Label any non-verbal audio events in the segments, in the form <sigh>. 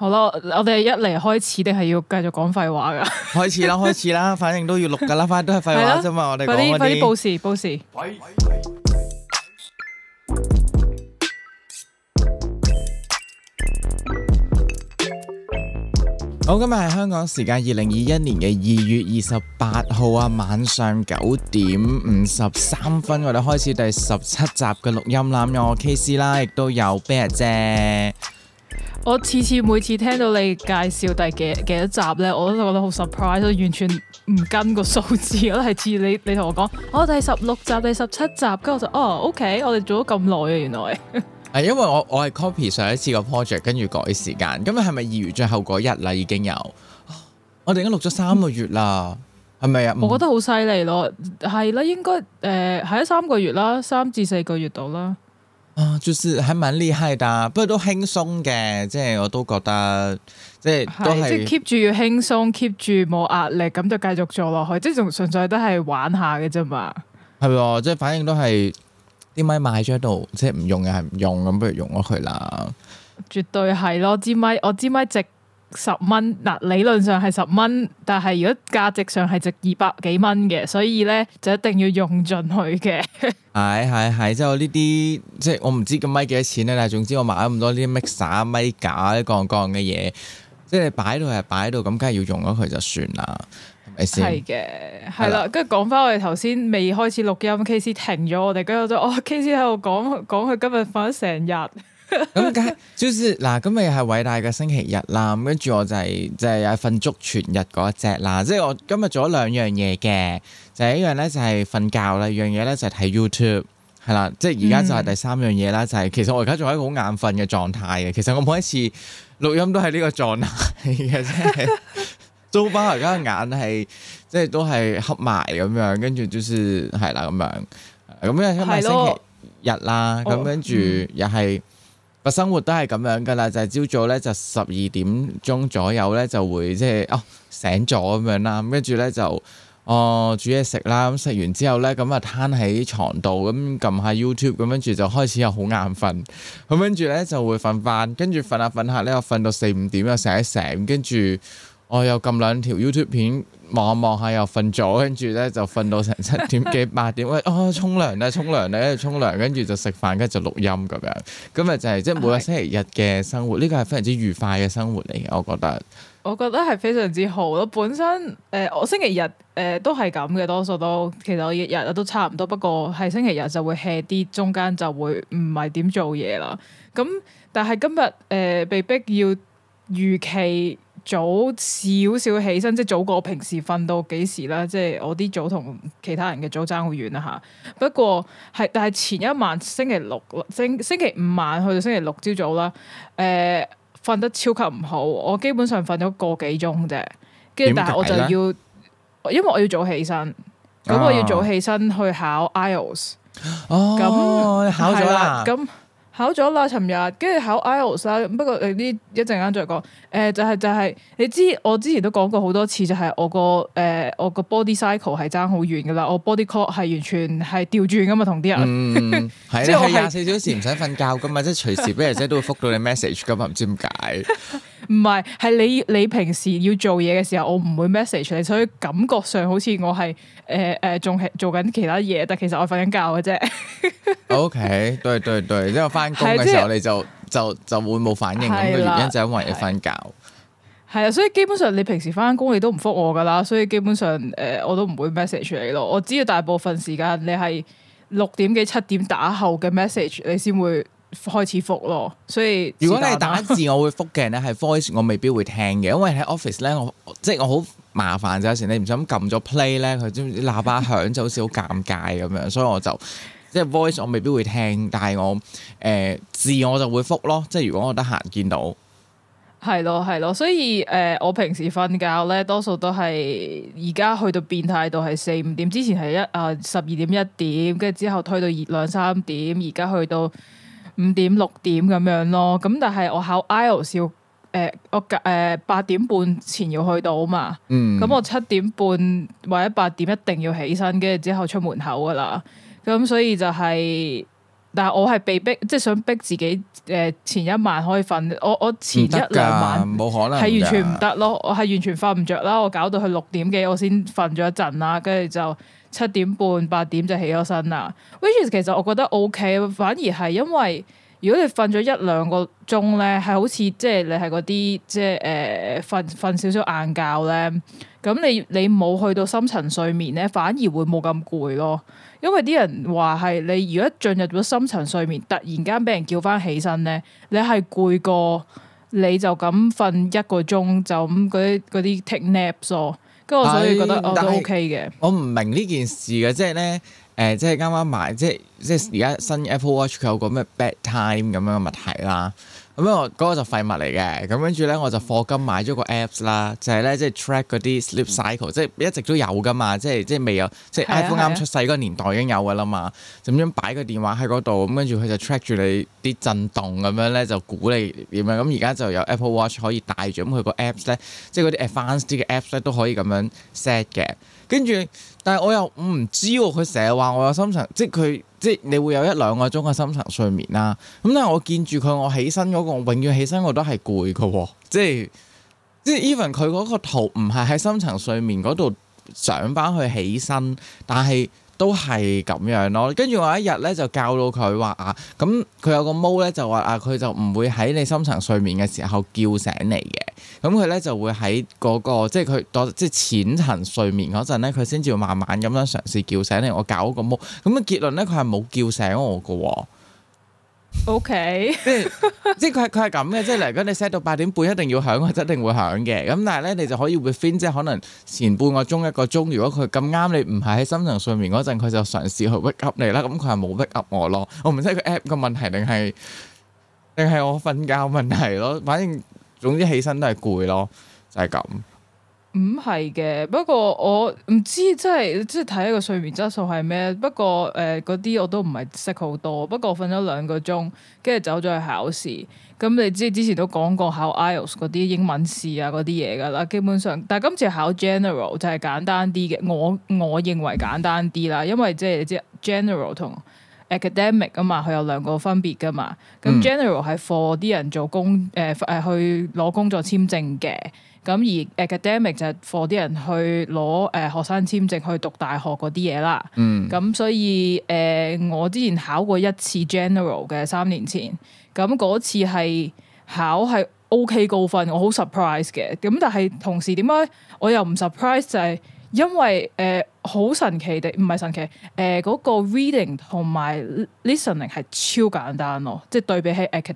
好啦，我哋一嚟開始定係要繼續講廢話噶 <laughs> 開始啦，開始啦，反正都要錄噶啦，反正都係廢話啫嘛。 <laughs> 了我哋快啲，快啲報時，報時。喂好，今日係香港時間二零二一年嘅二月二十八號啊，晚上九點五十三分，我哋開始第十七集嘅錄音啦，有我 K C 啦，亦都有 Jane 姐。我次次每次聽到你介紹第，第幾幾多集呢，我都覺得好 surprise，都完全唔跟個數字，我係似你你同我講，我、哦、第十六集、第十七集，跟住我就哦，OK，我哋做咗咁耐啊，原來。係因為我我係 copy 上一次個 project，跟住改時間。今日係咪二月最後嗰日啦？已經有。哦、我哋已經錄咗三個月啦，係咪啊？是是我覺得好犀利咯，係啦，應該誒係三個月啦，三至四個月到啦。啊，就是還蠻厲害的，不過都輕鬆嘅，即係我都覺得，即係都係 keep 住要輕鬆，keep 住冇壓力，咁就繼續做落去，即係仲純粹都係玩下嘅啫嘛。係咯，即係反正都係啲咪買咗喺度，即係唔用又係唔用，咁不如用咗佢啦。絕對係咯，支咪，我支咪直。十蚊嗱、啊，理論上係十蚊，但係如果價值上係值二百幾蚊嘅，所以咧就一定要用盡佢嘅。係係係，即係 <laughs> 我呢啲，即係我唔知個咪幾多錢啦，但係總之我買咗咁多呢啲 mixer、咪架、杠杠嘅嘢，即係擺到係擺到，咁梗係要用咗佢就算啦，係咪先？係嘅，係啦。跟住講翻我哋頭先未開始錄音，K C 停咗我哋，跟住就、哦、我 K C 喺度講講佢今日瞓咗成日。 <laughs> 咁梗、 <laughs> 就是，就是嗱，今日又係偉大嘅星期日啦。咁跟住我就係就係有瞓足全日嗰一隻啦。即係我今日做咗兩樣嘢嘅，就係、是、一樣咧就係瞓覺啦，一樣嘢咧就係睇 YouTube 係啦。即係而家就係第三樣嘢啦，嗯、就係、是、其實我而家仲喺一個好眼瞓嘅狀態嘅。其實我每一次錄音都係呢個狀態嘅，啫， <laughs> <laughs> 都包而家眼係即係都係黑埋咁、就是、樣。跟住就是係啦咁樣，咁因為星期日啦。咁跟住又係。哦個生活都係咁樣㗎啦，就係、是、朝早咧就十二點鐘左右咧就會即係、就是、哦醒咗咁樣啦，咁跟住咧就哦煮嘢食啦，咁食完之後咧咁啊攤喺床度咁撳下 YouTube，咁跟住就開始又好眼瞓，咁跟住咧就會瞓翻，跟住瞓下瞓下咧我瞓到四五點又醒一醒，跟住。我又撳兩條 YouTube 片望望下，又瞓咗。跟住咧就瞓到成七點幾八點。喂， <laughs> 哦，沖涼咧，沖涼咧，沖涼，跟住就食飯，跟住就錄音咁樣。咁咪就係、是、即係每個星期日嘅生活。呢的個係非常之愉快嘅生活嚟嘅，我覺得。我覺得係非常之好咯。本身誒、呃，我星期日誒、呃、都係咁嘅，多數都其實我日日都差唔多。不過係星期日就會 hea 啲，中間就會唔係點做嘢啦。咁但係今日誒、呃、被逼要預期，早少少起身，即係早過我平時瞓到幾時啦，即係我啲早同其他人嘅早爭好遠啦吓。不過係，但係前一晚星期六星星期五晚去到星期六朝早啦，誒、呃、瞓得超級唔好，我基本上瞓咗個幾鐘啫。跟住但係我就要，因為我要早起身，咁、哦、我要早起身去考 IELTS，哦那。哦，咁考咗啦。咁。考咗啦，尋日跟住考 IELTS 啦，不過誒呢一陣間再講。誒就係、是、就係、是、你知，我之前都講過好多次，就係、是、我個誒我個 body cycle 係爭好遠噶啦，我 body core 係完全係調轉噶嘛，同啲人。係咧，廿四小時唔使瞓覺噶嘛，即係隨時，畀人即都會覆到你 message 噶嘛，唔知點解。 <laughs> 唔係，係你你平時要做嘢嘅時候，我唔會 message 你，所以感覺上好似我係誒誒仲係做緊其他嘢，但其實我瞓緊覺嘅啫。 <laughs> o、okay, K，對對對，之後翻工嘅時候你就 <laughs> 就就，就會冇反應咁嘅原因了就因為你瞓覺。係啊，所以基本上你平時翻工你都唔覆我噶啦，所以基本上誒、呃、我都唔會 message 你咯。我知道大部分時間你係六點幾七點打後嘅 message 你先會。開始覆咯，所以如果你係打字，我會覆嘅咧。係 <laughs> voice，我未必會聽嘅，因為喺 office 咧，就是、我即係我好麻煩。有時你唔想撳咗 play 咧，佢知唔知喇叭響，就好似好尷尬咁樣。所以我就即係、就是、voice，我未必會聽，但係我誒、呃、字我就會覆咯。即、就、係、是、如果我得閒見到，係咯，係咯。所以誒、呃，我平時瞓覺咧，多數都係而家去到變態到係四五點，之前係一啊十二點一點，跟、呃、住之後推到兩三點，而家去到。五點六點咁樣咯，咁但係我考 IELTS 要誒我誒八點半前要去到嘛，咁、嗯、我七點半或者八點一定要起身，跟住之後出門口噶啦，咁所以就係、是，但係我係被逼，即係想逼自己誒、呃、前一晚可以瞓，我我前一兩晚冇可能，係完全唔得咯，我係完全瞓唔着啦，我搞到去六點幾，我先瞓咗一陣啦，跟住就。七點半八點就起咗身啦，Which is，其實我覺得 OK，反而係因為如果你瞓咗一兩個鐘咧，係好似即係你係嗰啲即係誒瞓瞓少少晏覺咧，咁你你冇去到深層睡眠咧，反而會冇咁攰咯。因為啲人話係你如果進入咗深層睡眠，突然間俾人叫翻起身咧，你係攰過你就咁瞓一個鐘就咁嗰啲嗰啲 take naps、so. 咯。所以覺得都 OK 嘅，我唔明呢件事嘅，即係咧，誒、呃，即係啱啱買，即係即係而家新 Apple Watch 佢有個咩 bad time 咁樣嘅物體啦。咁樣我嗰個就廢物嚟嘅，咁跟住咧我就課金買咗個 apps 啦，就係咧即係 track 嗰啲 sleep cycle、嗯、即係一直都有㗎嘛，即係即係未有，即係 iPhone 啱出世嗰個年代已經有㗎啦嘛，啊、就咁樣擺個電話喺嗰度，咁跟住佢就 track 住你啲震動咁樣咧，就估你點樣，咁而家就有 Apple Watch 可以戴住，咁佢個 apps 咧，即係嗰啲 advanced 啲嘅 apps 咧都可以咁樣 set 嘅。跟住，但係我又唔、嗯、知喎、啊。佢成日話我有深層，即係佢即係你會有一兩個鐘嘅深層睡眠啦、啊。咁但係我見住佢，我起身嗰、嗰個，我永遠起身我都係攰㗎喎。即係即係 even 佢嗰個圖唔係喺深層睡眠嗰度上翻去起身，但係。都係咁樣咯，跟住我一日咧就教到佢話啊，咁佢有個毛咧就話啊，佢就唔會喺你深層睡眠嘅時候叫醒你嘅，咁佢咧就會喺嗰、那個即係佢當即係淺層睡眠嗰陣咧，佢先至會慢慢咁樣嘗試叫醒你。我搞嗰個毛，咁結論咧佢係冇叫醒我㗎喎。O.K. <laughs> 即係即係佢係佢係咁嘅，即係嚟緊你 set 到八點半一定要響，佢一定會響嘅。咁但係咧，你就可以 w 即係可能前半個鐘一個鐘，如果佢咁啱你唔係喺深層睡眠嗰陣，佢就嘗試去 wake up 你啦。咁佢係冇 wake up 我咯。我唔知佢 app 個問題定係定係我瞓覺問題咯。反正總之起身都係攰咯，就係、是、咁。唔係嘅，不過我唔知，即係即係睇一個睡眠質素係咩。不過誒嗰啲我都唔係識好多。不過瞓咗兩個鐘，跟住走咗去考試。咁你知，之前都講過考 IELTS 嗰啲英文試啊嗰啲嘢噶啦，基本上。但係今次考 general 就係簡單啲嘅，我我認為簡單啲啦，因為即係你知 general 同 academic 啊嘛，佢有兩個分別噶嘛。咁 general 係 for 啲人做工誒、呃、去攞工作簽證嘅。咁而 academic 就係 for 啲人去攞誒學生簽證去讀大學嗰啲嘢啦。嗯。咁、嗯、所以誒、呃、我之前考過一次 general 嘅，三年前，咁、嗯、嗰次係考係 OK 高分，我好 surprise 嘅。咁但係同時點解我又唔 surprise？就係因為誒好、呃、神奇的，唔係神奇。誒、呃、嗰、嗰個 reading 同埋 listening 係超簡單咯，即係對比起 ac、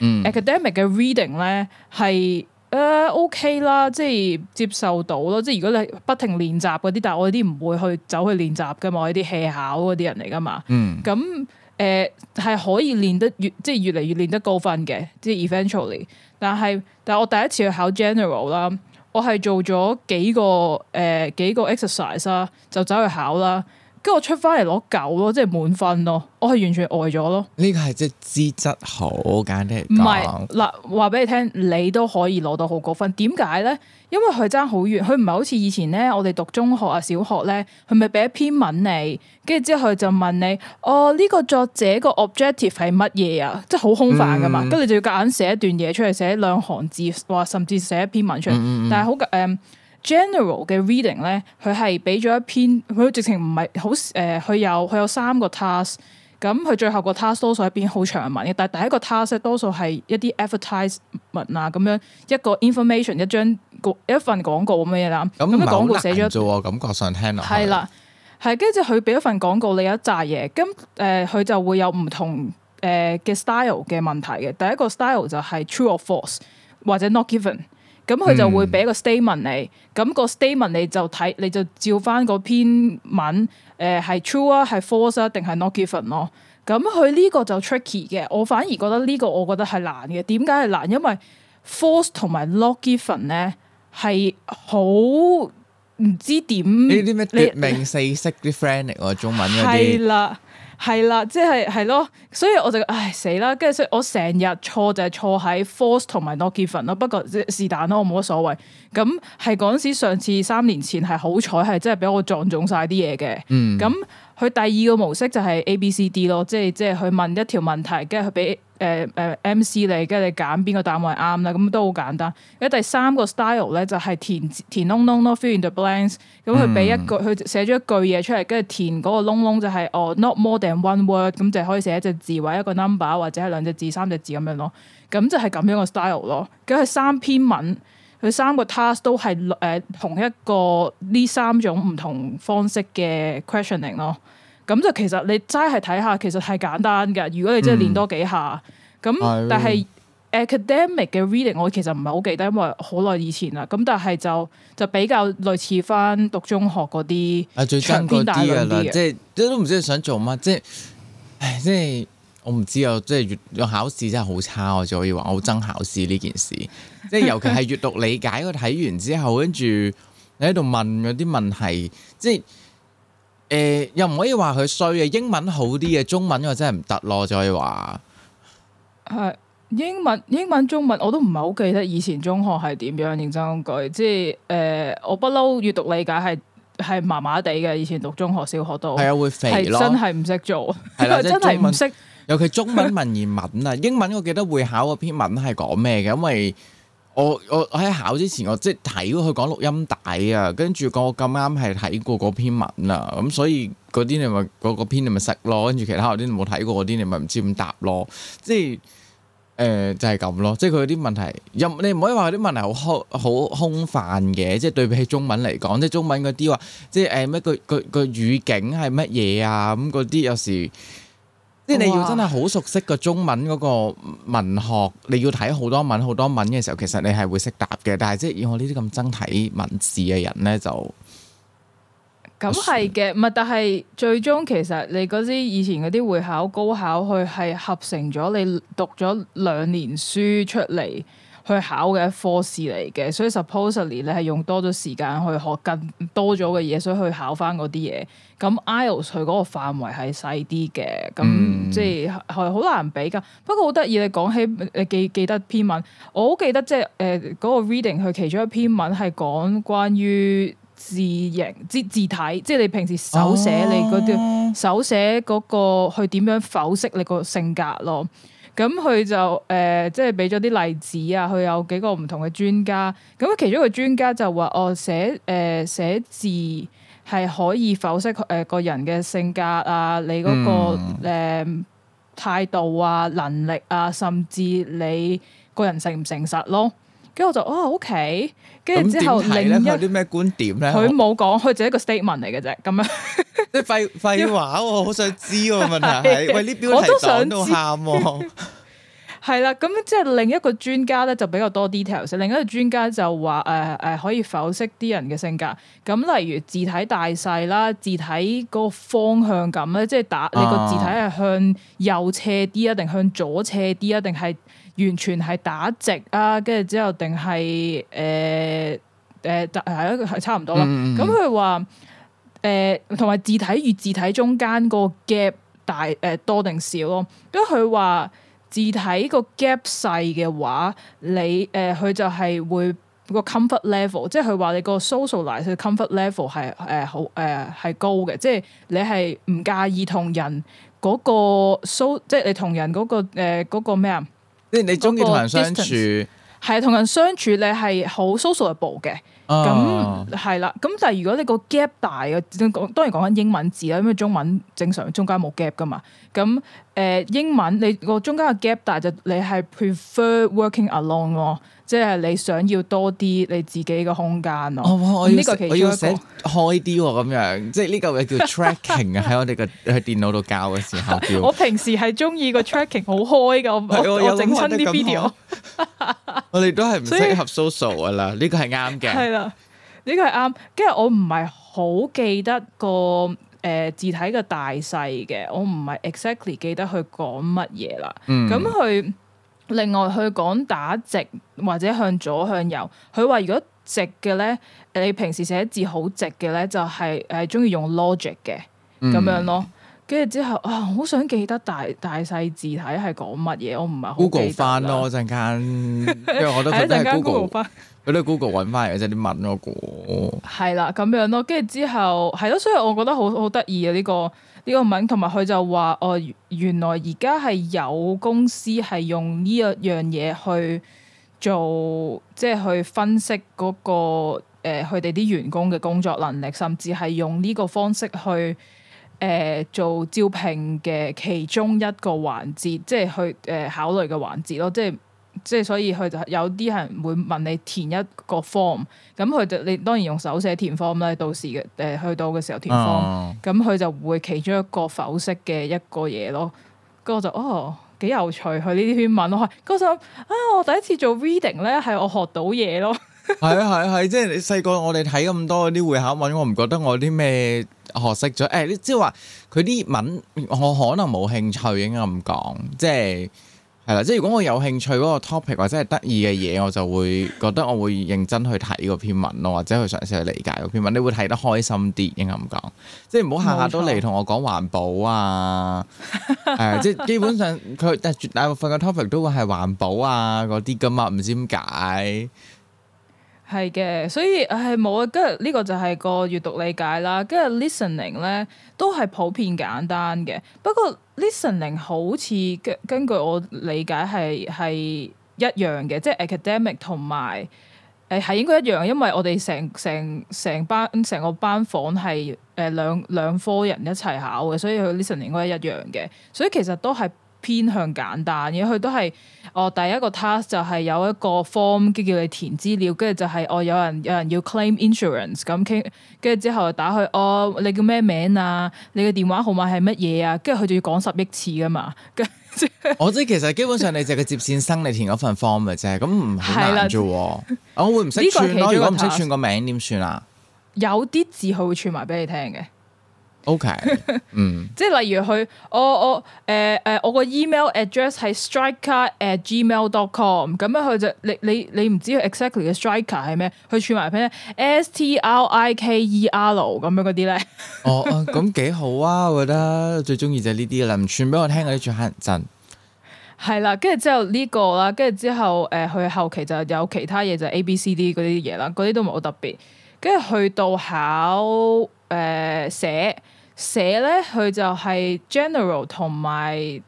嗯、academic。academic 嘅 reading 咧係。誒、uh, OK 啦，即係接受到咯。即係如果你不停練習嗰啲，但係我啲唔會去走去練習㗎嘛。我啲棄考嗰啲人嚟噶嘛。咁誒係可以練得越即係越嚟越練得高分嘅，即係 eventually 但。但係但係我第一次去考 general 啦，我係做咗幾個誒、呃、幾個 exercise 啦，就走去考啦。跟住我出翻嚟攞九咯，即係滿分咯，我係完全呆咗咯。呢個係即係資質好，簡單嚟講。唔係嗱，話俾你聽，你都可以攞到好高分。點解咧？因為佢爭好遠，佢唔係好似以前咧，我哋讀中學啊、小學咧，係咪俾一篇文你？跟住之後佢就問你，哦，呢、這個作者個 objective 係乜嘢啊？即係好空泛噶嘛？跟住、嗯、就要夾硬寫一段嘢出嚟，寫兩行字，話甚至寫一篇文出嚟。嗯嗯但係好嘅，嗯。General 嘅 reading 咧，佢係俾咗一篇，佢直情唔係好誒，佢、呃、有佢有三個 task，咁、嗯、佢最後個 task 多數係一篇好長文嘅，但係第一個 task 多數係一啲 advertisement 啊，咁樣一個 information 一張一份廣告咁嘅嘢啦。咁唔係好難啫了、啊、感覺上聽係啦，係跟住佢俾一份廣告你一紮嘢，咁誒佢就會有唔同誒嘅 style 嘅問題嘅。第一個 style 就係 true or false 或者 not given。咁佢、嗯、就會俾個 statement 你，咁個 statement 你就睇，你就照翻嗰篇文，誒、呃、係 true 啊，係 false 啊，定係 not given 咯、啊。咁佢呢個就 tricky 嘅，我反而覺得呢個我覺得係難嘅。點解係難？因為 false 同埋 not given 咧係好唔知點呢啲咩絕命四色啲 friend 嚟中文係啦。係啦，即係係咯，所以我就唉死啦，跟住所以我成日錯就係錯喺 force 同埋 not given 咯，不過是但咯，我冇乜所謂。咁係嗰陣時，上次三年前係好彩，係真係俾我撞中晒啲嘢嘅。咁佢、嗯、第二個模式就係 A B C D 咯，即係即係去問一條問題，跟住佢俾。誒誒、呃、，MC 你跟住你揀邊個答案啱啦，咁都好簡單。咁第三個 style 咧就係、是、填填窿窿咯，fill in the blanks。咁佢俾一句，佢寫咗一句嘢出嚟，跟住填嗰個窿窿就係哦，not more than one word，咁就可以寫一隻字，或者一個 number，或者係兩隻字、三隻字咁樣咯。咁就係咁樣個 style 咯。咁佢三篇文，佢三個 task 都係誒、呃、同一個呢三種唔同方式嘅 questioning 咯。咁就其實你齋係睇下，其實係簡單嘅。如果你真係練多幾下，咁、嗯、那但係 academic 嘅 reading 我其實唔係好記得，因為好耐以前啦。咁但係就就比較類似翻讀中學嗰啲、啊、長篇大論啲啊，即係都唔知你想做乜，即係唉，即係我唔知啊！即係越考試真係好差啊！就可以話我憎考試呢件事，即係 <laughs> 尤其係閱讀理解嗰睇完之後，跟住你喺度問嗰啲問題，即係。即誒、欸，又唔可以話佢衰嘅，英文好啲嘅，中文我真係唔得咯，再話係英文，英文中文我都唔係好記得以前中學係點樣認真講句，即係誒、呃，我不嬲閱讀理解係係麻麻地嘅，以前讀中學小學都係啊是會肥咯，真係唔識做，係啦真係唔識，尤其中文文言文啊， <laughs> 英文我記得會考嗰篇文係講咩嘅，因為。我我喺考之前我即係睇佢講錄音帶啊，跟住講我咁啱係睇過嗰篇文啊。咁、嗯、所以嗰啲你咪嗰、嗰個篇你咪識咯，跟住其他嗰啲你冇睇過嗰啲你咪唔知點答咯，即係誒、呃、就係、係、咁咯，即係佢啲問題又你唔可以話佢啲問題好空好空泛嘅，即係對比起中文嚟講，即係中文嗰啲話，即係誒咩個個個、個語境係乜嘢啊咁嗰啲有時。即係你要真係好熟悉個中文嗰個文學，你要睇好多文好多文嘅時候，其實你係會識答嘅。但係即係以我呢啲咁憎睇文字嘅人咧，就咁係嘅。唔係，但係最終其實你嗰啲以前嗰啲會考高考，佢係合成咗你讀咗兩年書出嚟，去考嘅一科試嚟嘅，所以 supposedly 你係用多咗時間去學更多咗嘅嘢，所以去考翻嗰啲嘢。咁 IELTS 佢嗰個範圍係細啲嘅，咁、嗯、即係係好難比噶不過好得意，你講起你記記得篇文，我好記得即係誒嗰個 reading 佢其中一篇文係講關於字形、字字體，即係你平時手寫你嗰啲、哦、手寫嗰個去點樣剖析你個性格咯。咁佢就誒、呃，即係俾咗啲例子啊。佢有幾個唔同嘅專家。咁其中一個專家就話：我、哦、寫誒、呃、寫字係可以剖析誒、呃、個人嘅性格啊，你嗰、那個誒、嗯呃、態度啊、能力啊，甚至你個人誠唔誠實咯。跟住我就，哦，OK。跟住之後，然後，另一啲咩觀點咧？佢冇講，佢就係一個 statement 嚟嘅啫。咁樣，即係廢廢話，為我好想知個問題係，喂 <laughs> 是，呢標題黨都喊，啊。係啦，咁即係另一個專家咧，就比較多 details。另一個專家就話，誒、呃、誒、呃呃，可以剖析啲人嘅性格。咁例如字體大細啦，字體嗰個方向感咧，即係打、啊、你個字體係向右斜啲啊，定向左斜啲啊，定係。完全係打直啊，跟住之後定係誒誒，係一個係差唔多啦。咁佢話誒，同埋字體與字體中間個 gap 大誒、呃、多定少咯。咁佢話字體個 gap 細嘅話，你誒佢、呃、就係會個 comfort level，即係佢話你個 socialize 嘅 comfort level 係誒好誒係高嘅，即係你係唔介意同人嗰、那個 so 即係你同人嗰、那個誒、呃、個咩啊？即係你中意同人相處個 distance，係同人相處你係好 sociable 嘅，咁係啦，咁但係如果你個 gap 大嘅，當然講緊英文字啦，因為中文正常中間冇 gap 噶嘛，咁誒、呃、英文你個中間嘅 gap 大就你係 prefer working alone 哦。即係你想要多啲你自己嘅空間咯，呢個其實要寫開啲咁樣，即係呢嚿嘢叫 tracking 啊，喺我哋嘅喺電腦度教嘅時候。我平時係中意個 tracking 好開噶，我我整親啲 video。我哋都係唔適合 social 噶啦，呢個係啱嘅。係啦，呢個係啱。跟住我唔係好記得個誒字體嘅大細嘅，我唔係 exactly 記得佢講乜嘢啦。嗯，咁佢。另外佢講打直或者向左向右，佢話如果直嘅咧，你平時寫字好直嘅咧，就係誒鍾意用 logic 嘅咁、嗯、樣咯。跟住之後啊，好、哦、想記得大大細字體係講乜嘢，我唔係好記得。Google 翻咯陣間，因為我覺得 <laughs> 對都佢係 Go <laughs> Google 翻 Go，佢都 Google 揾翻嚟嘅啫，你問我個。係啦，咁樣咯，跟住之後係咯，所以我覺得好好得意啊！呢、這個呢個名，同埋佢就話：哦，原來而家係有公司係用呢一樣嘢去做，即係去分析嗰個誒佢哋啲員工嘅工作能力，甚至係用呢個方式去誒做招聘嘅其中一個環節，即係去誒考慮嘅環節咯，即係。即係所以佢就有啲係會問你填一個 form，咁佢就你當然用手寫填 form 咧，到時嘅誒去到嘅時候填 form，咁佢、嗯、就會其中一個否識嘅一個嘢咯。咁我就哦幾有趣，佢呢啲圈文咯。嗰陣啊，我第一次做 reading 咧，係我學到嘢咯 <laughs> 。係啊係啊係，即係、就是、你細個我哋睇咁多啲會考文，我唔覺得我啲咩學識咗。誒、欸，即係話佢啲文我可能冇興趣應該咁講，即、就、係、是。係啦，即係如果我有興趣嗰個 topic 或者係得意嘅嘢，我就會覺得我會認真去睇嗰篇文咯，或者去嘗試去理解嗰篇文，你會睇得開心啲，應該咁講。即係唔好下下都嚟同我講環保啊，係沒錯、呃、即係基本上佢但係絕大部分嘅 topic 都會係環保啊嗰啲㗎嘛，唔知點解。係嘅，所以唉，冇啊，跟住呢個就係個閱讀理解啦，跟住 listening 咧都係普遍簡單嘅。不過 listening 好似根根據我理解係係一樣嘅，即係 academic 同埋誒、呃、係應該一樣，因為我哋成成成班成個班房係誒兩兩科人一齊考嘅，所以佢 listening 應該一樣嘅。所以其實都係偏向簡單，因為佢都係我、哦、第一個 task 就係有一個 form，跟住叫你填資料，跟住就係、是、我、哦、有人有人要 claim insurance 咁傾，跟住之後打去，哦，你叫咩名啊？你嘅電話號碼係乜嘢啊？跟住佢就要講十億次噶嘛？我知 <laughs> <laughs> 其實基本上你就係接線生，你填嗰份 form 嘅啫，咁唔難啫。我會唔識串 <laughs> 如果唔識串個名點算啊？有啲字佢會串埋俾你聽嘅。O、okay, K，嗯， <laughs> 即係例如佢，我我誒誒，我個、呃呃、email address 係 striker at gmail dot com，咁、exactly e、樣佢就你你你唔知 exactly 嘅 striker 係咩，佢串埋 p a S T R I K E R 咁樣嗰啲咧。哦，咁、啊、幾好啊，我覺得我最中意就係呢啲啦，唔串俾我聽，我啲串乞人憎。係啦，跟住之後呢、這個啦，跟住之後誒，佢、呃、後期就有其他嘢就係、是、A B C D 嗰啲嘢啦，嗰啲都唔係好特別。跟住去到考誒寫。呃寫寫咧佢就係 general、呃、同埋誒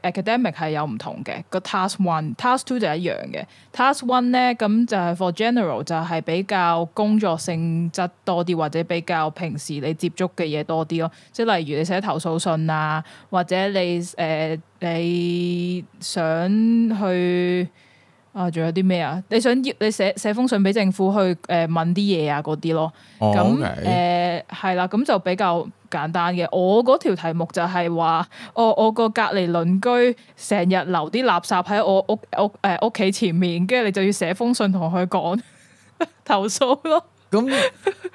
academic 係有唔同嘅個 task one task two 就一樣嘅 task one 咧咁就係 for general 就係比較工作性質多啲或者比較平時你接觸嘅嘢多啲咯，即係例如你寫投訴信啊，或者你誒、呃、你想去。啊，仲有啲咩啊？你想要你寫寫封信俾政府去誒問啲嘢啊，嗰啲咯，咁誒係啦，咁就比較簡單嘅。我嗰條題目就係話，哦，我我個隔籬鄰居成日留啲垃圾喺我屋屋誒屋企前面，跟住你就要寫封信同佢講投訴咯。咁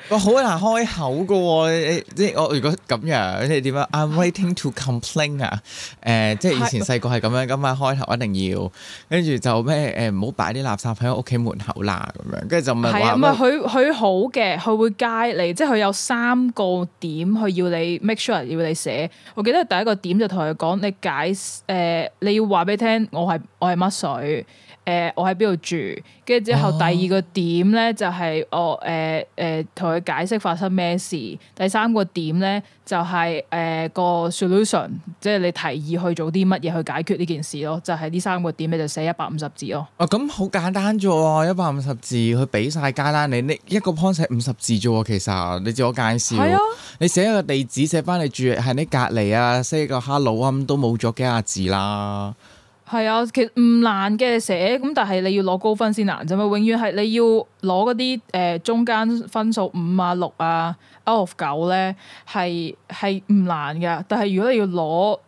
我好難開口噶喎，即係我如果咁樣，你點樣？I'm waiting to complain 啊！誒，即係以前細個係咁樣，咁啊開頭一定要，跟住就咩誒？唔好擺啲垃圾喺屋企門口啦，咁樣跟住就唔係話。係啊，咪佢佢好嘅，佢會 guide 你，即係佢有三個點去要你 make sure 要你寫。我記得第一個點就同佢講，你解誒、呃、你要話俾你聽，我係我係乜水。誒、呃，我喺邊度住，跟住之後，第二個點咧、啊、就係我誒誒同佢解釋發生咩事，第三個點咧就係、是、誒、呃、個 solution，即係你提議去做啲乜嘢去解決呢件事咯，就係、是、呢三個點你就寫一百五十字咯。哦、啊，咁好簡單咋喎，一百五十字，佢俾晒㗎啦，你呢一個 point 寫五十字咋喎，其實你自我介紹，啊、你寫一個地址，寫翻你住喺你隔籬啊，say 個 hello 啊，咁都冇咗幾廿字啦。係、呃、啊，其實唔難嘅寫，咁但係你要攞高分先難啫嘛。永遠係你要攞嗰啲誒中間分數五啊六啊 above 九咧，係係唔難噶。但係如果你要攞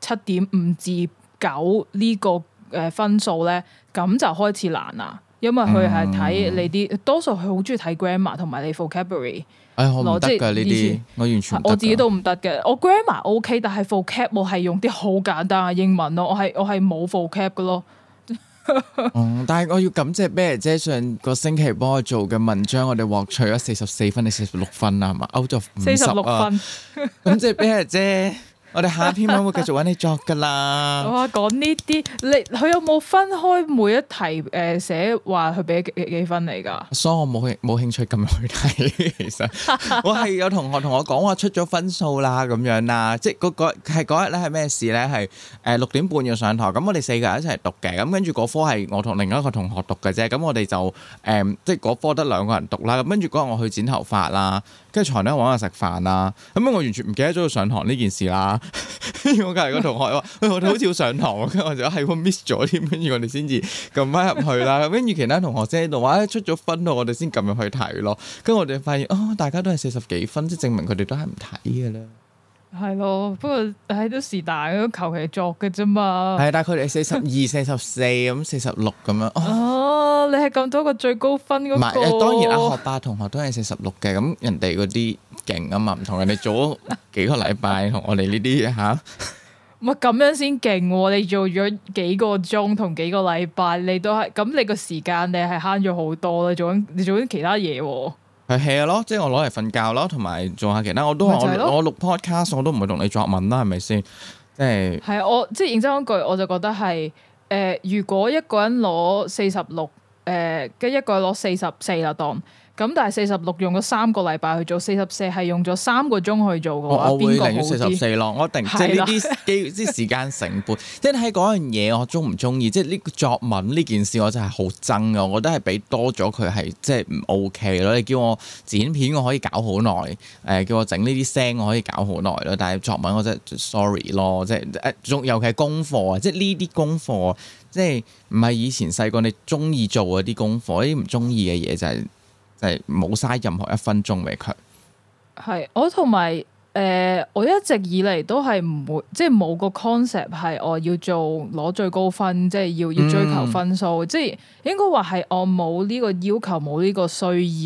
誒七點五至九呢個誒分數咧，咁就開始難啦。因為佢係睇你啲，嗯、多數佢好中意睇 grammar 同埋你 vocabulary。哎，我唔得噶呢啲，就是、我完全我自己都唔得嘅。我 grammar OK，但係 vocab 我係用啲好簡單嘅英文咯，我係我係冇 vocab 噶咯。 <laughs> 嗯，但係我要感謝 bear 姐上個星期幫我做嘅文章我獲，我哋獲取咗四十四分定四十六分啊，係嘛 out of 四十六分，咁即係 bear 姐。 <laughs> 我哋下一篇文會繼續揾你作噶啦。哇，哦，講呢啲，你佢有冇分開每一題誒、呃、寫話佢俾幾分嚟噶？所以、so, 我冇冇興趣咁去睇。其實我係 <laughs> 有同學同我講話出咗分數啦，咁樣啦，即係嗰日咧係咩事咧？係誒六點半要上堂，咁我哋四個人一齊讀嘅，咁跟住嗰科係我同另外一個同學讀嘅啫。咁我哋就誒、呃、即係嗰科得兩個人讀啦。咁跟住嗰日我去剪頭髮啦，跟住坐喺度玩下食飯啦。咁我完全唔記得咗上堂呢件事啦。 <laughs> 我隔籬個同學話，我哋好似要上堂，跟住 <laughs> 我就係我 miss 咗添，跟住我哋先至撳翻入去啦。跟住其他同學先喺度話出咗分咯，我哋先撳入去睇咯。跟住我哋發現，哦，大家都係四十幾分，即係證明佢哋都係唔睇嘅啦。係咯，不過係都是但，都求其作嘅啫嘛。係，但係佢哋四十二、四十四，咁四十六咁樣。哦，啊、你係咁多個最高分嗰、那個。唔係，當然阿學霸同學都係四十六嘅。咁人哋嗰啲勁啊嘛，唔同人哋做咗幾個禮拜同我哋呢啲吓。唔係咁樣先勁，啊，你做咗幾個鐘同幾個禮拜，你都係咁。你個時間你係慳咗好多啦，做緊你做緊其他嘢，啊。係 h e 咯，即係我攞嚟瞓覺咯，同埋做下其他，我都我我錄 podcast，我都唔會同你作文啦，係咪先？即係係啊，我即係認真講句，我就覺得係誒、呃，如果一個人攞四十六誒，跟一個攞四十四啦，當。咁但係四十六用咗三個禮拜去做，四十四係用咗三個鐘去做嘅我，誰 我會寧願四十四咯，我定是的 即係呢啲基啲時間成本。 <laughs> 即係睇嗰樣嘢，我中唔中意？即係呢個作文呢件事，我真係好憎嘅。我覺得係俾多咗佢係即係唔 O K 咯。你叫我剪片，我可以搞好耐；誒、呃，叫我整呢啲聲，我可以搞好耐咯。但係作文，我真係 sorry 咯。即係尤其係功課啊，即係呢啲功課，即係唔係以前細個你中意做嗰啲功課，呢啲唔中意嘅嘢就係、是。就係冇嘥任何一分鐘俾佢。係我同埋，誒、呃，我一直以嚟都係唔會，即係冇個 concept 係我要做攞最高分，即係要要追求分數，即係、嗯、應該話係我冇呢個要求，冇呢個需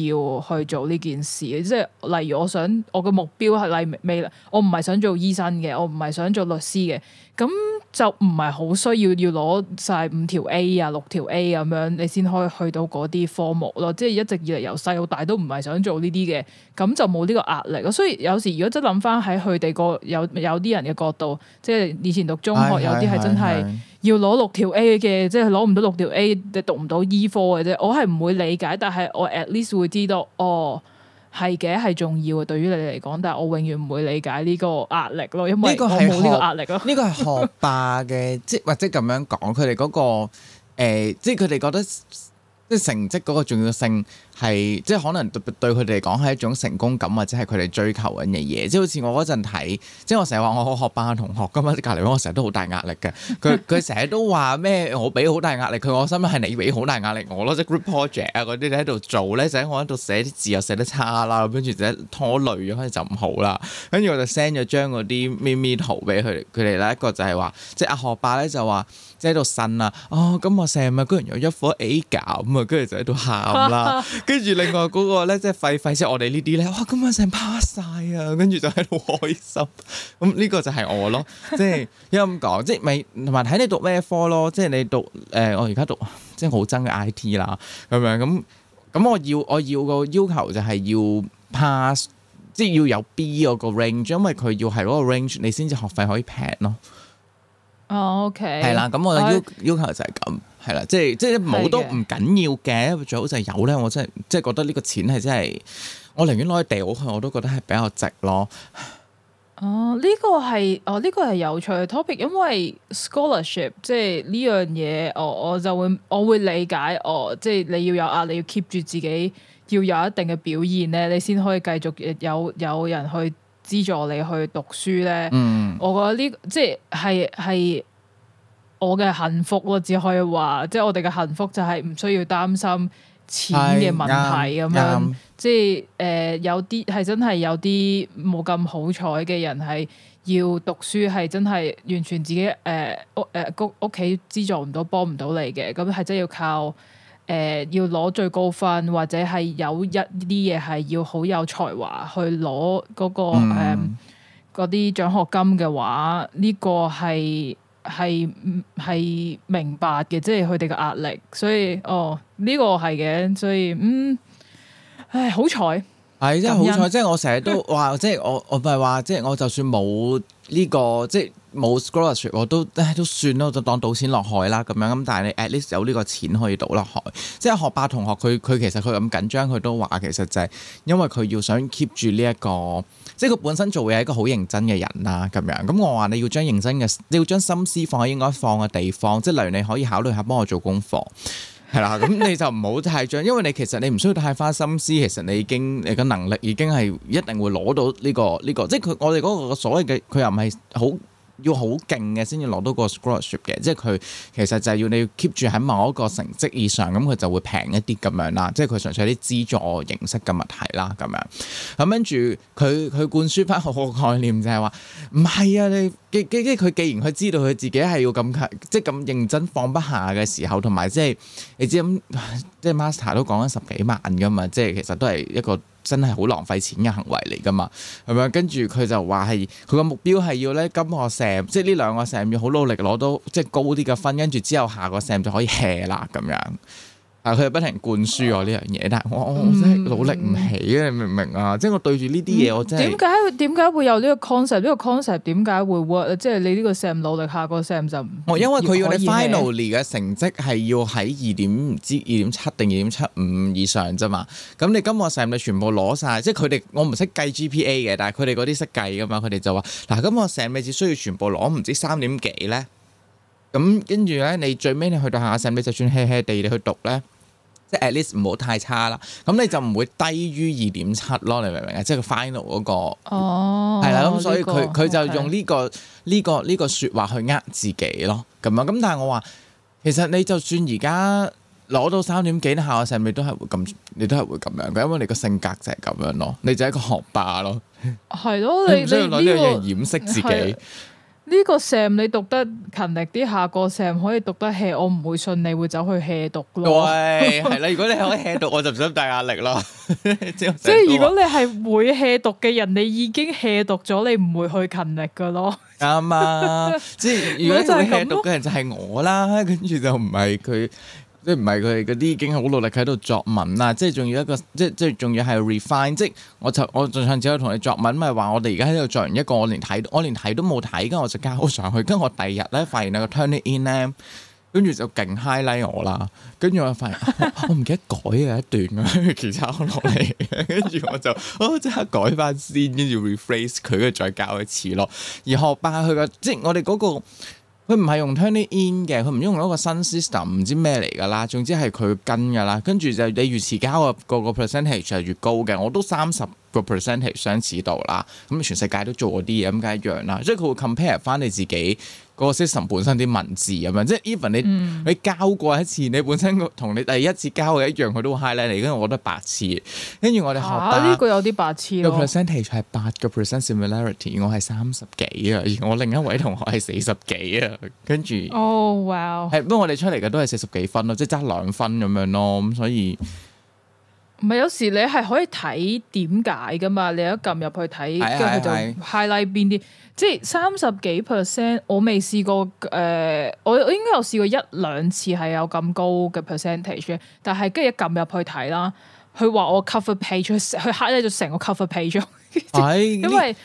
要去做呢件事。即係例如我想，我想我嘅目標係嚟未，我唔係想做醫生嘅，我唔係想做律師嘅。咁就唔係好需要要攞晒五條 A 啊、六條 A 咁樣，你先可以去到嗰啲科目咯。即係一直以嚟由細到大都唔係想做呢啲嘅，咁就冇呢個壓力咯。所以有時如果真諗翻喺佢哋個有有啲人嘅角度，即係以前讀中學有啲係真係要攞六條 A 嘅，即係攞唔到六條 A 就讀唔到醫科嘅啫。我係唔會理解，但係我 at least 會知道哦。係嘅，係重要嘅。對於你嚟講，但係我永遠唔會理解呢個壓力咯，因為我冇呢個壓力啊！呢個係學， <laughs> 學霸嘅，即或者咁樣講，佢哋嗰個誒、呃，即係佢哋覺得即係成績嗰個重要性。係即係可能對對佢哋，嚟講係一種成功感，或者係佢哋追求緊嘅嘢，即係好似我嗰陣睇，即係我成日話我好學霸同學噶嘛，隔離我成日都好大壓力嘅。佢佢成日都話咩？我俾好大壓力，佢我心諗係你俾好大壓力我咯，即 group project 啊嗰啲你喺度做咧，就喺我喺度寫啲字又寫得差啦，跟住就拖累咗，可能就唔好啦。跟住我就 send 咗張嗰啲咪咪圖俾佢，佢哋第一個就係話，即係阿學霸咧就話，即係喺度呻啊，哦咁我成日咪居然有一伙 A 減啊，跟住就喺度喊啦。跟住另外嗰個咧，即係廢廢即我哋呢啲咧，哇！今日成 pass 晒啊，跟住就喺度開心。咁呢個就係我咯，即係因為咁講，即係咪同埋睇你讀咩科咯，即係你讀誒、呃，我而家讀即係好憎嘅 I T 啦，咁咪咁，咁我要我要個要求就係要 pass，即係要有 B 嗰個 range，因為佢要係嗰個 range，你先至學費可以平咯。哦，OK，係啦，咁我要要求就係咁。係啦是，即係即係冇都唔緊要嘅，最好就係有咧。我真係即係覺得呢個錢係真係，我寧願攞去掉去，我都覺得係比較值咯哦、呢個。哦，呢、呢個係哦呢個係有趣嘅 topic，因為 scholarship 即係呢樣嘢，我、呢個哦、我就會我會理解，哦，即係你要有壓力，要 keep 住自己要有一定嘅表現咧，你先可以繼續有有人去資助你去讀書咧。嗯、我覺得呢、呢個、即係係係。我嘅幸福咯，只可以話，即係我哋嘅幸福就係唔需要擔心錢嘅問題，咁樣，對即係誒、呃、有啲係真係有啲冇咁好彩嘅人係要讀書，係真係完全自己誒屋誒屋屋企資助唔到，幫唔到你嘅。咁係真係要靠誒、呃、要攞最高分，或者係有一啲嘢係要好有才華去攞嗰、嗰個誒嗰啲獎學金嘅話，呢、嗯、個係。係係明白嘅，即係佢哋嘅壓力，所以哦呢個係嘅，所以嗯，唉好彩，係即係好彩，即係我成日都話，即係我我唔係話，即係我就算冇呢個，即係冇 scholarship，我都唉都算咯，我就當賭錢落海啦咁樣，咁但係你 at least 有呢個錢可以賭落海，即係學霸同學佢佢其實佢咁緊張，佢都話其實就係因為佢要想 keep 住呢一個。即係佢本身做嘢係一個好認真嘅人啦，咁樣咁我話你要將認真嘅，你要將心思放喺應該放嘅地方，即係例如你可以考慮下幫我做功課，係啦，咁你就唔好太將，因為你其實你唔需要太花心思，其實你已經你嘅能力已經係一定會攞到呢個呢個，即係佢我哋嗰個所謂嘅佢又唔係好。要好勁嘅先至攞到個 scholarship 嘅，即係佢其實就係要你 keep 住喺某一個成績以上，咁佢就會平一啲咁樣啦。即係佢純粹係啲資助形式嘅問題啦，咁樣。咁跟住佢佢灌輸返個概念就係話唔係啊，你既既既佢既然佢知道佢自己係要咁即係咁認真放不下嘅時候，同埋即係你知咁即係 master 都講緊十幾萬㗎嘛，即係其實都係一個。真係好浪費錢嘅行為嚟㗎嘛，係咪啊？跟住佢就話係佢個目標係要咧今個 sem，即係呢兩個 sem 要好努力攞到即係高啲嘅分，跟住之後下個 sem 就可以 hea 啦咁樣。啊！佢又不停灌輸我呢樣嘢，但係我、嗯哦、我真係努力唔起啊。你明唔明啊？嗯、即係我對住呢啲嘢，我真係點解點解會有呢個 concept？呢、呢個 concept 點解會 work？即係你呢個 sam，努力下個 sam 就唔我因為佢要你 final year 嘅成績係要喺二點唔知二點七定二點七五以上啫嘛。咁你今個 sam 你全部攞晒，即係佢哋我唔識計 GPA 嘅，但係佢哋嗰啲識計噶嘛。佢哋就話：嗱，咁我 sam 你只需要全部攞唔知三點幾咧。咁跟住咧，你最尾你去到下個世尾，就算 hea hea 地你去讀咧，即係 at least 唔好太差啦。咁你就唔會低於二點七咯，你明唔明啊？即係 final 嗰個哦，係啦。咁所以佢佢就用呢、呢個呢 okay.、呢個呢、呢個說、呢個、話去呃自己咯，咁樣。咁但係我話，其實你就算而家攞到三點幾下個世尾都係會咁，你都係會咁樣嘅，因為你個性格就係咁樣咯，你就係一個學霸咯，係咯，你 <laughs> 你唔需要攞呢個樣嘢掩飾自己。對呢個 sam 你讀得勤力啲，下個 sam 可以讀得 hea，我唔會信你會走去 hea 讀咯。喂，係啦，如果你可以 hea 讀，我就唔使咁大壓力咯。 <laughs> 即係如果你係會 hea 讀嘅人，你已經 hea 讀咗，你唔會去勤力噶咯。啱 <laughs> 啊，即係如果係 hea 讀嘅人就係我啦，跟住就唔係佢。即係唔係佢哋嗰啲已經好努力喺度作文啦！即係仲要一個，即即係仲要係 refine。即係我就我上次我同你作文，咪話我哋而家喺度作完一個，我連睇我連睇都冇睇，跟住我就交上去。跟住我第二日咧，發現個 turn it in 咧，跟住就勁 highlight 我啦。跟住我發現 <laughs> 我唔記得改嘅一段其實，我落嚟。跟住我就即刻改翻先，跟住 rephrase 佢，跟住再交一次咯。而學霸佢嘅即係我哋嗰、嗰個。佢唔係用 Turnitin 嘅，佢唔用用一個新 system，唔知咩嚟噶啦。總之係佢跟噶啦，跟住就你越遲交入個個 percentage 就越高嘅。我都三十個 percentage 相似度啦，咁全世界都做嗰啲嘢，咁梗一樣啦。即係佢會 compare 翻你自己。個 system 本身啲文字咁樣，即係 even 你你交過一次，嗯、你本身同你第一次交嘅一樣，佢都 highlight 嚟，跟住我覺得白痴。跟住我哋學下，呢、啊呢個有啲白痴。個 percentage 係八個 percent similarity，我係三十幾啊，而我另一位同學係四十幾啊，跟住哦 wow，係不過我哋出嚟嘅都係四十幾分咯，即係爭兩分咁樣咯，咁所以。唔係，有時你係可以睇點解㗎嘛？你一撳入去睇，跟住是佢就 highlight 邊啲，是是是即係三十幾 percent。我未試過誒，我、呃、我應該有試過一兩次係有咁高嘅 percentage，但係跟住一撳入去睇啦。佢話我 cover page 佢佢 highlight 咗成個 cover page，因為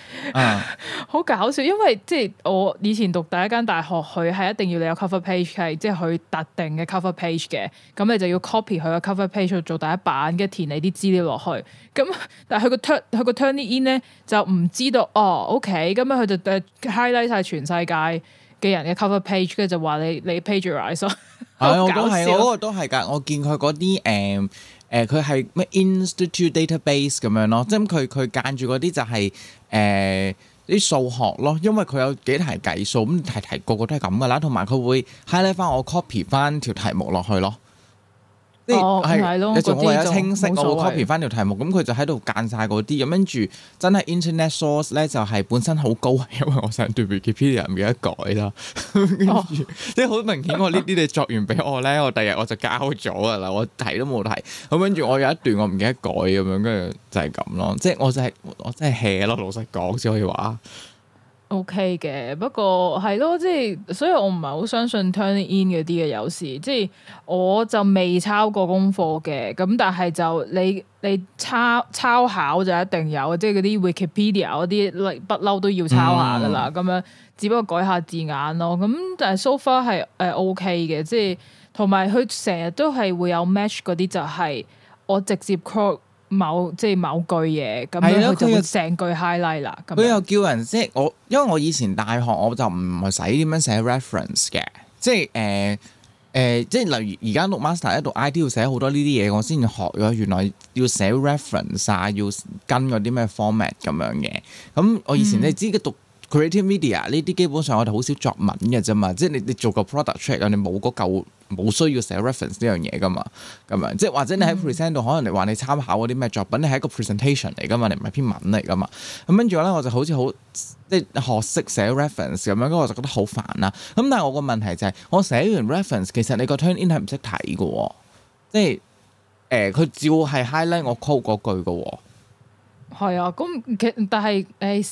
好搞笑，因為即係我以前讀第一間大學，佢係一定要你有 cover page，係即係佢特定嘅 cover page 嘅，咁你就要 copy 佢個 cover page 做第一版，跟住填你啲資料落去。咁但係佢個 turn 佢個 turn in 咧就唔知道哦，OK，咁樣佢就 highlight 曬全世界嘅人嘅 cover page，跟住就話你你 pageurise。係我都係，嗰個都係㗎。我見佢嗰啲誒。誒佢係咩、呃、institute database 咁樣咯，即係佢佢間住嗰啲就係誒啲數學咯，因為佢有幾題計數咁題題，題，題個個都係咁噶啦，同埋佢會 highlight 翻我 copy 翻條題目落去咯。即係、哦、有時我為咗清晰，我 copy 翻條題目，咁佢的就喺度間晒嗰啲，咁跟住真係 internet source 咧就係本身好高，因為我想 do Wikipedia 唔記得改啦。跟住、哦、 <laughs> 即係好明顯，我呢啲你作完俾我咧，我第日我就交咗噶啦，我睇都冇睇，咁跟住我有一段我唔記得改咁樣，跟住就係咁咯。即係我就係、是我，就是、我真係 hea 咯，老實講先可以話。O K 嘅，不過係咯，即係所以我唔係好相信 turn it in 嗰啲嘅，有時即係我就未抄過功課嘅，咁但係就你你抄抄考就一定有，即係嗰啲 Wikipedia 嗰啲不嬲都要抄下㗎喇，咁、嗯、樣只不過改下字眼咯。咁但係 so far 係誒 O K 嘅，即係同埋佢成日都係會有 match 嗰啲，就係、是、我直接 call，某即係某句嘢咁，係咯佢要成句 highlight 啦。佢又樣叫人即係我，因為我以前大學我就唔係使點樣寫 reference 嘅，即係誒誒，即係例如而家讀 master，一讀 ID 要寫好多呢啲嘢，我先學咗原來要寫 reference 啊，要跟嗰啲咩 format 咁樣嘅。咁我以前你知嘅讀。嗯 Creative Media 呢啲基本上我哋好少作文嘅啫嘛，即係你你做個 product check，你冇嗰嚿冇需要寫 reference 呢樣嘢噶嘛，咁樣即係或者你喺 present 度可能你話你參考嗰啲咩作品，你係一個 presentation 嚟噶嘛，你唔係篇文嚟噶嘛，咁跟住咧我就好似好即係學識寫 reference 咁樣，咁我就覺得好煩啦、啊。咁但係我個問題就係、是、我寫完 reference，其實你個 turn in 係唔識睇嘅，即係誒佢照係 highlight 我 call 嗰句嘅喎。係啊，咁 <noise> 其但係誒。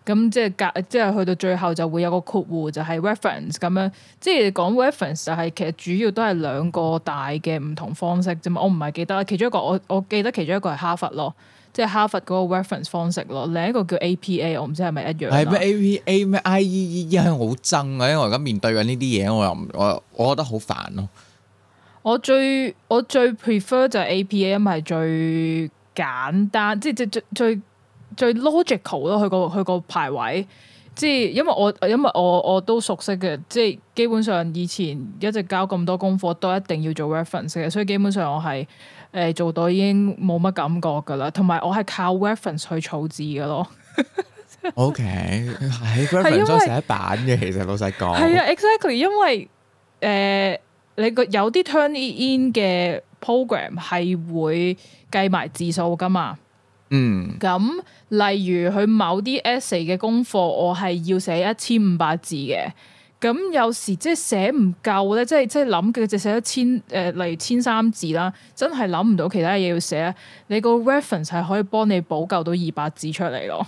咁即係隔，即係去到最後就會有個括弧就係 reference 咁樣，即係講 reference 就係其實主要都係兩個大嘅唔同方式啫嘛。我唔係記得其中一個我我記得其中一個係哈佛咯，即係哈佛嗰個 reference 方式咯。另一個叫 APA，我唔知係咪一樣。係咩 APA 咩 IEEE？好憎啊！因為我而家面對緊呢啲嘢，我又我我覺得好煩咯。我最我最 prefer 就係 APA，因為最簡單，即係最最最。最 logical 咯，去個去個排位，即係因為我因為我我都熟悉嘅，即係基本上以前一直交咁多功課都一定要做 reference 嘅，所以基本上我係誒、呃、做到已經冇乜感覺噶啦，同埋我係靠 reference 去儲字嘅咯。OK，喺 reference 都寫版嘅， <laughs> 其實老實講係啊，exactly，因為誒、呃、你個有啲 Turnitin 嘅 program 係會計埋字數噶嘛。嗯，咁例如佢某啲 essay 嘅功課，我係要寫一千五百字嘅，咁有時即係寫唔夠咧，即係即係諗佢就寫一千誒，例如千三字啦，真係諗唔到其他嘢要寫，你個 reference 係可以幫你補救到二百字出嚟咯。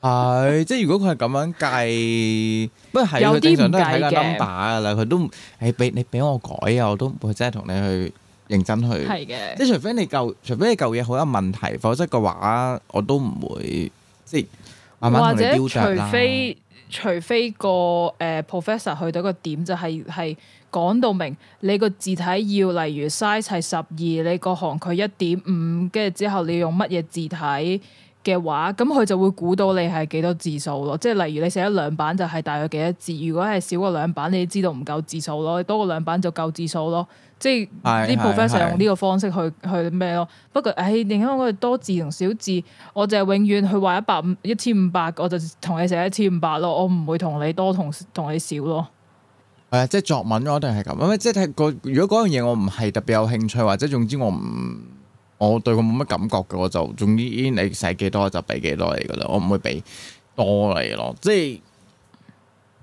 係、 <laughs> 呃，即係如果佢係咁樣計， <laughs> 不過係佢正常都睇下 number 佢都誒，俾、欸、你俾我改啊，我都唔會真係同你去。認真去，的即係除非你舊，除非你舊嘢好有問題，否則嘅話我都唔會即係慢慢去雕琢啦，或者除非除非、個誒、呃、professor 去到一個點，就係係，講到明你個字體要，例如 size 係十二，你個行距一點五，跟住之後你要用乜嘢字體嘅話，咁佢就會估到你係幾多字數咯。即係例如你寫一兩版，就係大約幾多字。如果係少過兩版，你知道唔夠字數咯；多過兩版就夠字數咯。即係啲 professor 用呢個方式去的去咩咯。不過，唉、哎，另一個多字同少字，我就係永遠去話一百五，一千五百，我就同你寫一千五百咯。我唔會同你多同同你少咯。係啊，即係作文咯，一定係咁。即係如果嗰樣嘢，我唔係特別有興趣，或者總之我唔。我對佢冇乜感覺嘅，我就總之你使幾多就俾幾多，多你噶啦，我唔會俾多你咯。即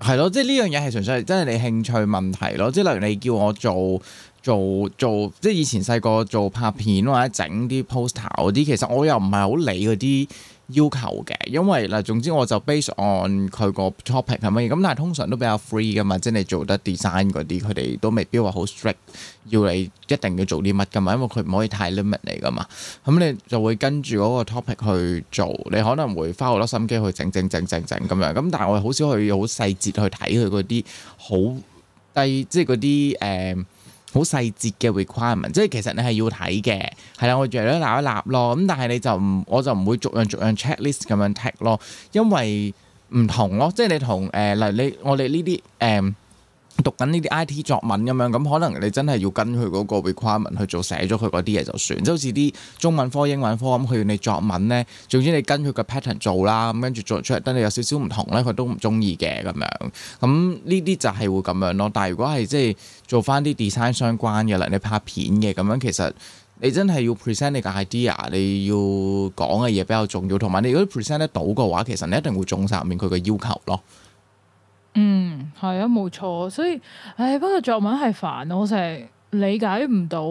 係係咯，即係呢樣嘢係純粹係真係你興趣問題咯。即係例如你叫我做做做，即係以前細個做拍片或者整啲 poster 嗰啲，其實我又唔係好理嗰啲。要求嘅，因為嗱總之我就 base on 佢個 topic 係乜嘢，咁但係通常都比較 free 噶嘛，即你做得 design 嗰啲，佢哋都未必話好 strict 要你一定要做啲乜噶嘛，因為佢唔可以太 limit 嚟噶嘛，咁你就會跟住嗰個 topic 去做，你可能會花好多心機去整整整整整咁樣，咁但係我好少去好細節去睇佢嗰啲好低即係嗰啲誒。呃好細節嘅 requirement，即係其實你係要睇嘅，係啦，我逐粒攬一攬咯，咁但係你就唔，我就唔會逐樣逐樣 checklist 咁樣 tick 咯，因為唔同咯，即係你同誒例如你我哋呢啲誒。呃讀緊呢啲 I.T. 作文咁樣，咁可能你真係要跟佢嗰個 requirement 去做寫咗佢嗰啲嘢就算。即好似啲中文科、英文科咁，佢你作文咧，總之你跟佢個 pattern 做啦，咁跟住作出嚟，等你有少少唔同咧，佢都唔中意嘅咁樣。咁呢啲就係會咁樣咯。但係如果係即係做翻啲 design 相關嘅啦，你拍片嘅咁樣，其實你真係要 present 你個 idea，你要講嘅嘢比較重要。同埋你如果 present 得到嘅話，其實你一定會中殺面佢嘅要求咯。嗯，係啊，冇錯，所以，唉，不過作文係煩，我成日理解唔到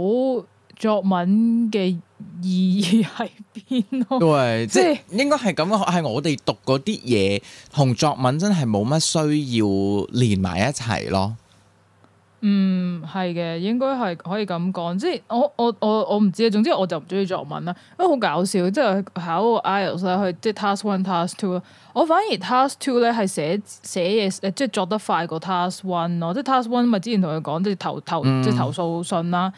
作文嘅意義喺邊咯。喂，即係是應該係咁啊，係我哋讀嗰啲嘢同作文真係冇乜需要連埋一齊咯。嗯，係嘅，應該係可以咁講，即係我我我我唔知啊。總之我就唔中意作文啦，因為好搞笑，即係考 IELTS 啦，佢即係 task one task two 咯。我反而 task two 咧係寫寫嘢，即係作得快過 task one 咯。即係 task one 咪之前同佢講，即係投投即係投訴信啦。嗯、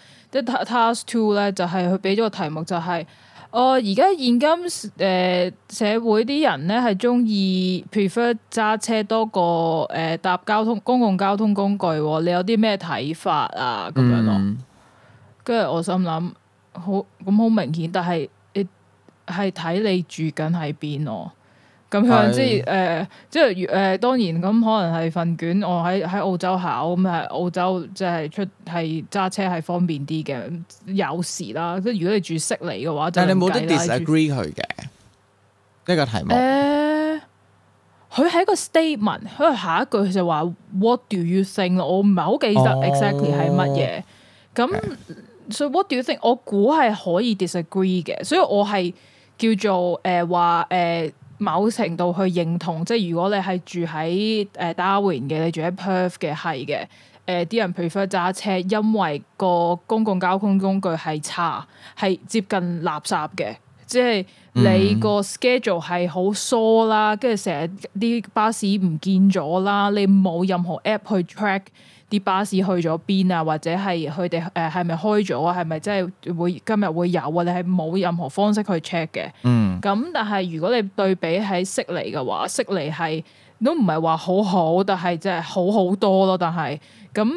即係 task two 咧就係佢俾咗個題目就係、是。哦，而家現今誒、呃、社會啲人咧係中意 prefer 揸車多過誒、呃、搭交通公共交通工具，哦，你有啲咩睇法啊？咁樣咯，跟住，嗯、我心諗好咁好明顯，但係你係睇你住緊喺邊咯。咁樣之，誒、嗯，即係誒，當然咁可能係份卷我喺喺澳洲考咁，係澳洲即係出係揸車係方便啲嘅，有時啦。咁如果你住悉尼嘅話，就係你冇得 disagree 佢嘅呢個題目。佢係、呃、一個 statement，佢下一句就話 What do you think？我唔係好記得 exactly 係乜嘢。咁 So What do you think？我估係可以 disagree 嘅，所以我係叫做誒話誒。呃呃呃呃呃呃某程度去認同，即係如果你係住喺誒 Darwin 嘅，你住喺 Perth 嘅係嘅，誒啲、呃、人 prefer 揸車，因為個公共交通工具係差，係接近垃圾嘅，即係你個 schedule 係好疏啦，跟住成日啲巴士唔見咗啦，你冇任何 app 去 track。啲巴士去咗邊啊？或者係佢哋誒係咪開咗啊？係咪即係會今日會有啊？你係冇任何方式去 check 嘅。嗯。咁但係如果你對比喺悉尼嘅話，悉尼係都唔係話好好，但係即係好好多咯。但係咁。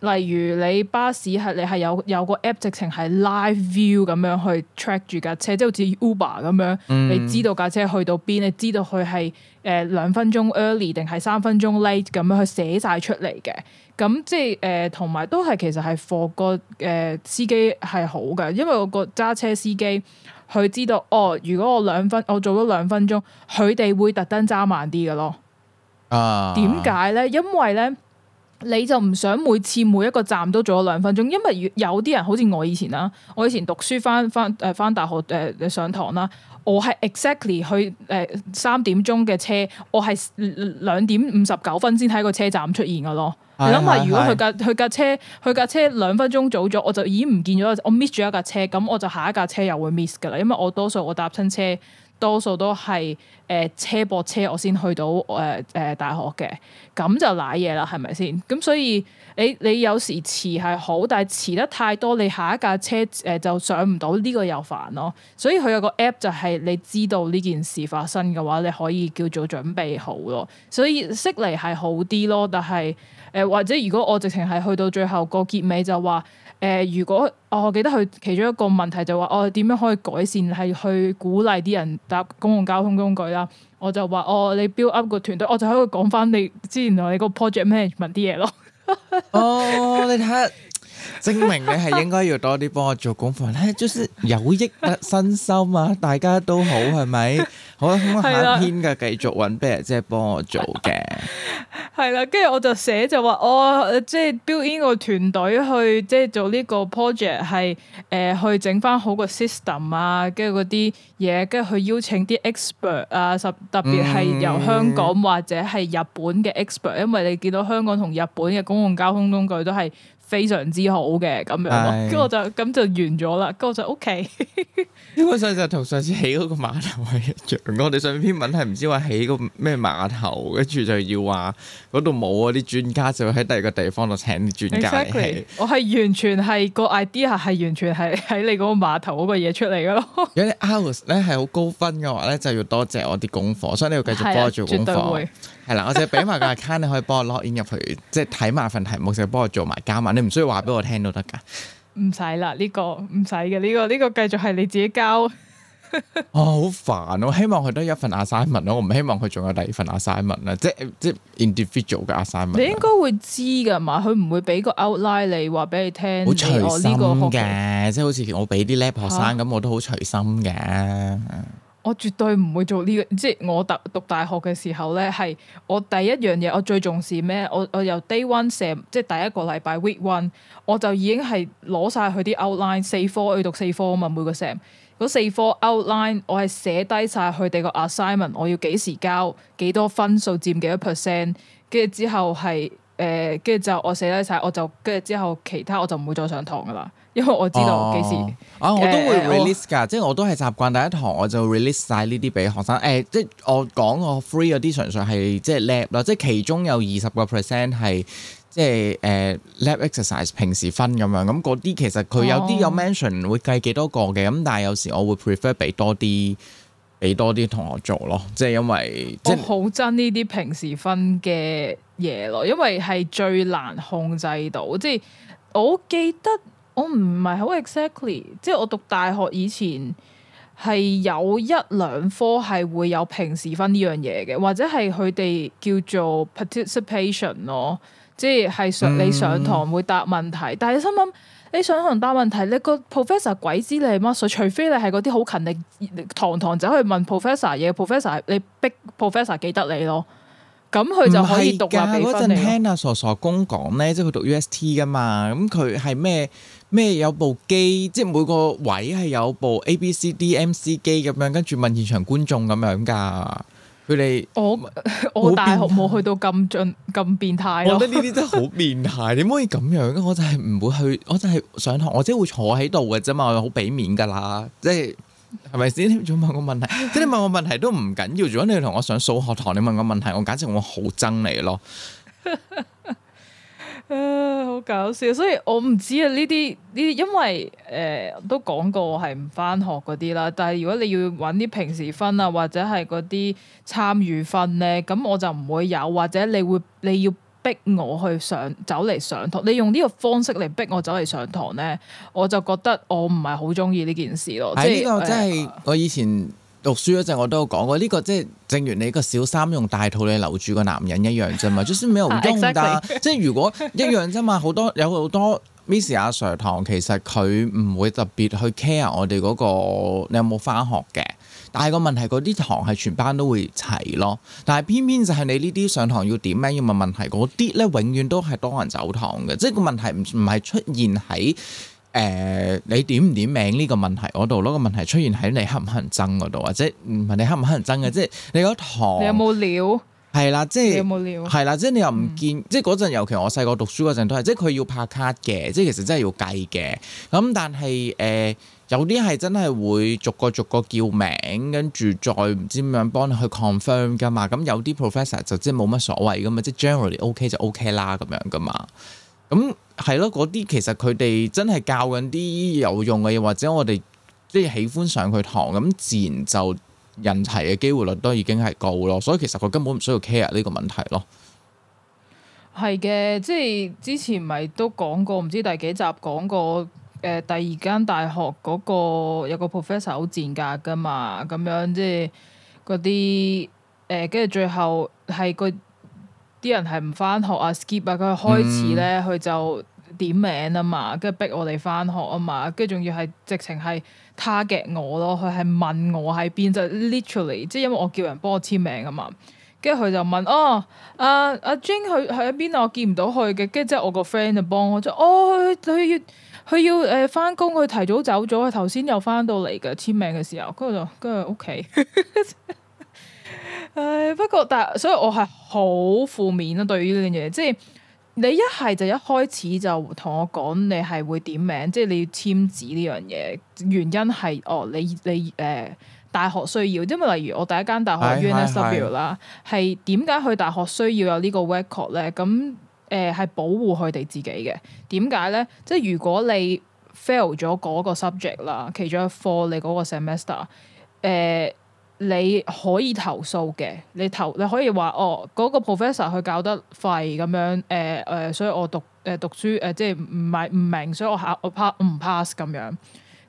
例如你巴士係你係有有個 app 直情係 live view 咁樣去 track 住架車，即係好似 Uber 咁樣、嗯你，你知道架車去到邊，你知道佢係誒兩分鐘 early 定係三分鐘 late 咁樣去寫晒出嚟嘅。咁即係誒同埋都係其實係 for 個誒、呃、司機係好嘅，因為我個揸車司機佢知道哦，如果我兩分我做咗兩分鐘，佢哋會特登揸慢啲嘅咯。啊，點解咧？因為咧。你就唔想每次每一個站都早咗兩分鐘，因為有啲人好似我以前啦，我以前讀書翻翻誒翻大學誒上堂啦，我係 exactly 去誒三點鐘嘅車，我係兩點五十九分先喺個車站出現嘅咯。你諗下，如果佢架佢架車佢架車兩分鐘早咗，我就已經唔見咗，我 miss 咗一架車，咁我就下一架車又會 miss 嘅啦，因為我多數我搭親車。多數都係誒、呃、車駁車，我先去到誒誒、呃呃呃、大學嘅，咁就賴嘢啦，係咪先？咁所以你你有時遲係好，但係遲得太多，你下一架車誒、呃、就上唔到，呢、這個又煩咯。所以佢有個 app 就係、是、你知道呢件事發生嘅話，你可以叫做準備好咯。所以識嚟係好啲咯，但係誒、呃、或者如果我直情係去到最後個結尾就話。誒、呃，如果、哦、我記得佢其中一個問題就話、是，我點樣可以改善係去鼓勵啲人搭公共交通工具啦？我就話，哦，你 build up 個團隊，我就喺度講翻你之前同你個 project management 啲嘢咯。哦， <laughs> 你睇下。證明你係應該要多啲幫我做功課咧、哎，就是有益得身心嘛、啊， <laughs> 大家都好係咪？好，好下天嘅繼續揾 b a 即係幫我做嘅。係啦，跟住我就寫就話我、哦、即係 build in 個團隊去即係做呢個 project 係誒去整翻好個 system 啊，跟住嗰啲嘢，跟住去邀請啲 expert 啊，特別係由香港或者係日本嘅 expert、嗯、因為你見到香港同日本嘅公共交通工具都係。非常之好嘅咁樣，咁我就咁就完咗啦。咁我就 O K。基本上就同上次起嗰個碼頭係一樣， <laughs> 我哋上篇文係唔知話起個咩碼頭，跟住就要話嗰度冇啊啲專家，就要喺第二個地方度請啲專家。我係完全係個 idea 係完全係喺你嗰個碼頭嗰個嘢出嚟噶咯。如果你 IELTS 咧係好高分嘅話咧，就要多謝我啲功課，所以你要繼續幫我做功課。係啦， <laughs> 我就俾埋個 account 你可以幫我 login 入去，即係睇埋份題目，就幫我做埋加嘛。你唔需要話俾我聽都得噶。唔使啦，呢個唔使嘅呢個呢個，繼、這個這個、續係你自己交。 <laughs> 哦，好煩我希望佢得一份 assignment 咯，我唔希望佢仲有第二份 assignment 啊！即係即係 individual 嘅 assignment。你應該會知噶嘛？佢唔會俾個 outline 你話俾你聽。好隨心嘅，即係好似我俾啲叻學生咁，我都好隨心嘅。我絕對唔會做呢個，即係我讀讀大學嘅時候咧，係我第一樣嘢我最重視咩？我我由 day one sam，即係第一個禮拜 week one，我就已經係攞晒佢啲 outline 四科要讀四科啊嘛，每個 sam 嗰四科 outline 我係寫低晒佢哋個 assignment，我要幾時交，幾多分數佔幾多 percent，跟住之後係誒，呃，跟住就我寫低晒，我就跟住之後其他我就唔會再上堂噶啦。因為我知道幾時啊，啊啊我都會 release 噶，我即係我都係習慣第一堂我就 release 晒呢啲俾學生。誒、欸，即係我講我 free 嗰啲，純粹係即係 lab 啦，即係其中有二十個 percent 係即係誒 lab exercise 平時分咁樣。咁嗰啲其實佢有啲有 mention 會計幾多個嘅。咁但係有時我會 prefer 俾多啲俾多啲同學做咯，即係因為即係好憎呢啲平時分嘅嘢咯，因為係最難控制到。即係我記得。我唔係好 exactly，即係我讀大學以前係有一兩科係會有平時分呢樣嘢嘅，或者係佢哋叫做 participation 咯，即係上你上堂會答問題。嗯、但係你心諗你上堂答問題，你個 professor 鬼知你乜水，除非你係嗰啲好勤力，堂堂走去問 professor 嘢，professor 你逼 professor 記得你咯。咁佢就可以讀啊！嗰陣聽阿傻傻公講咧，即係佢讀 UST 噶嘛，咁佢係咩？咩有部機？即係每個位係有部 A、B、C、D、M、C 機咁樣，跟住問現場觀眾咁樣噶。佢哋我問我大學冇去到咁盡咁變態。我覺得呢啲真係好變態，點 <laughs> 可以咁樣？我就係唔會去，我就係上堂，我即會坐喺度嘅啫嘛。我好俾面噶啦，即係係咪先？你想問我問題？ <laughs> 即係你問我問題都唔緊要。如果你同我上數學堂，你問我問題，我簡直我好憎你咯。 <laughs> 啊，好搞笑！所以我唔知啊呢啲呢，啲，因為誒、呃、都講過我係唔翻學嗰啲啦。但係如果你要揾啲平時分啊，或者係嗰啲參與分咧，咁我就唔會有。或者你會你要逼我去上走嚟上堂，你用呢個方式嚟逼我走嚟上堂咧，我就覺得我唔係好中意呢件事咯。即係呢個真係我以前。讀書嗰陣我都有講過，呢、這個即、就、係、是、正如你個小三用大肚你留住個男人一樣啫嘛，就算冇用但， <laughs> 即係如果一樣啫嘛，好多有好多 Miss 阿 Sir 堂其實佢唔會特別去 care 我哋嗰、那個你有冇返學嘅，但係個問題嗰啲堂係全班都會齊咯，但係偏偏就係你呢啲上堂要點名要問問題嗰啲咧，永遠都係多人走堂嘅，即係個問題唔唔係出現喺。誒、呃，你點唔點名呢個問題？嗰度嗰個問題出現喺你肯唔肯爭嗰度，或者問你肯唔肯爭嘅，即係你嗰堂你有冇料？係啦，即係有冇料？係啦，即係你又唔見，嗯、即係嗰陣，尤其我細個讀書嗰陣都係，即係佢要拍卡嘅，即係其實真係要計嘅。咁但係誒、呃，有啲係真係會逐個逐個叫名，跟住再唔知點樣幫你去 confirm 噶嘛。咁有啲 professor 就即係冇乜所謂噶嘛，即係 generally OK 就 OK 啦咁樣噶嘛。咁係咯，嗰啲其實佢哋真係教緊啲有用嘅嘢，或者我哋即係喜歡上佢堂，咁自然就人齊嘅機會率都已經係高咯。所以其實佢根本唔需要 care 呢個問題咯。係嘅，即係之前咪都講過，唔知第幾集講過，誒、呃、第二間大學嗰、嗰個有個 professor 好賤格噶嘛，咁樣即係嗰啲誒，跟、呃、住最後係個。啲人係唔翻學啊，skip 啊，佢開始咧，佢、嗯、就點名啊嘛，跟住逼我哋翻學啊嘛，跟住仲要係直情係 target 我咯，佢係問我喺邊，就 literally 即係因為我叫人幫我簽名啊嘛，跟住佢就問哦，阿阿 Jane 佢喺邊啊,啊，我見唔到佢嘅，跟住即係我個 friend 就幫我就哦，佢要佢要誒翻工，佢提早走咗，佢頭先又翻到嚟嘅簽名嘅時候，跟住就跟住屋企。 <laughs> 誒，不過但係，所以我係好負面咯，對於呢樣嘢，即係你一係就一開始就同我講你係會點名，即係你要簽紙呢樣嘢。原因係哦，你你誒、呃，大學需要，因為例如我第一間大學 u n i v e r s i t 啦，係點解去大學需要有個呢個 record 咧？咁誒係保護佢哋自己嘅。點解咧？即係如果你 fail 咗嗰個 subject 啦，其中一科你嗰個 semester，誒。呃你可以投訴嘅，你投你可以話哦，嗰、那個 professor 佢搞得廢咁樣，誒、呃、誒、呃，所以我讀誒、呃、讀書誒、呃，即係唔係唔明，所以我考我 pass 唔 pass 咁樣，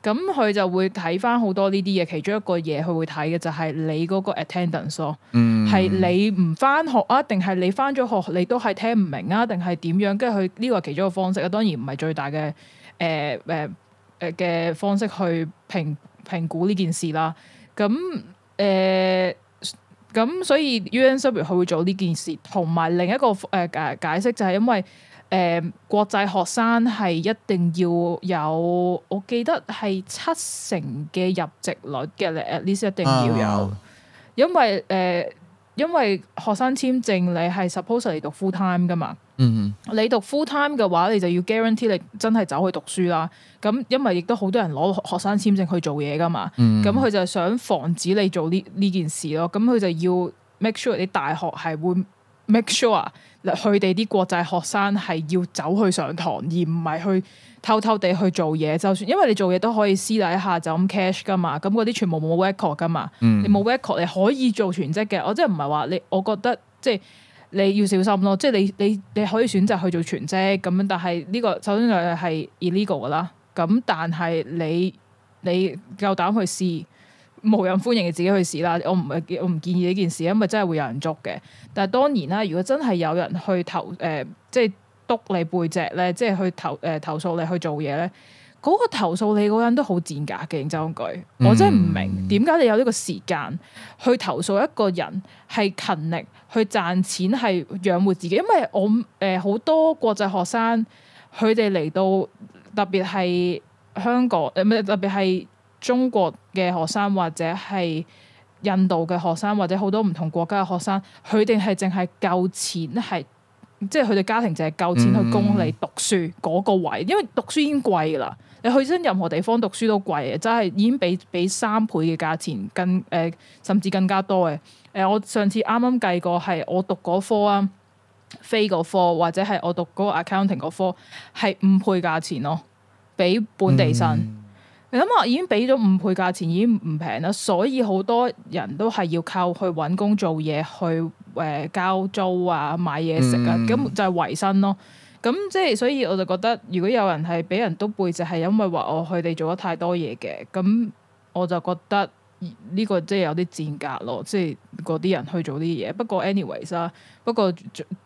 咁佢就會睇返好多呢啲嘢。其中一個嘢佢會睇嘅就係你嗰個 attendance 咯，係你唔返學啊，定係你返咗學你都係聽唔明啊，定係點樣？跟住佢呢個係其中一個方式啊，當然唔係最大嘅誒誒誒嘅方式去評評估呢件事啦。咁、嗯。誒，咁、嗯、所以 UN Superv <music> UN 佢會做呢件事，同埋另一個解解釋就係因為誒、呃、國際學生係一定要有，我記得係七成嘅出席率嘅，at least 一定要有，oh, 有因為誒、呃、因為學生簽證你係 supposed 嚟讀 full time 噶嘛。Mm hmm. 你讀 full time 嘅話，你就要 guarantee 你真係走去讀書啦。咁因為亦都好多人攞學生簽證去做嘢噶嘛，咁佢、mm hmm. 嗯、就想防止你做呢呢件事咯。咁、嗯、佢就要 make sure 你大學係會 make sure 佢哋啲國際學生係要走去上堂，而唔係去偷偷地去做嘢。就算因為你做嘢都可以私底下就咁 cash 噶嘛，咁嗰啲全部冇 record 噶嘛。Mm hmm. 你冇 record，你可以做全職嘅。我即係唔係話你，我覺得即係。你要小心咯，即係你你你可以選擇去做全職咁樣，但係呢個首先就係 illegal 噶啦。咁但係你你夠膽去試，冇人歡迎你自己去試啦。我唔我唔建議呢件事，因為真係會有人捉嘅。但係當然啦，如果真係有人去投誒、呃，即係督你背脊咧，即係去投誒、呃、投訴你去做嘢咧。嗰個投訴你嗰個人都好賤格嘅，就咁句，我真係唔明點解你有呢個時間去投訴一個人係勤力去賺錢係養活自己，因為我誒好、呃、多國際學生佢哋嚟到特別係香港誒唔係特別係中國嘅學生或者係印度嘅學生或者好多唔同國家嘅學生，佢哋係淨係夠錢係即係佢哋家庭淨係夠錢去供你讀書嗰個位，嗯、因為讀書已經貴啦。你去親任何地方讀書都貴，真係已經比比三倍嘅價錢更誒、呃，甚至更加多嘅。誒、呃，我上次啱啱計過係我讀嗰科啊，飛嗰科或者係我讀嗰個 accounting 嗰科係五倍價錢咯，比本地生。嗯、你諗下已經俾咗五倍價錢，已經唔平啦。所以好多人都係要靠去揾工做嘢去誒、呃、交租啊、買嘢食啊，咁、嗯、就係維生咯。咁即係，所以我就覺得，如果有人係俾人篤背脊，係因為話我佢哋做得太多嘢嘅，咁我就覺得呢個即係有啲賤格咯，即係嗰啲人去做啲嘢。不過 anyways 啦，不過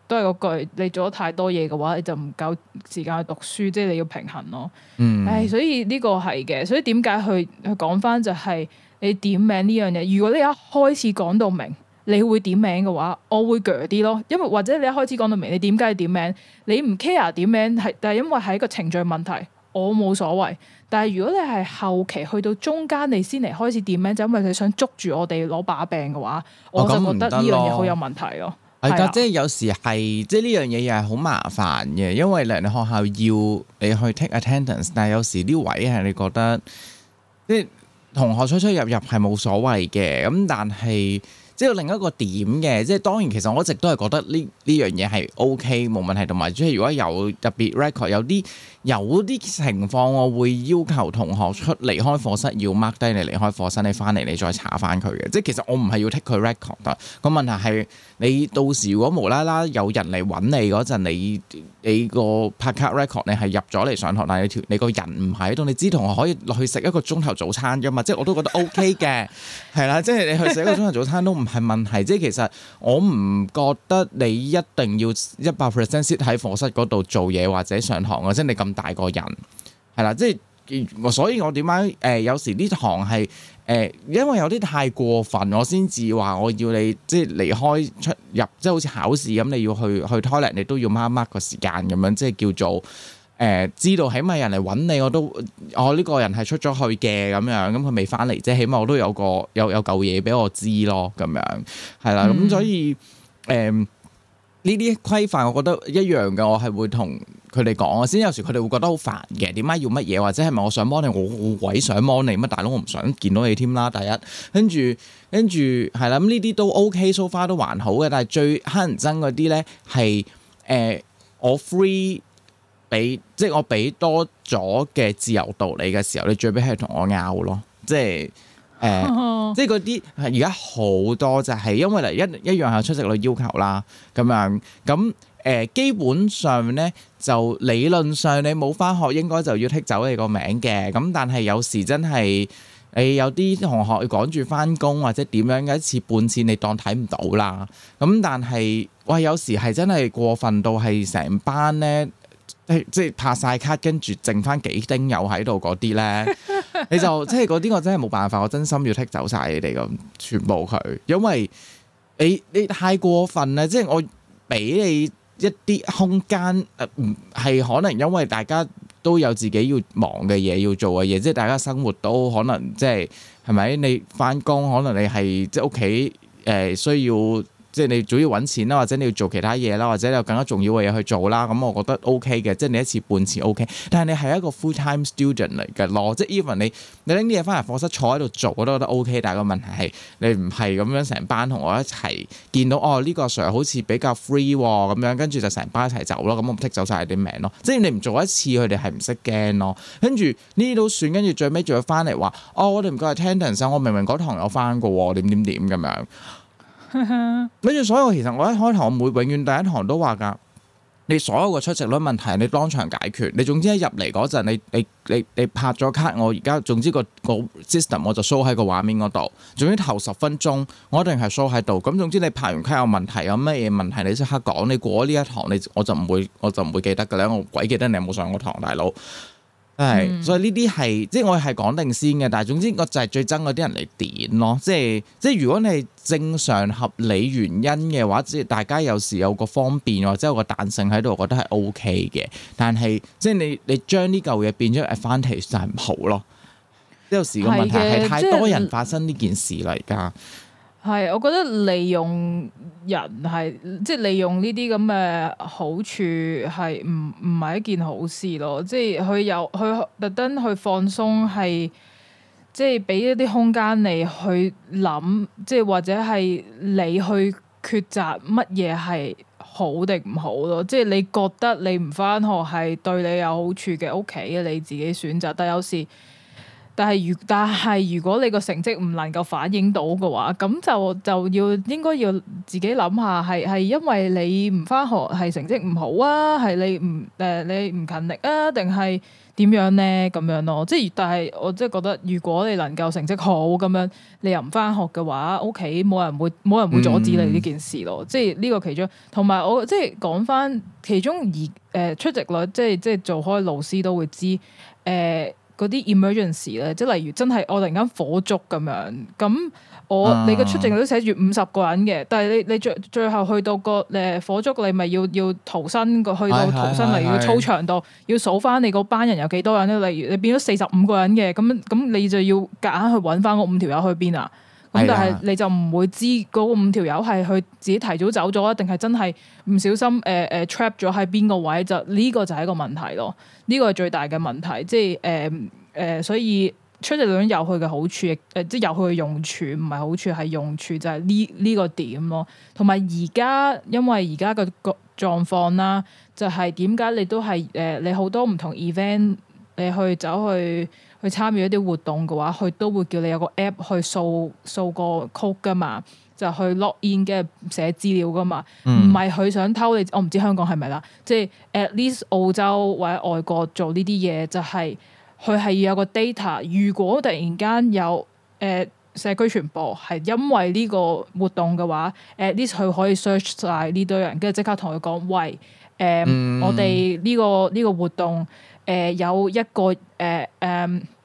都係嗰句，你做得太多嘢嘅話，你就唔夠時間去讀書，即係你要平衡咯。唉、嗯哎，所以呢個係嘅，所以點解去去講返就係你點名呢樣嘢？如果你一開始講到明。你會點名嘅話，我會鋸啲咯，因為或者你一開始講到明，你點解要點名？你唔 care 點名係，但係因為係一個程序問題，我冇所謂。但係如果你係後期去到中間，你先嚟開始點名，就因為你想捉住我哋攞把柄嘅話，我就覺得呢樣嘢，好有問題咯。係噶、哦哦啊，即係有時係即係呢樣嘢，又係好麻煩嘅，因為你學校要你去 take attendance，但係有時啲位係你覺得即係同學出出入入係冇所謂嘅，咁但係。即係另一個點嘅，即係當然其實我一直都係覺得呢呢樣嘢係 OK 冇問題，同埋即係如果有特別 record 有啲有啲情況，我會要求同學出離開課室要 mark 低你離開課室，你翻嚟你再查翻佢嘅。即係其實我唔係要剔佢 record 嘅，個問題係。你到時如果無啦啦有人嚟揾你嗰陣，你你個拍卡 record 你係入咗嚟上學，但係條你個人唔喺度，你知同學可以落去食一個鐘頭早餐噶嘛？即係我都覺得 OK 嘅，係啦， <laughs> 即係你去食一個鐘頭早餐都唔係問題。即係其實我唔覺得你一定要一百 percent sit 喺課室嗰度做嘢或者上堂啊！即你咁大個人，係啦，即係所以我點解誒有時呢堂係？誒，因為有啲太過分，我先至話我要你即係離開出入，即係好似考試咁，你要去去 toilet 你都要 mark mark 個時間咁樣，即係叫做誒、呃，知道起碼人嚟揾你，我都我呢、哦這個人係出咗去嘅咁樣，咁佢未翻嚟即起碼我都有個有有嚿嘢俾我知咯，咁樣係啦，咁、嗯嗯、所以誒呢啲規範，呃、規範我覺得一樣嘅，我係會同。佢哋講啊，先有時佢哋會覺得好煩嘅，點解要乜嘢？或者係咪我想幫你？我我鬼想幫你乜大佬？我唔想見到你添啦！第一，跟住跟住係啦。呢啲都 OK，so far 都還好嘅。但係最乞人憎嗰啲呢，係誒，我 free 俾，即係我俾多咗嘅自由道理嘅時候，你最屘係同我拗咯，即係誒，呃 oh。即係嗰啲而家好多就係因為嚟一一,一樣係出席率要求啦，咁樣咁。基本上呢，就理論上你冇返學應該就要剔走你個名嘅。咁但係有時真係你有啲同學趕住返工或者點樣嘅一次半次，你當睇唔到啦。咁但係喂，有時係真係過分到係成班呢，即係拍晒卡，跟住剩翻幾丁友喺度嗰啲呢，你就即係嗰啲我真係冇辦法，我真心要剔走晒你哋咁全部佢，因為你你太過分啦！即係我俾你。一啲空間，誒、呃，係可能因為大家都有自己要忙嘅嘢要做嘅嘢，即係大家生活都可能即係係咪，你返工可能你係即係屋企誒需要，即係你主要揾錢啦，或者你要做其他嘢啦，或者你有更加重要嘅嘢去做啦。咁我覺得 OK 嘅，即係你一次半次 OK。但係你係一個 full time student 嚟嘅咯，即係 even 你你拎啲嘢翻嚟課室坐喺度做，我都覺得 OK。但係個問題係你唔係咁樣成班同我一齊見到哦呢個 Sir 好似比較 free 咁樣，跟住就成班一齊走咯。咁我唔剔走曬啲名咯。即係你唔做一次，佢哋係唔識驚咯。跟住呢都算，跟住最尾仲要翻嚟話哦，我哋唔夠 attendance，我明明嗰堂有翻過喎，點點點咁樣。跟住， <noise> 所以其實我一開頭我每永遠第一堂都話噶你所有嘅出席率問題，你當場解決。你總之一入嚟嗰陣，你你你你拍咗卡，我而家總之個個 system 我就 show 喺個畫面嗰度。總之頭十分鐘，我一定係 show 喺度。咁總之你拍完卡有問題，有咩嘢問題你即刻講。你過咗呢一堂，你我就唔會，我就唔會記得噶啦。我鬼記得你有冇上過堂，大佬。係，所以呢啲係即係我係講定先嘅，但係總之我就係最憎嗰啲人嚟點咯，即係即係如果你係正常合理原因嘅話，即係大家有時有個方便或者有個彈性喺度，我覺得係 OK 嘅。但係即係你你將呢嚿嘢變咗 advantage，就係唔好咯。有時個問題係太多人發生呢件事嚟㗎。係，我覺得利用人係即係利用呢啲咁嘅好處係唔唔係一件好事咯。即係佢有佢特登去放鬆，係即係俾一啲空間你去諗，即係或者係你去抉擇乜嘢係好定唔好咯。即係你覺得你唔返學係對你有好處嘅屋企嘅你自己選擇，但有時。但係如但係如果你個成績唔能夠反映到嘅話，咁就就要應該要自己諗下，係係因為你唔翻學係成績唔好啊，係你唔誒、呃、你唔勤力啊，定係點樣咧咁樣咯？即但係我即係覺得，如果你能夠成績好咁樣，你又唔翻學嘅話，屋企冇人會冇人會阻止你呢件事咯。即係呢個其中，同埋我即係講翻其中而誒、呃、出席率，即係即係做開老師都會知誒。呃嗰啲 emergency 咧，即係例如真係我突然間火燭咁樣，咁我、嗯、你嘅出席都寫住五十個人嘅，但係你你最最後去到個誒火燭，你咪要要逃生個去到逃生嚟個、哎、呀操場度，哎、呀要數翻你嗰班人有幾多人咧？例如你變咗四十五個人嘅，咁咁你就要夾硬去揾翻嗰五條友去邊啊？咁但係你就唔會知嗰五條友係去自己提早走咗啊，定係真係？唔小心誒誒 trap 咗喺邊個位就呢、這個就係一個問題咯，呢、這個係最大嘅問題，即係誒誒，所以出席 i t t e 嘅好處，誒、呃、即係有佢嘅用處，唔係好處係用處，就係呢呢個點咯。同埋而家因為而家嘅個狀況啦，就係點解你都係誒、呃、你好多唔同 event，你去走去去參與一啲活動嘅話，佢都會叫你有個 app 去掃掃個 code 噶嘛。就去 login 嘅寫資料噶嘛，唔係佢想偷你。我唔知香港係咪啦，即係 at least 澳洲或者外國做呢啲嘢，就係佢係要有個 data。如果突然間有誒社區傳播，係因為呢個活動嘅話，at least 佢、嗯、可以 search 晒呢堆人，跟住即刻同佢講喂，誒、嗯、我哋呢個呢個活動誒有一個誒誒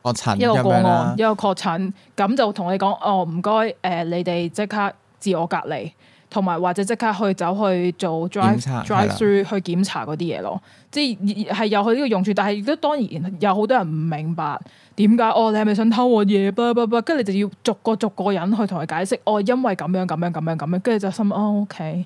確診 一個個案，一個確診，咁就同你講哦，唔該誒，你哋即刻，自我隔離，同埋或者即刻去走去做 drive 查 drive drive through 去檢查嗰啲嘢咯，即係有佢呢個用處。但係亦都當然有好多人唔明白點解哦，你係咪想偷我嘢？不不不，跟住你就要逐個逐個人去同佢解釋。哦，因為咁樣咁樣咁樣咁樣，跟住就心安、哦、OK。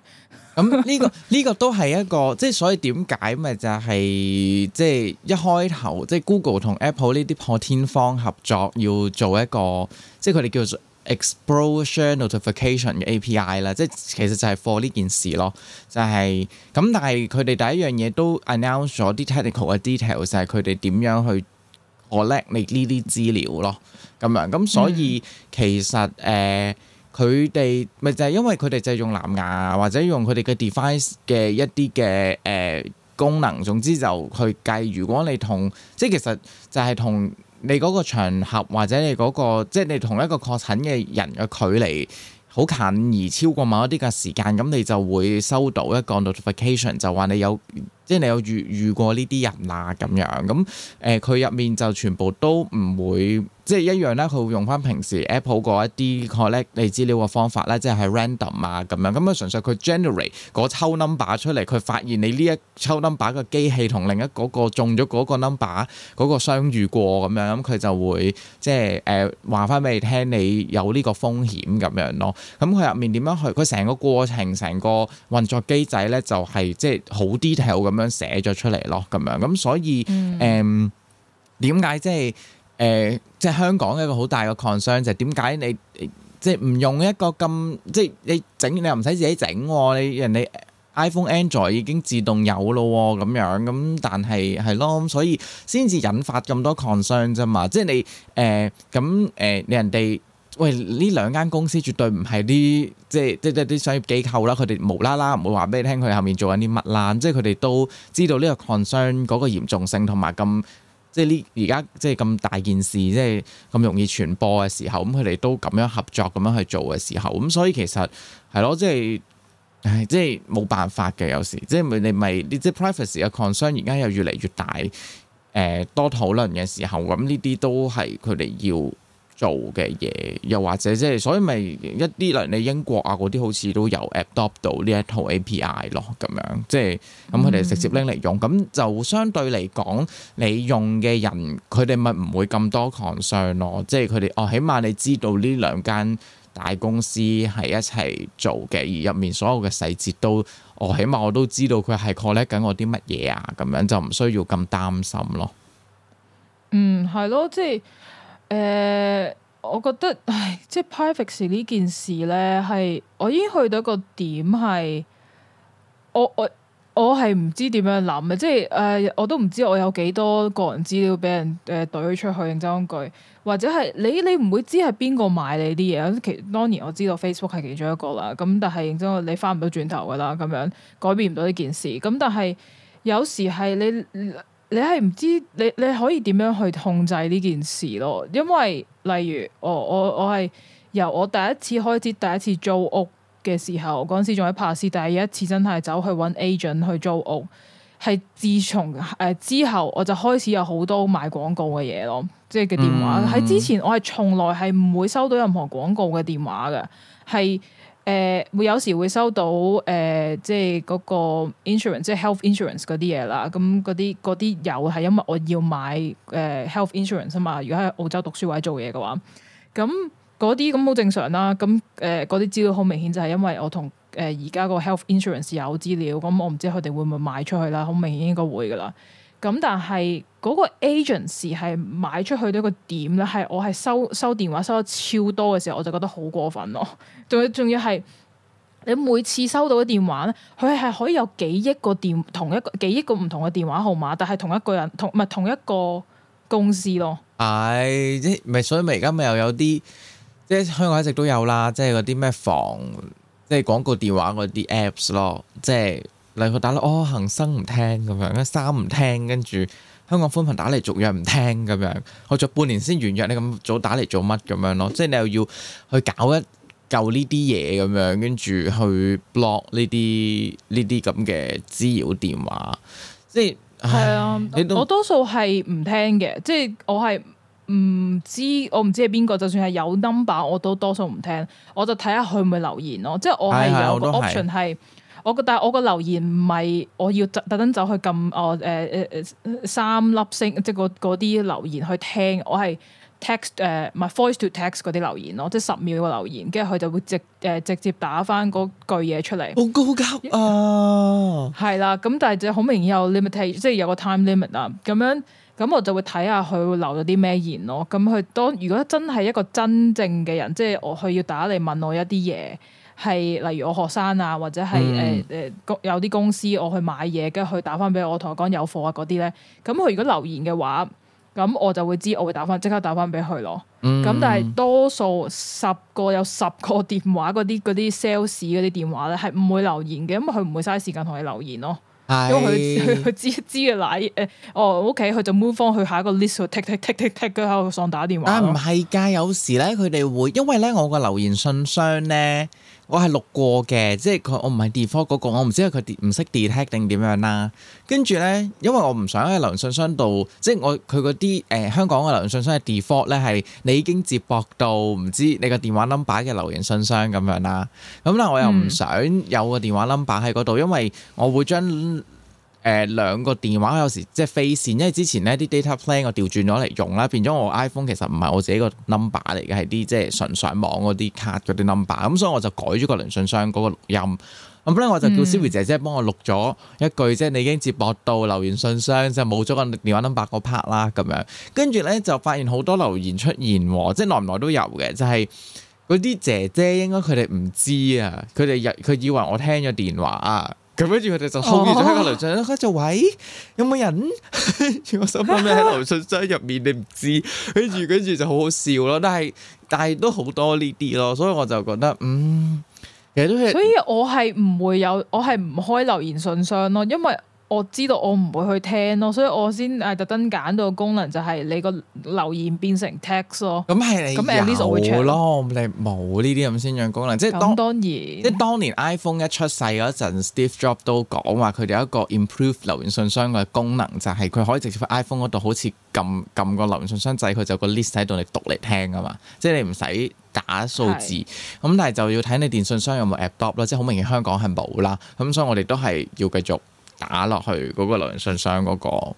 咁 <laughs> 呢個呢個都係一個，即係所以點解咪就係即係一開頭，即係 Google 同 Apple 呢啲破天荒合作要做一個，即係佢哋叫做。Explosion notification 嘅 API 啦，AP I，即係其實就係 for 呢件事咯，就係、是、咁。但係佢哋第一樣嘢都 announce 咗啲 technical 嘅 detail，就係佢哋點樣去 collect 你呢啲資料咯，咁樣咁。所以、嗯、其實誒，佢哋咪就係、是、因為佢哋就係用藍牙或者用佢哋嘅 device 嘅一啲嘅誒功能，總之就去計如果你同即係其實就係同。你嗰個場合或者你嗰個，即係你同一個確診嘅人嘅距離好近，而超過某一啲嘅時間，咁你就會收到一個 notification，就話你有，即係你有遇遇過呢啲人啦咁樣。咁誒，佢、呃、入面就全部都唔會。即係一樣咧，佢會用翻平時 Apple 嗰一啲 collect 你資料嘅方法咧，即係喺 random 啊咁樣。咁啊，純粹佢 generate 嗰抽 number 出嚟，佢發現你呢一抽 number 嘅機器同另一個中咗嗰個 number 嗰個相遇過咁樣，咁佢就會即係誒話翻俾你聽，你有呢個風險咁樣咯。咁佢入面點樣去？佢成個過程、成個運作機制咧，就係即係好 detail 咁樣寫咗出嚟咯。咁樣咁所以誒點解即係？誒、呃，即係香港一個好大嘅 concern，就係點解你即係唔用一個咁，即係你整你又唔使自己整、哦，你人哋 iPhone、Android 已經自動有咯咁、哦、樣，咁但係係咯，咁所以先至引發咁多 concern 啫嘛，即係你誒咁誒，呃呃、你人哋喂呢兩間公司絕對唔係啲即係即係啲商業機構啦，佢哋無啦啦唔會話俾你聽，佢後面做緊啲乜難，即係佢哋都知道呢個 concern 嗰個嚴重性同埋咁。即係呢而家即係咁大件事，即係咁容易傳播嘅時候，咁佢哋都咁樣合作咁樣去做嘅時候，咁所以其實係咯，即係，唉，即係冇辦法嘅有時，即係咪你咪即係 privacy 嘅 concern，而家又越嚟越大，誒、呃、多討論嘅時候，咁呢啲都係佢哋要做嘅嘢，又或者即係，所以咪一啲例如你英國啊嗰啲，好似都有 adopt 到呢一套 API 咯，咁樣即係，咁佢哋直接拎嚟用，咁，嗯，就相對嚟講，你用嘅人佢哋咪唔會咁多 concern 咯，即係佢哋哦，起碼你知道呢兩間大公司係一齊做嘅，而入面所有嘅細節都，哦，起碼我都知道佢係 collect 緊我啲乜嘢啊，咁樣就唔需要咁擔心咯。嗯，係咯，即係。誒、呃，我覺得，唉，即係 privacy 呢件事咧，係我已經去到一個點係，我我我係唔知點樣諗嘅，即係誒、呃，我都唔知我有幾多個人資料俾人誒攤、呃、出去。認真講句，或者係你你唔會知係邊個買你啲嘢。其實當然我知道 Facebook 係其中一個啦，咁但係認真你，你翻唔到轉頭噶啦，咁樣改變唔到呢件事。咁但係有時係你。呃你係唔知你你可以點樣去控制呢件事咯。因為例如我我我係由我第一次開始第一次租屋嘅時候，嗰陣時仲喺 Perth，第一次真係走去揾 agent 去租屋，係自從誒、呃、之後我就開始有好多賣廣告嘅嘢咯，即係嘅電話喺、嗯、之前我係從來係唔會收到任何廣告嘅電話㗎，係。誒、呃、會有時會收到誒、呃、即係嗰個 insurance，即係 health insurance 嗰啲嘢啦。咁嗰啲嗰啲有係因為我要買誒、呃、health insurance 啊嘛。如果喺澳洲讀書或者做嘢嘅話，咁嗰啲咁好正常啦。咁誒嗰啲資料好明顯就係因為我同誒而家個 health insurance 有資料。咁我唔知佢哋會唔會賣出去啦。好明顯應該會㗎啦。咁但係嗰個 agency 係買出去呢個點咧，係我係收收電話收得超多嘅時候，我就覺得好過分咯。仲要仲要係你每次收到嘅電話咧，佢係可以有幾億個電同一個幾億個唔同嘅電話號碼，但係同一個人同唔係同一個公司咯。係即係咪所以咪而家咪又有啲即係香港一直都有啦，即係嗰啲咩防即係廣告電話嗰啲 apps 咯，即係。例如佢打咧，哦恒生唔聽咁樣，跟住三唔聽，跟住香港寬頻打嚟續約唔聽咁樣，我做半年先完約，你咁早打嚟做乜咁樣咯？即係你又要去搞一嚿呢啲嘢咁樣，跟住去 block 呢啲呢啲咁嘅滋擾電話，即係係啊，都我多數係唔聽嘅，即係我係唔知我唔知係邊個，就算係有 number 我都多數唔聽，我就睇下佢會唔會留言咯，即係我係有 option 係。但我但係我個留言唔係我要特登走去撳我誒誒誒三粒星，即係嗰啲留言去聽。我係 text 誒、呃，唔係 voice to text 嗰啲留言咯，即係十秒個留言，跟住佢就會直誒、呃、直接打翻嗰句嘢出嚟。好高級啊！係啦、yeah.，咁但係就好明顯有 limit，即係有個 time limit 啊。咁樣咁我就會睇下佢會留咗啲咩言咯。咁佢當如果真係一個真正嘅人，即係我佢要打嚟問我一啲嘢。係例如我學生啊，或者係誒誒，有啲公司我去買嘢，跟住佢打翻俾我，同我講有貨啊嗰啲咧。咁佢如果留言嘅話，咁我就會知，我會打翻，即刻打翻俾佢咯。咁、嗯、但係多數十個有十個電話嗰啲嗰啲 sales 嗰啲電話咧，係唔會留言嘅，咁佢唔會嘥時間同你留言咯。係因為佢佢佢知知嘅奶誒，哦，O K，佢就 move 翻去下一個 list take, take, take, take, take, take, 去 t a k 喺度上打電話。但唔係噶，有時咧佢哋會，因為咧我個留言信箱咧。我係錄過嘅，即係佢我唔係 default 嗰個，我唔知佢唔識 detect 定點樣啦。跟住咧，因為我唔想喺留言信箱度，即係我佢嗰啲誒香港嘅留言信箱嘅 default 咧，係你已經接駁到唔知你個電話 number 嘅留言信箱咁樣啦。咁但我又唔想有個電話 number 喺嗰度，因為我會將，誒兩個電話有時即係飛線，因為之前呢啲 data plan 我調轉咗嚟用啦，變咗我 iPhone 其實唔係我自己個 number 嚟嘅，係啲即係純上網嗰啲卡嗰啲 number。咁所以我就改咗個留言箱嗰個錄音。咁咧我就叫 Siri 姐姐幫我錄咗一句即係，你已經接駁到留言信箱就冇咗個電話 number 個 part 啦咁樣。跟住咧就發現好多留言出現喎，即係耐唔耐都有嘅，就係嗰啲姐姐應該佢哋唔知啊，佢哋佢以為我聽咗電話啊。咁跟住佢哋就控住咗喺個郵箱啦，跟住、oh. 喂，有冇人？我心諗咩喺信箱入面？你唔知，跟住跟住就好好笑咯。但係但係都好多呢啲咯，所以我就覺得，嗯，其實都係。所以我係唔會有，我係唔開留言信箱咯，因為。我知道我唔會去聽咯，所以我先誒特登揀到個功能就係你個留言變成 text 咯、嗯。咁係你咁 list 我會 check 咯，你冇呢啲咁先進功能。即係當當然，即係當年 iPhone 一出世嗰陣，Steve Jobs 都講話佢哋有一個 improve 留言信箱嘅功能，就係、是、佢可以直接喺 iPhone 嗰度，好似撳撳個留言信箱掣，佢就有個 list 喺度你讀嚟聽㗎嘛。即係你唔使打數字，咁是但係就要睇你電信箱有冇 app 啦。即係好明顯香港係冇啦，咁所以我哋都係要繼續。打落去嗰個留言信箱嗰個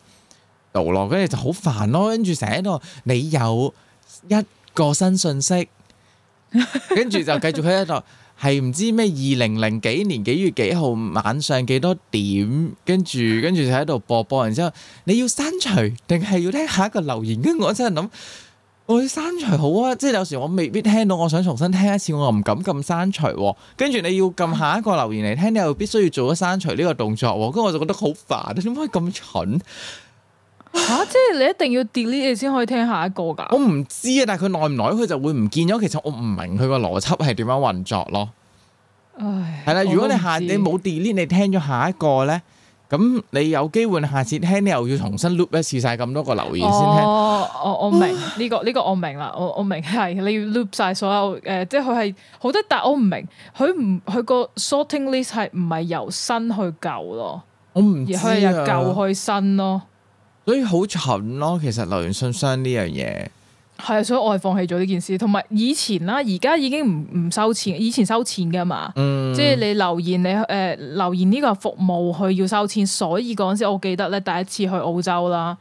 度咯，跟住、那個、就好煩咯，跟住成日喺度，你有一個新信息，跟住就繼續喺度，係唔知咩二零零幾年幾月幾號晚上幾多點，跟住跟住就喺度播播，然之後你要刪除定係要聽下一個留言？跟住我真係諗。我去刪除好啊，即係有時我未必聽到，我想重新聽一次，我又唔敢撳刪除。跟住你要撳下一個留言嚟聽，你又必須要做咗刪除呢個動作，跟住我就覺得好煩。你點解咁蠢？吓、啊？即係你一定要 delete 你先可以聽下一個㗎。 <laughs> 我唔知啊，但係佢耐唔耐佢就會唔見咗。其實我唔明佢個邏輯係點樣運作咯。唉，係啦，如果你下你冇 delete 你聽咗下一個咧。咁你有機會下次聽，你又要重新 loop 一次晒咁多個留言先聽。哦，我我明呢、 <laughs> 呢個呢、呢個我明啦，我我明係你要 loop 曬所有誒、呃，即係佢係好得，但我唔明佢唔佢個 sorting list 係唔係由新去舊咯？我唔知佢係由舊去新咯，新所以好蠢咯。其實留言信箱呢樣嘢。係啊，所以我係放棄咗呢件事。同埋以前啦，而家已經唔唔收錢，以前收錢㗎嘛。嗯、即係你留言，你誒、呃、留言呢個服務佢要收錢。所以嗰陣時我記得咧，第一次去澳洲啦，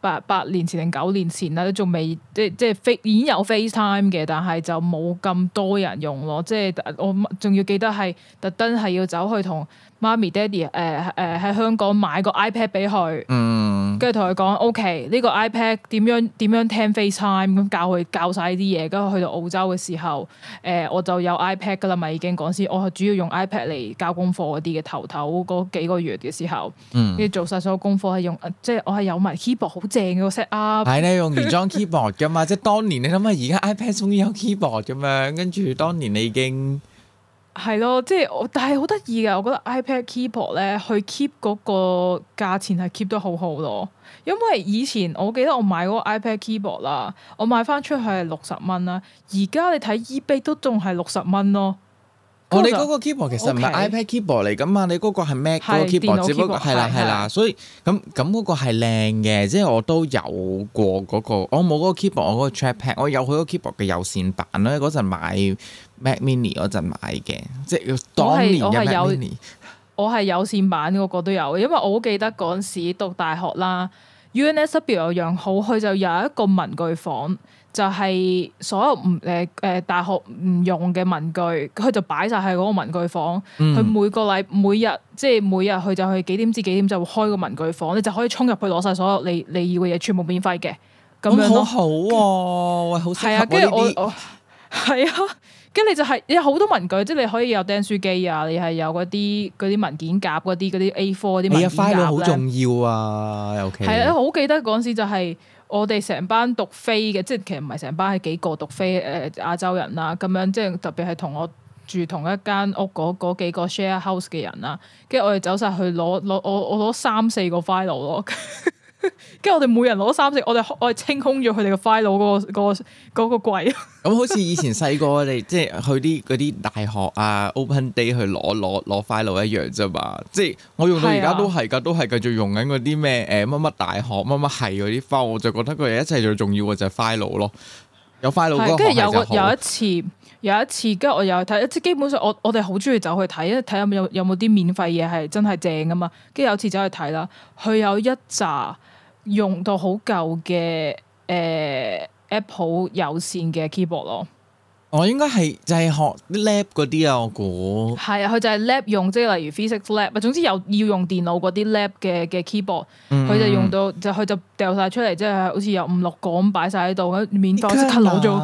八八年前定九年前啦，都仲未即即係已經有 FaceTime 嘅，但係就冇咁多人用咯。即係我仲要記得係特登係要走去同，媽咪、爹哋誒誒喺香港買個 iPad 俾佢，嗯、跟住同佢講 OK，呢個 iPad 點樣點樣聽 FaceTime，咁教佢教曬啲嘢。跟住去到澳洲嘅時候，誒、呃、我就有 iPad 噶啦嘛，已經講先，我係主要用 iPad 嚟教功課嗰啲嘅頭頭嗰幾個月嘅時候，跟住、嗯、做晒所有功課係用，即係我係有埋 keyboard 好正嘅、嗯、set up。係你用原裝 keyboard 噶嘛？即係 <laughs> 當年你諗下，而家 iPad 都要 keyboard 噶嘛？跟住當年你已經。係咯，即係我，但係好得意嘅。我覺得 iPad keyboard 咧，去 keep 嗰個價錢係 keep 得好好咯。因為以前我記得我買嗰個 iPad keyboard 啦，我買翻出去係六十蚊啦。而家你睇 eBay 都仲係六十蚊咯。我你嗰個 keyboard 其實唔係 iPad keyboard 嚟噶嘛？Okay，你嗰個係 Mac 嗰個 keyboard，key 只不過係啦係啦。所以咁咁嗰個係靚嘅，即、就、係、是、我都有過嗰、那個，我冇嗰個 keyboard，我嗰個 trackpad，我有佢個 keyboard 嘅有線版咧。嗰陣買。Mac Mini 嗰陣買嘅，即係當年。我係我係有，我係有線版嗰個都有，因為我好記得嗰陣時讀大學啦。UNSW 有樣好，佢就有一個文具房，就係、是、所有唔誒誒大學唔用嘅文具，佢就擺晒喺嗰個文具房。佢每個禮每日即係每日，佢就去幾點至幾點就會開個文具房，你就可以衝入去攞晒所有你你要嘅嘢，全部免費嘅。咁樣好好，喎，好係啊，跟住我我係啊。跟住你就係、是、有好多文具，即係你可以有釘書機啊，你係有嗰啲嗰啲文件夾嗰啲嗰啲 A4 啲文件夾。file 好、哎、重要啊，又、OK、係啊，我好記得嗰陣時就係我哋成班讀飛嘅，即係其實唔係成班係幾個讀飛誒、呃、亞洲人啦、啊，咁樣即係特別係同我住同一間屋嗰嗰幾個 share house 嘅人啦、啊，跟住我哋走晒去攞攞我我攞三四個 file 咯。 <laughs> 跟 <laughs> 住，我哋每人攞三隻，我哋我哋清空咗佢哋個 file 嗰、嗰個嗰個嗰個櫃。咁好似以前細個我哋即係去啲嗰啲大學啊，open day 去攞攞攞 file 一樣啫嘛。即係我用到而家都係噶，都係繼續用緊嗰啲咩誒乜乜大學乜乜係嗰啲 file。我就覺得佢哋一切最重要嘅就係 file 咯，有 file 有。跟住有個有一次，有一次，跟住我又去睇，即基本上我我哋好中意走去睇，因為有有一睇有有冇啲免費嘢係真係正噶嘛。跟住有次走去睇啦，佢有一集。用到好舊嘅誒 Apple 有線嘅 keyboard 咯，我應該係就係、是、學 lab 嗰啲啊，我估係啊，佢就係 lab 用，即係例如 physics lab，總之有要用電腦嗰啲 lab 嘅嘅 keyboard，佢就用到就佢就掉晒出嚟，即係好似有五六個咁擺晒喺度，喺面袋即刻攞咗。欸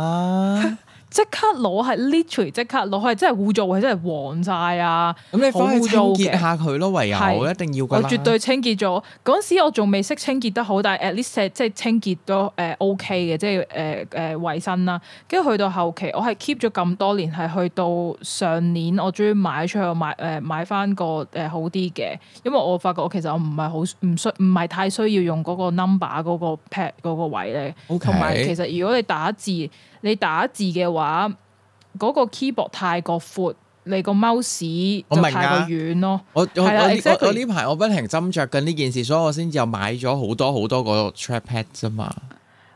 啊 <laughs> 即刻攞係 literally 即刻攞係真係污糟，係真係黃晒啊！咁你翻去清潔下佢咯，唯有是一定要噶啦。我絕對清潔咗嗰陣時，我仲未識清潔得好，但係 at least 即係清潔都誒 OK 嘅，即係誒誒衞生啦。跟住去到後期，我係 keep 咗咁多年，係去到上年，我終於買出去買誒買翻個誒好啲嘅，因為我發覺我其實我唔係好唔需唔係太需要用嗰個 number 嗰個 pad 嗰個位咧。同埋 Okay? 其實如果你打字。你打字嘅話，嗰個 keyboard 太過闊，你個 mouse 就太過遠咯。我我呢排 Exactly 我，我不停斟酌緊呢件事，所以我先至又買咗好多好多個 trackpad 啫嘛。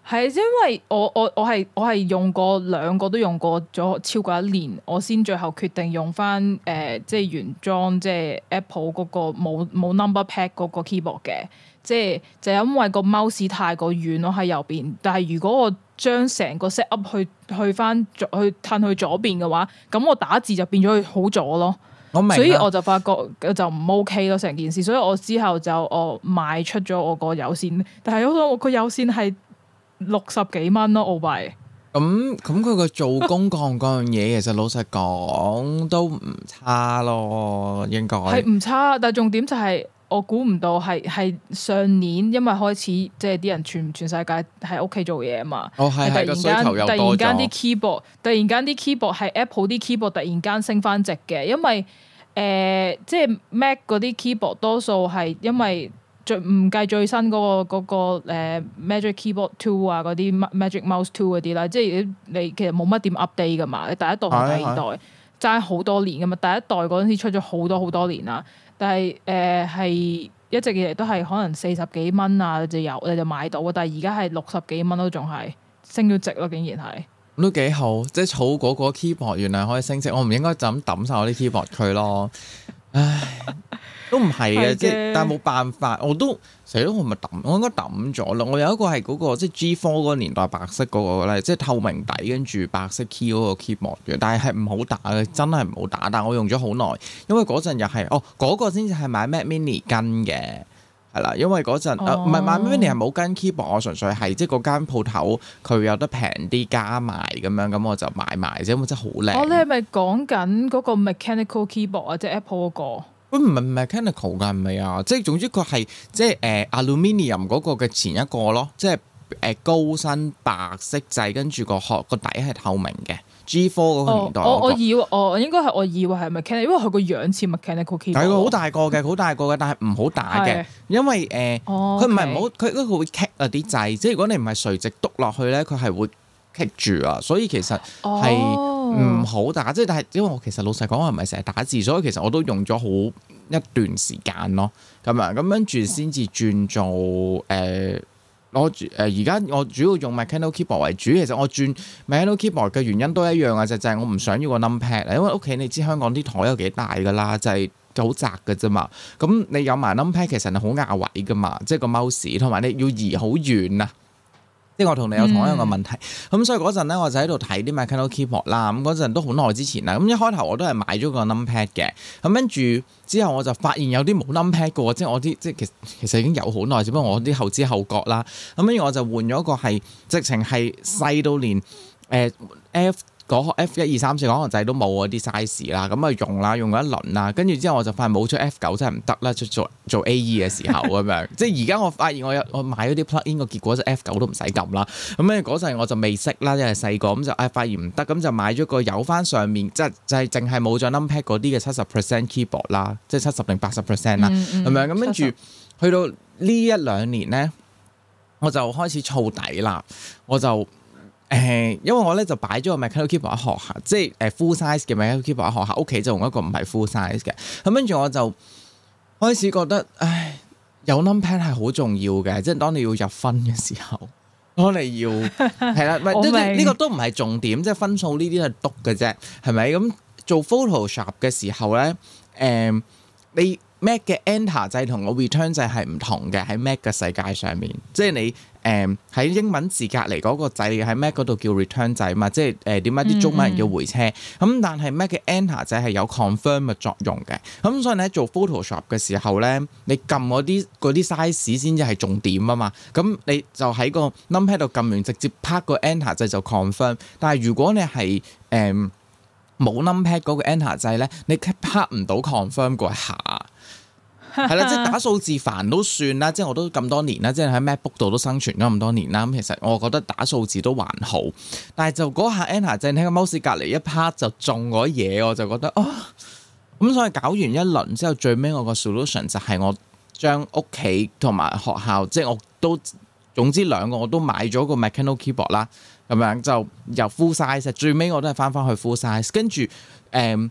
係因為我我我係我係用過兩個都用過咗超過一年，我先最後決定用翻誒、即係原裝即係 Apple 嗰個冇冇 number pad 嗰個 keyboard 嘅。即係就因為個 mouse 太過遠咯，喺右邊，但係如果我將成個 set up 去去翻去褪去左邊嘅話，咁我打字就變咗好左咯。我明，所以我就發覺就唔 OK 咯成件事，所以我之後就我賣出咗我個有綫，但係嗰個我個有綫係六十幾蚊咯，澳幣。咁咁佢個做工幹幹幹、鋼嗰樣嘢，其實老實講都唔差咯，應該係唔差。但係重點就係、是。我估唔到係係上年，因為開始即係啲人全全世界喺屋企做嘢嘛。突然間突然間啲 keyboard，突然間啲 keyboard 係 Apple 啲 keyboard 突然間升翻值嘅，因為誒、呃、即係 Mac 嗰啲 keyboard 多數係因為最唔計最新嗰、嗰個嗰、嗰個、呃、Magic Keyboard Two 啊嗰啲 Magic Mouse Two 嗰啲啦，即係你，你其實冇乜點 update 噶嘛你第第。第一代同第二代爭好多年噶嘛，第一代嗰陣時出咗好多好多年啦。但係誒係一直以嚟都係可能四十幾蚊啊，就有，你就買到，但係而家係六十幾蚊都仲係升咗值咯，竟然係都幾好，即係草果果 keyboard 原來可以升值，我唔應該就咁抌晒我啲 keyboard 佢咯， <laughs> 唉。 <laughs> 都唔係嘅，的即係但係冇辦法，我都死咯！我咪揼，我應該揼咗咯。我有一個係嗰個即係 G4 嗰個年代白色嗰個咧，即係透明底跟住白色 key 嗰個 keyboard 嘅，但係係唔好打嘅，真係唔好打。但係我用咗好耐，因為嗰陣又係哦嗰個先至係買 Mac Mini 跟嘅，係啦，因為嗰陣、哦、啊唔係 Mac Mini 係冇跟 keyboard，我純粹係即係嗰間鋪頭佢有得平啲加賣咁樣，咁我就買埋啫，因為真係好靚。我、哦、你係咪講緊嗰個 mechanical keyboard 或者 Apple 嗰個？佢唔係唔係 mechanical 㗎係咪啊？即係總之佢係即係誒 aluminium 嗰個嘅前一個咯，即係誒、呃、高身白色掣，跟住個殼個底係透明嘅。G four 嗰、那個年代。我我以為我、哦、應該係我以為係咪 mechanical？因為佢個樣似 mechanical。係個好大個嘅，好大個嘅，但係唔好打嘅，因為誒，佢唔係好，佢嗰個會 cut 啊啲掣。即係如果你唔係垂直篤落去咧，佢係會 cut 住啊。所以其實係。哦唔好打，即係但係，因為我其實老實講，我唔係成日打字，所以其實我都用咗好一段時間咯。咁啊，咁跟住先至轉做誒、呃，我誒而家我主要用 Mechanical Keyboard 為主。其實我轉 Mechanical Keyboard 嘅原因都一樣啊，就係、是、我唔想要個 NumPad。因為屋企你知香港啲台有幾大噶啦，就係、是、好窄噶啫嘛。咁你有埋 NumPad 其實你好壓位噶嘛，即係個 Mouse 同埋你要移好遠啊。即係我同你有同一樣個問題，咁、嗯嗯、所以嗰陣咧我就喺度睇啲 MacBook Keyboard 啦，咁嗰陣都好耐之前啦，咁一開頭我都係買咗個 NumPad 嘅，咁跟住之後我就發現有啲冇 NumPad 嘅喎，即係我啲即係其實其實已經有好耐，只不過我啲後知後覺啦，咁跟住我就換咗個係直情係細到連誒 F，呃呃嗰 F 一二三四嗰個掣都冇嗰啲 size 啦，咁啊用啦，用咗一輪啦，跟住之後我就發現冇出 F 九真係唔得啦，出做做 AE 嘅時候咁樣， <laughs> 即係而家我發現我有我買咗啲 plug-in 個結果就 F 九都唔使撳啦，咁咧嗰陣我就未識啦，因為細個咁就發現唔得，咁就買咗個有返上面、就是就是、keyboard，即係就係淨係冇咗 num pad 嗰啲嘅七十 percent keyboard 啦，即係七十定八十 percent 啦，咁樣咁跟住去到呢一兩年咧，我就開始燥底啦，我就。誒、嗯，因為我咧就擺咗個 mechanical keyboard 喺學校，即係誒 full size 嘅 mechanical keyboard 喺學校，屋企就用一個唔係 full size 嘅。咁跟住我就開始覺得，唉，有 number pad 係好重要嘅，即係當你要入分嘅時候，當你要係啦，唔係呢啲呢個都唔係重點，即係分數呢啲係篤嘅啫，係咪？咁做 Photoshop 嘅時候咧，誒、嗯、你。Mac 嘅 Enter 掣同個 Return 掣係唔同嘅，喺 Mac 嘅世界上面，即係你誒喺、嗯、英文字隔離嗰個掣喺 Mac 度叫 Return 掣啊嘛，即係誒點解啲中文叫回車咁？嗯嗯但係 Mac 嘅 Enter 掣係有 Confirm 嘅作用嘅，咁、嗯、所以你喺做 Photoshop 嘅時候咧，你撳嗰啲嗰啲 size 先至係重點啊嘛。咁你就喺個 NumPad 度撳完直接拍個 Enter 掣就 Confirm，但係如果你係誒冇、嗯、NumPad 嗰個 Enter 掣咧，你拍唔到 Confirm 個下。係啦，即係 <laughs> 打數字煩都算啦，即係我都咁多年啦，即係喺 MacBook 度都生存咗咁多年啦。咁其實我覺得打數字都還好，但係就嗰下 Enter 正喺個 Mouse 隔離一 part 就中嗰嘢，我就覺得哦。咁、嗯、所以搞完一輪之後，最尾我個 solution 就係我將屋企同埋學校，即係我都總之兩個我都買咗個 Mechanical Keyboard 啦，咁樣就又 Full Size，最尾我都係翻翻去 Full Size，跟住誒。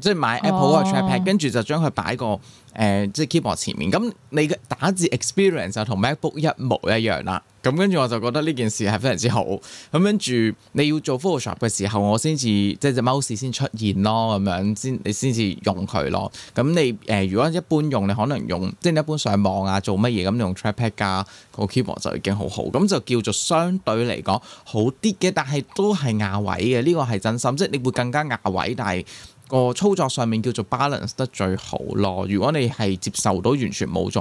即係買 Apple 嘅 trackpad 跟住、oh. 就將佢擺個誒、呃，即係 keyboard 前面。咁你嘅打字 experience 就同 MacBook 一模一樣啦。咁跟住我就覺得呢件事係非常之好。咁跟住你要做 Photoshop 嘅時候，我先至即係隻 mouse 先出現咯，咁樣先你先至用佢咯。咁你誒、呃、如果一般用，你可能用即係你一般上網啊，做乜嘢咁用 trackpad 加、啊、個 keyboard 就已經好好。咁就叫做相對嚟講好啲嘅，但係都係壓位嘅。呢個係真心，即係你會更加壓位，但係。個操作上面叫做 balance 得最好咯。如果你係接受到完全冇咗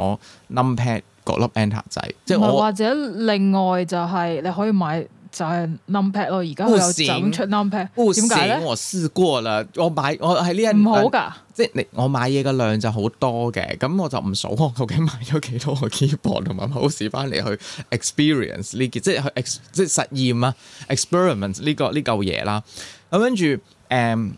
num pad 嗰粒 enter 仔，即係我或者另外就係你可以買就係 number 咯。而家佢又整出 number 點解？我試過啦，我買我喺呢一唔好噶、呃，即係你我買嘢嘅量就好多嘅，咁我就唔數我究竟買咗幾多個 keyboard 同埋 mouse 翻嚟去 experience 呢件，即係 ex 即係實驗啊 experiment 呢、呢個呢嚿嘢啦。咁跟住誒。嗯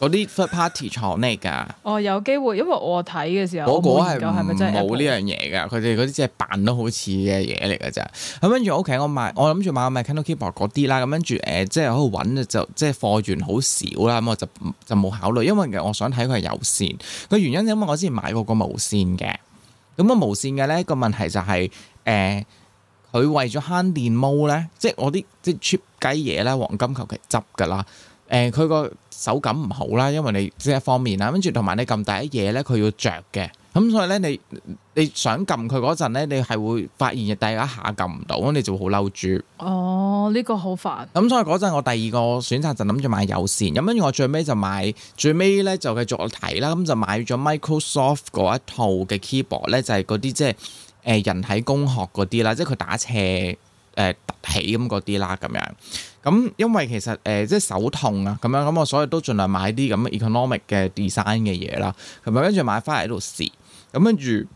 嗰啲 fire party 床嚟噶，哦有機會，因為我睇嘅時候，真係冇呢樣嘢噶，佢哋嗰啲只係扮得好似嘅嘢嚟嘅咋。咁跟住 OK，我買，我諗住買 macbook keyboard 嗰啲啦。咁跟住誒，即係喺度揾就即係貨源好少啦。咁我就就冇考慮，因為我想睇佢係有線。個原因因為我之前買過個無線嘅，咁、個無線嘅咧，個問題就係、是、誒，佢、呃、為咗慳電毛咧，即係我啲即係 cheap 雞嘢咧，黃金求其執噶啦。誒佢個手感唔好啦，因為你即係一方面啦，跟住同埋你撳第一嘢咧，佢要着嘅，咁所以咧你你想撳佢嗰陣咧，你係會發現第一,一下撳唔到，咁你就會好嬲住。哦，呢、呢個好煩。咁、嗯、所以嗰陣我第二個選擇就諗住買有線，咁跟住我最尾就買最尾咧就繼續我睇啦，咁就買咗 Microsoft 嗰一套嘅 keyboard 咧，就係嗰啲即係誒人體工學嗰啲啦，即係佢打斜。誒、呃、凸起咁嗰啲啦，咁樣咁，因為其實誒、呃、即係手痛啊，咁樣咁，我所以都盡量買啲咁嘅 economic 嘅 design 嘅嘢啦，同埋跟住買翻嚟喺度試，咁跟住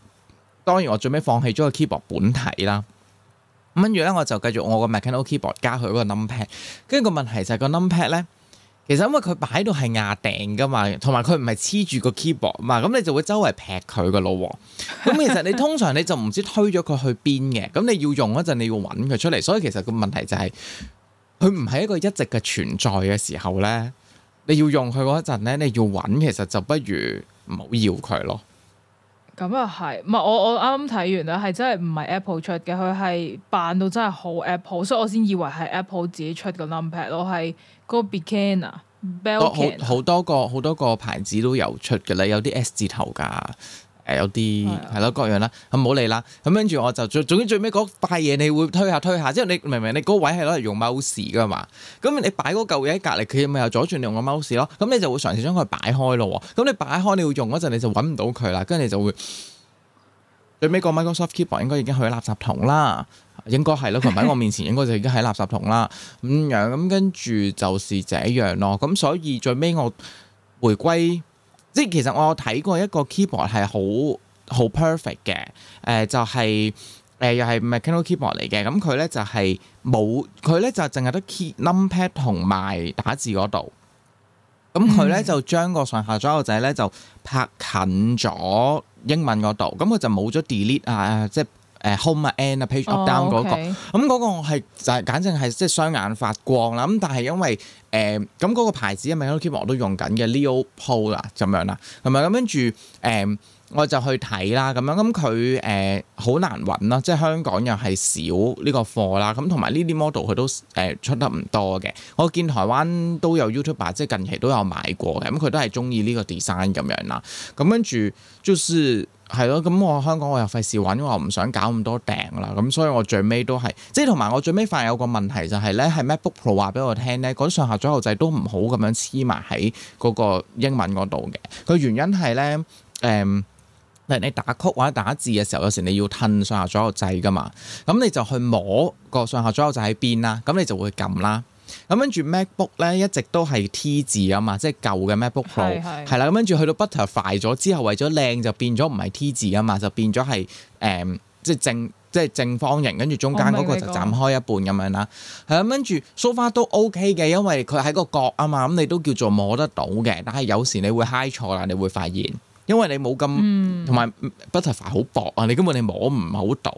當然我最尾放棄咗個 keyboard 本體啦，咁跟住咧我就繼續我個 mechanical keyboard 加佢嗰個 num pad，跟住個問題就係個 num pad 咧。其實因為佢擺到係亞定噶嘛，同埋佢唔係黐住個 keyboard 嘛，咁你就會周圍劈佢噶咯。咁其實你通常你就唔知推咗佢去邊嘅，咁你要用嗰陣你要揾佢出嚟，所以其實個問題就係、是，佢唔係一個一直嘅存在嘅時候呢，你要用佢嗰陣呢，你要揾，其實就不如唔好要佢咯。咁又係，唔係我我啱啱睇完啦，係真係唔係 Apple 出嘅，佢係扮到真係好 Apple，所以我先以為係 Apple 自己出個 number 咯，我係。好好多個好多個牌子都有出嘅啦，有啲 S 字頭噶，誒、呃、有啲係咯各樣啦，咁唔好理啦。咁跟住我就最總之最尾嗰塊嘢，你會推下推下，即係你明唔明？你嗰位係攞嚟用 mouse 嘅嘛？咁你擺嗰嚿嘢喺隔離，佢咪又阻住你用個 mouse 咯？咁你就會嘗試將佢擺開咯。咁你擺開，你會用嗰陣你就揾唔到佢啦。跟住你就會最尾個 Microsoft Keyboard 應該已經去垃圾桶啦。應該係咯，佢唔喺 <laughs> 我面前應該就已經喺垃圾桶啦。咁樣咁跟住就是這樣咯。咁所以最尾我回歸，即係其實我睇過一個 keyboard 係好好 perfect 嘅。誒、呃、就係、是、誒、呃、又係 Mechanical Keyboard 嚟嘅。咁佢咧就係冇，佢咧就係淨係得 key number pad 同埋打字嗰度。咁佢咧就將個上下左右仔咧就拍近咗英文嗰度。咁佢就冇咗 delete 啊，即係。誒、uh, home and a n 啊，page up down 嗰、oh, okay. 個，咁嗰個我係就係簡直係即係雙眼發光啦，咁但係因為誒咁嗰個牌子因 m、er, 我都用緊嘅 Leo Polar 咁樣啦，同埋咁跟住誒我就去睇啦，咁樣咁佢誒好難揾啦，即係香港又係少呢個貨啦，咁同埋呢啲 model 佢都誒、呃、出得唔多嘅，我見台灣都有 YouTuber 即係近期都有買過嘅，咁佢都係鍾意呢個 design 咁樣啦，咁跟住就是。係咯，咁我香港我又費事揾，我唔想搞咁多訂啦，咁所以我最尾都係，即係同埋我最尾發現有個問題就係、是、咧，係 MacBook Pro 話俾我聽咧，嗰啲上下左右掣都唔好咁樣黐埋喺嗰個英文嗰度嘅。佢原因係咧，誒、嗯，你打曲或者打字嘅時候，有時你要㩒上下左右掣噶嘛，咁你就去摸、那個上下左右掣喺邊啦，咁你就會撳啦。咁跟住 MacBook 咧一直都係 T 字啊嘛，即係舊嘅 MacBook Pro 係係啦。咁跟住去到 Butterfly 咗之後，為咗靚就變咗唔係 T 字啊嘛，就變咗係誒即係正即係正方形，跟住中間嗰個就斬開一半咁樣啦。係咁跟住 so far 都 OK 嘅，因為佢喺個角啊嘛，咁、嗯、你都叫做摸得到嘅。但係有時你會揩錯啦，你會發現。因為你冇咁同埋、嗯、Butterfly 好薄啊，你根本你摸唔好到。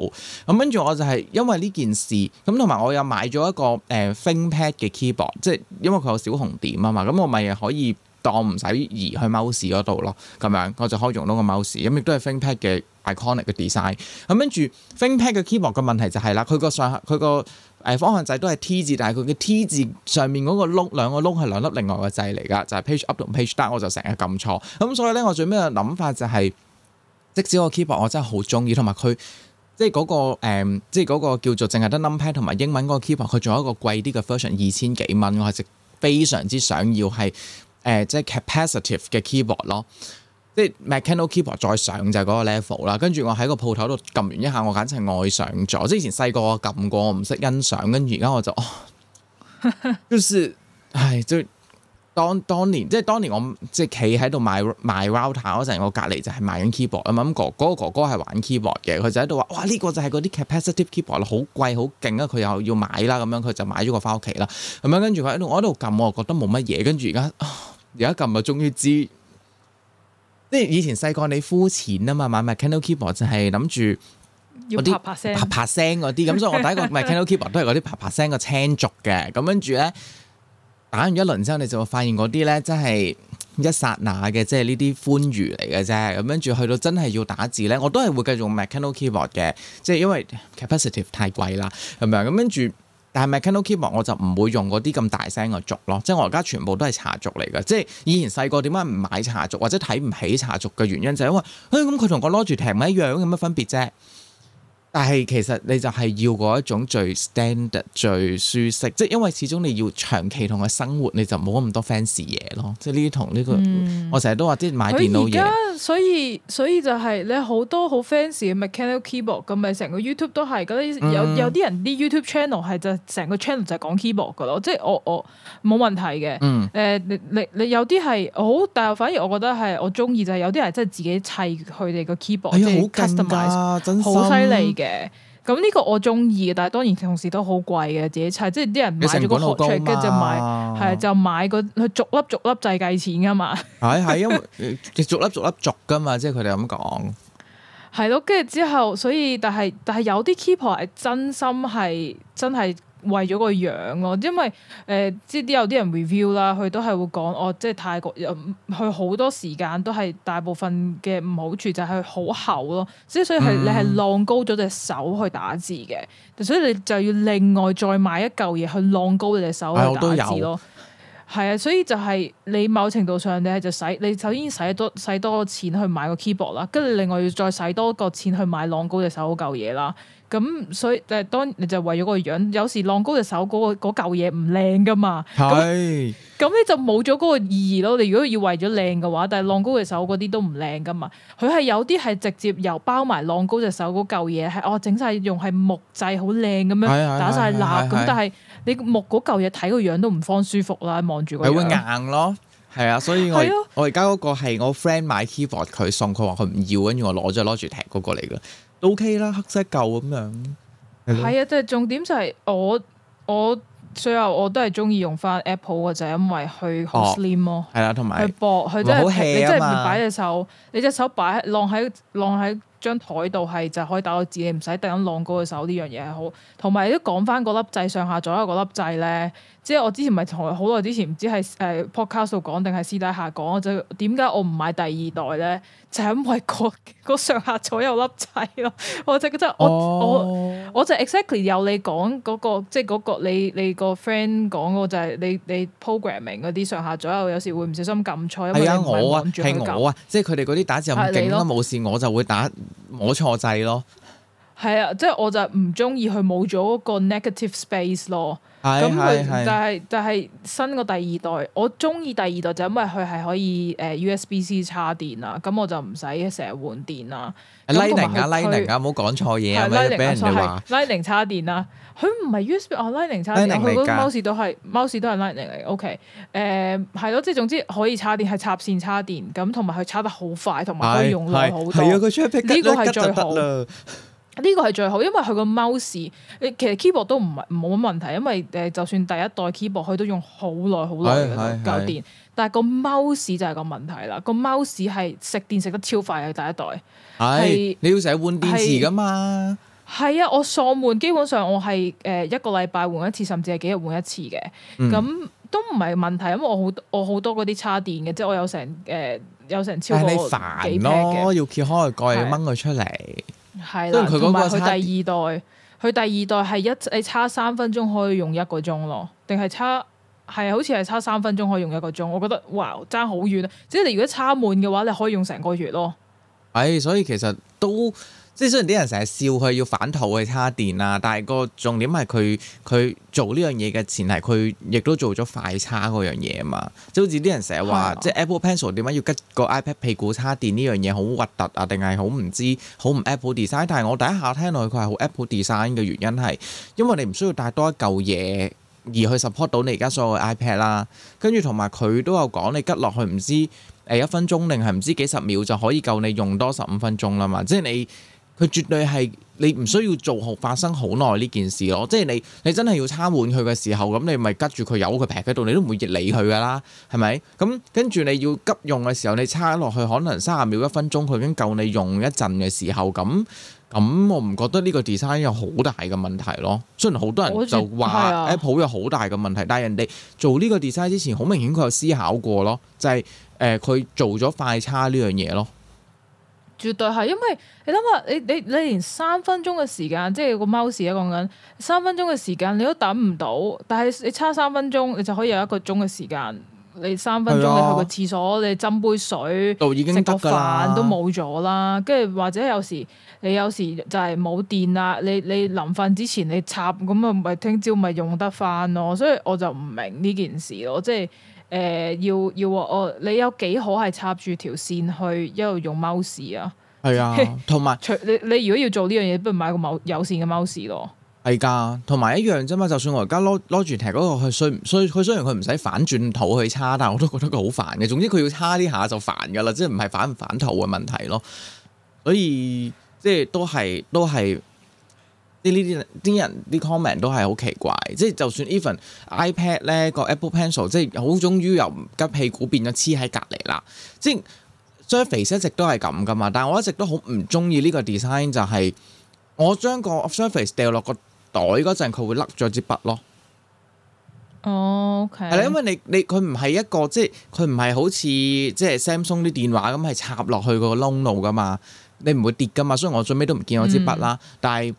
咁跟住我就係因為呢件事咁，同埋我又買咗一個誒 ThinkPad、呃、嘅 keyboard，即係因為佢有小紅點啊嘛。咁我咪可以當唔使移去 mouse 嗰度咯。咁樣我就可以用到個 mouse。咁亦都係 ThinkPad 嘅 iconic 嘅 design。咁跟住 ThinkPad 嘅 keyboard 嘅問題就係、是、啦，佢個上佢個。誒方向掣都係 T 字，但係佢嘅 T 字上面嗰個窿，兩個窿係兩粒另外嘅掣嚟㗎，就係、是、page up 同 page down，我就成日撳錯。咁所以咧，我最尾嘅諗法就係、是，即使個 keyboard 我真係好中意，同埋佢即係嗰、那個、嗯、即係嗰個叫做淨係得 number 同埋英文嗰個 keyboard，佢仲有一個貴啲嘅 version，二千幾蚊，我係非常之想要係誒、呃、即係 capacitive 嘅 keyboard 咯。即係 mechanical keyboard 再上就係嗰個 level 啦，跟住我喺個鋪頭度撳完一下，我簡直愛上咗。即係以前細個我撳過，我唔識欣賞，跟住而家我就哦，就是唉，最當當年即係當年我即係企喺度買買 Router 嗰陣，我隔離就係買緊 keyboard 啊嘛。咁哥嗰個哥哥係玩 keyboard 嘅，佢就喺度話：哇，呢個就係嗰啲 capacitive keyboard 好貴好勁啊！佢又要買啦，咁樣佢就買咗個翻屋企啦。咁樣跟住佢喺度，我喺度撳，我就覺得冇乜嘢。跟住而家，而家撳就終於知。即係以前細個你膚淺啊嘛，買 mechanical keyboard 就係諗住嗰啲啪啪聲嗰啲，咁所以我第一個 mechanical keyboard 都係嗰啲啪啪聲嘅青軸嘅，咁跟住咧打完一輪之後，你就會發現嗰啲咧真係一剎那嘅，即係呢啲歡愉嚟嘅啫。咁跟住去到真係要打字咧，我都係會繼續用 mechanical keyboard 嘅，即係因為 capacitive 太貴啦，係咪？咁跟住。但係 mechanical keyboard、er, 我就唔會用嗰啲咁大聲嘅軸咯，即係我而家全部都係茶軸嚟㗎。即係以前細個點解唔買茶軸，或者睇唔起茶軸嘅原因就係、是、因為，誒咁佢同個羅柱艇咪一樣，有乜分別啫？但係其實你就係要嗰一種最 standard 最舒適，即係因為始終你要長期同佢生活，你就冇咁多 fancy 嘢咯。即係呢啲同呢個、嗯、我成日都話即買電腦嘢而家所以所以就係、是、你好多好 fancy 嘅 mechanical keyboard 咁，咪成 you 個 YouTube 都係，嗰啲有有啲人啲 YouTube channel 係就成個 channel 就係講 keyboard 嘅咯。即係我我冇問題嘅。嗯。誒、呃、你你你有啲係好，但係反而我覺得係我中意就係有啲人真係自己砌佢哋個 keyboard，好 customise，真好犀利嘅。咁呢個我中意，但係當然同時都好貴嘅，自己砌，即係啲人買咗個殼出，跟住買，係就買個佢逐粒逐粒制計錢噶嘛。係 <laughs> 係因為逐粒逐粒逐噶嘛，即係佢哋咁講。係咯，跟住之後，所以但係但係有啲 keeper 係真心係真係。為咗個樣咯，因為誒，即、呃、啲有啲人 review 啦，佢都係會講，哦，即係泰國，佢好多時間都係大部分嘅唔好處就係好厚咯，即係所以係你係浪高咗隻手去打字嘅，所以你就要另外再買一嚿嘢去浪高你隻手去打字咯。係、哎、啊，所以就係你某程度上你係就使你首先使多使多錢去買個 keyboard 啦，跟住你另外要再使多個錢去買浪高隻手嗰嚿嘢啦。咁所以，但係當然你就為咗個樣，有時浪高隻手嗰、嗰個嗰嚿嘢唔靚噶嘛。係是。咁你就冇咗嗰個意義咯。你如果要為咗靚嘅話，但係浪高隻手嗰啲都唔靚噶嘛。佢係有啲係直接由包埋浪高隻手嗰嚿嘢，係哦整晒用係木製，好靚咁樣打晒蠟。咁但係你木嗰嚿嘢睇個樣都唔方舒服啦，望住佢。會硬咯，係啊，所以我而家嗰個係我 friend 買 keyboard，佢送佢話佢唔要，跟住我攞咗攞住踢嗰個嚟、嗰、噶、個。O K 啦，黑色舊咁樣，係啊的，即係 <laughs> 重點就係我我最後我都係中意用翻 Apple 嘅，就係因為佢好 Slim 咯，係啦、哦，同埋佢薄，佢真係好氣啊嘛，傻你即係擺隻手，啊、你隻手擺晾喺晾喺張台度係就可以打到字，你唔使突然晾高隻手呢樣嘢係好，同埋都講翻嗰粒掣上下左右嗰粒掣咧。即係我之前咪同好耐之前唔知係誒 podcast 講定係私底下講，就點解我唔買第二代咧？就係因為個上下左右粒掣咯，我就覺得我、oh. 我我就 exactly 有你講嗰個，即係嗰個你你個 friend 講嘅就係你你 programming 嗰啲上下左右有時會唔小心撳錯。係啊，我啊係我啊，即係佢哋嗰啲打字咁勁啦，冇事我就會打摸錯掣咯。係啊，即係我就唔中意佢冇咗嗰個 negative space 咯。咁佢就係就係新個第二代，我中意第二代就因為佢係可以誒 USB-C 插電啊，咁我就唔使成日換電啊。Lightning 啊 Lightning 啊，冇講錯嘢啊，唔係俾人哋話。Lightning 插電啊，佢唔係 USB 啊 Lightning 插電。佢嗰 mouse 都係 mouse 都係 Lightning 嚟，OK 誒係咯，即係總之可以插電，係插線插電咁，同埋佢插得好快，同埋可以用耐好多。呢個，佢係最好。呢個係最好，因為佢個 mouse，其實 keyboard 都唔係冇乜問題，因為誒就算第一代 keyboard 佢都用好耐好耐嘅，夠電。是是是是但係個 mouse 就係個問題啦，個 mouse 係食電食得超快嘅第一代。係、哎、是你要成日換電池㗎嘛是？係是啊，我喪換基本上我係誒一個禮拜換一次，甚至係幾日換一次嘅。咁、嗯、都唔係問題，因為我好我好多嗰啲叉電嘅，即係我有成誒、呃、有成超係你煩咯，要揭開個蓋掹佢出嚟。係啦，同埋佢第二代，佢第二代係一你差三分鐘可以用一個鐘咯，定係差？係，好似係差三分鐘可以用一個鐘，我覺得哇爭好遠啊！即係你如果你差滿嘅話，你可以用成個月咯。係，所以其實都。即係雖然啲人成日笑佢要反套去叉電啊，但係個重點係佢佢做呢樣嘢嘅前提，佢亦都做咗快叉嗰樣嘢啊嘛。啊即係好似啲人成日話，即係 Apple Pencil 點解要吉個 iPad 屁股叉電呢樣嘢好核突啊？定係好唔知好唔 Apple design？但係我第一下聽落去佢係好 Apple design 嘅原因係，因為你唔需要多帶多一嚿嘢而去 support 到你而家所有 iPad 啦。跟住同埋佢都有講你吉落去唔知誒一、呃、分鐘定係唔知幾十秒就可以夠你用多十五分鐘啦嘛。即係你。佢絕對係你唔需要做好發生好耐呢件事咯，即係你你真係要叉滿佢嘅時候，咁你咪吉住佢，由佢劈喺度，你都唔會理佢噶啦，係咪？咁跟住你要急用嘅時候，你叉落去可能三十秒一分鐘，佢已經夠你用一陣嘅時候，咁咁我唔覺得呢個 design 有好大嘅問題咯。雖然好多人就話 Apple 有好大嘅問題，但係人哋做呢個 design 之前，好明顯佢有思考過咯，就係誒佢做咗快叉呢樣嘢咯。絕對係，因為你諗下，你你你連三分鐘嘅時間，即係個貓屎一個人。三分鐘嘅時間，你都等唔到。但係你差三分鐘，你就可以有一個鐘嘅時，時間。你三分鐘你去個廁所，你斟杯水，食個飯都冇咗啦。跟住或者有時你有時就係冇電啦。你你臨瞓之前你插咁啊，咪聽朝咪用得翻咯。所以我就唔明呢件事咯，即係。誒、呃、要要我你有幾好係插住條線去一路用 mouse 啊？係啊，同埋 <laughs> 除你你如果要做呢樣嘢，不如買個冇有線嘅 mouse 咯。係噶，同埋一樣啫嘛。就算我而家攞攞住提嗰個，佢雖佢雖然佢唔使反轉套去叉，但係我都覺得佢好煩嘅。總之佢要叉呢下就煩噶啦，即係唔係反唔反套嘅問題咯。所以即係都係都係。啲呢啲啲人啲 comment 都係好奇怪，即係就算 even iPad 咧個 Apple Pencil，即係好終於由吉屁股變咗黐喺隔離啦。即係 Surface 一直都係咁噶嘛，但我一直都好唔中意呢個 design，就係、是、我將個 Surface 掉落個袋嗰陣，佢會甩咗支筆咯。哦 OK 係啦，因為你你佢唔係一個，即係佢唔係好似即係 Samsung 啲電話咁，係插落去個窿路噶嘛，你唔會跌噶嘛，所以我最尾都唔見我支筆啦，mm. 但係。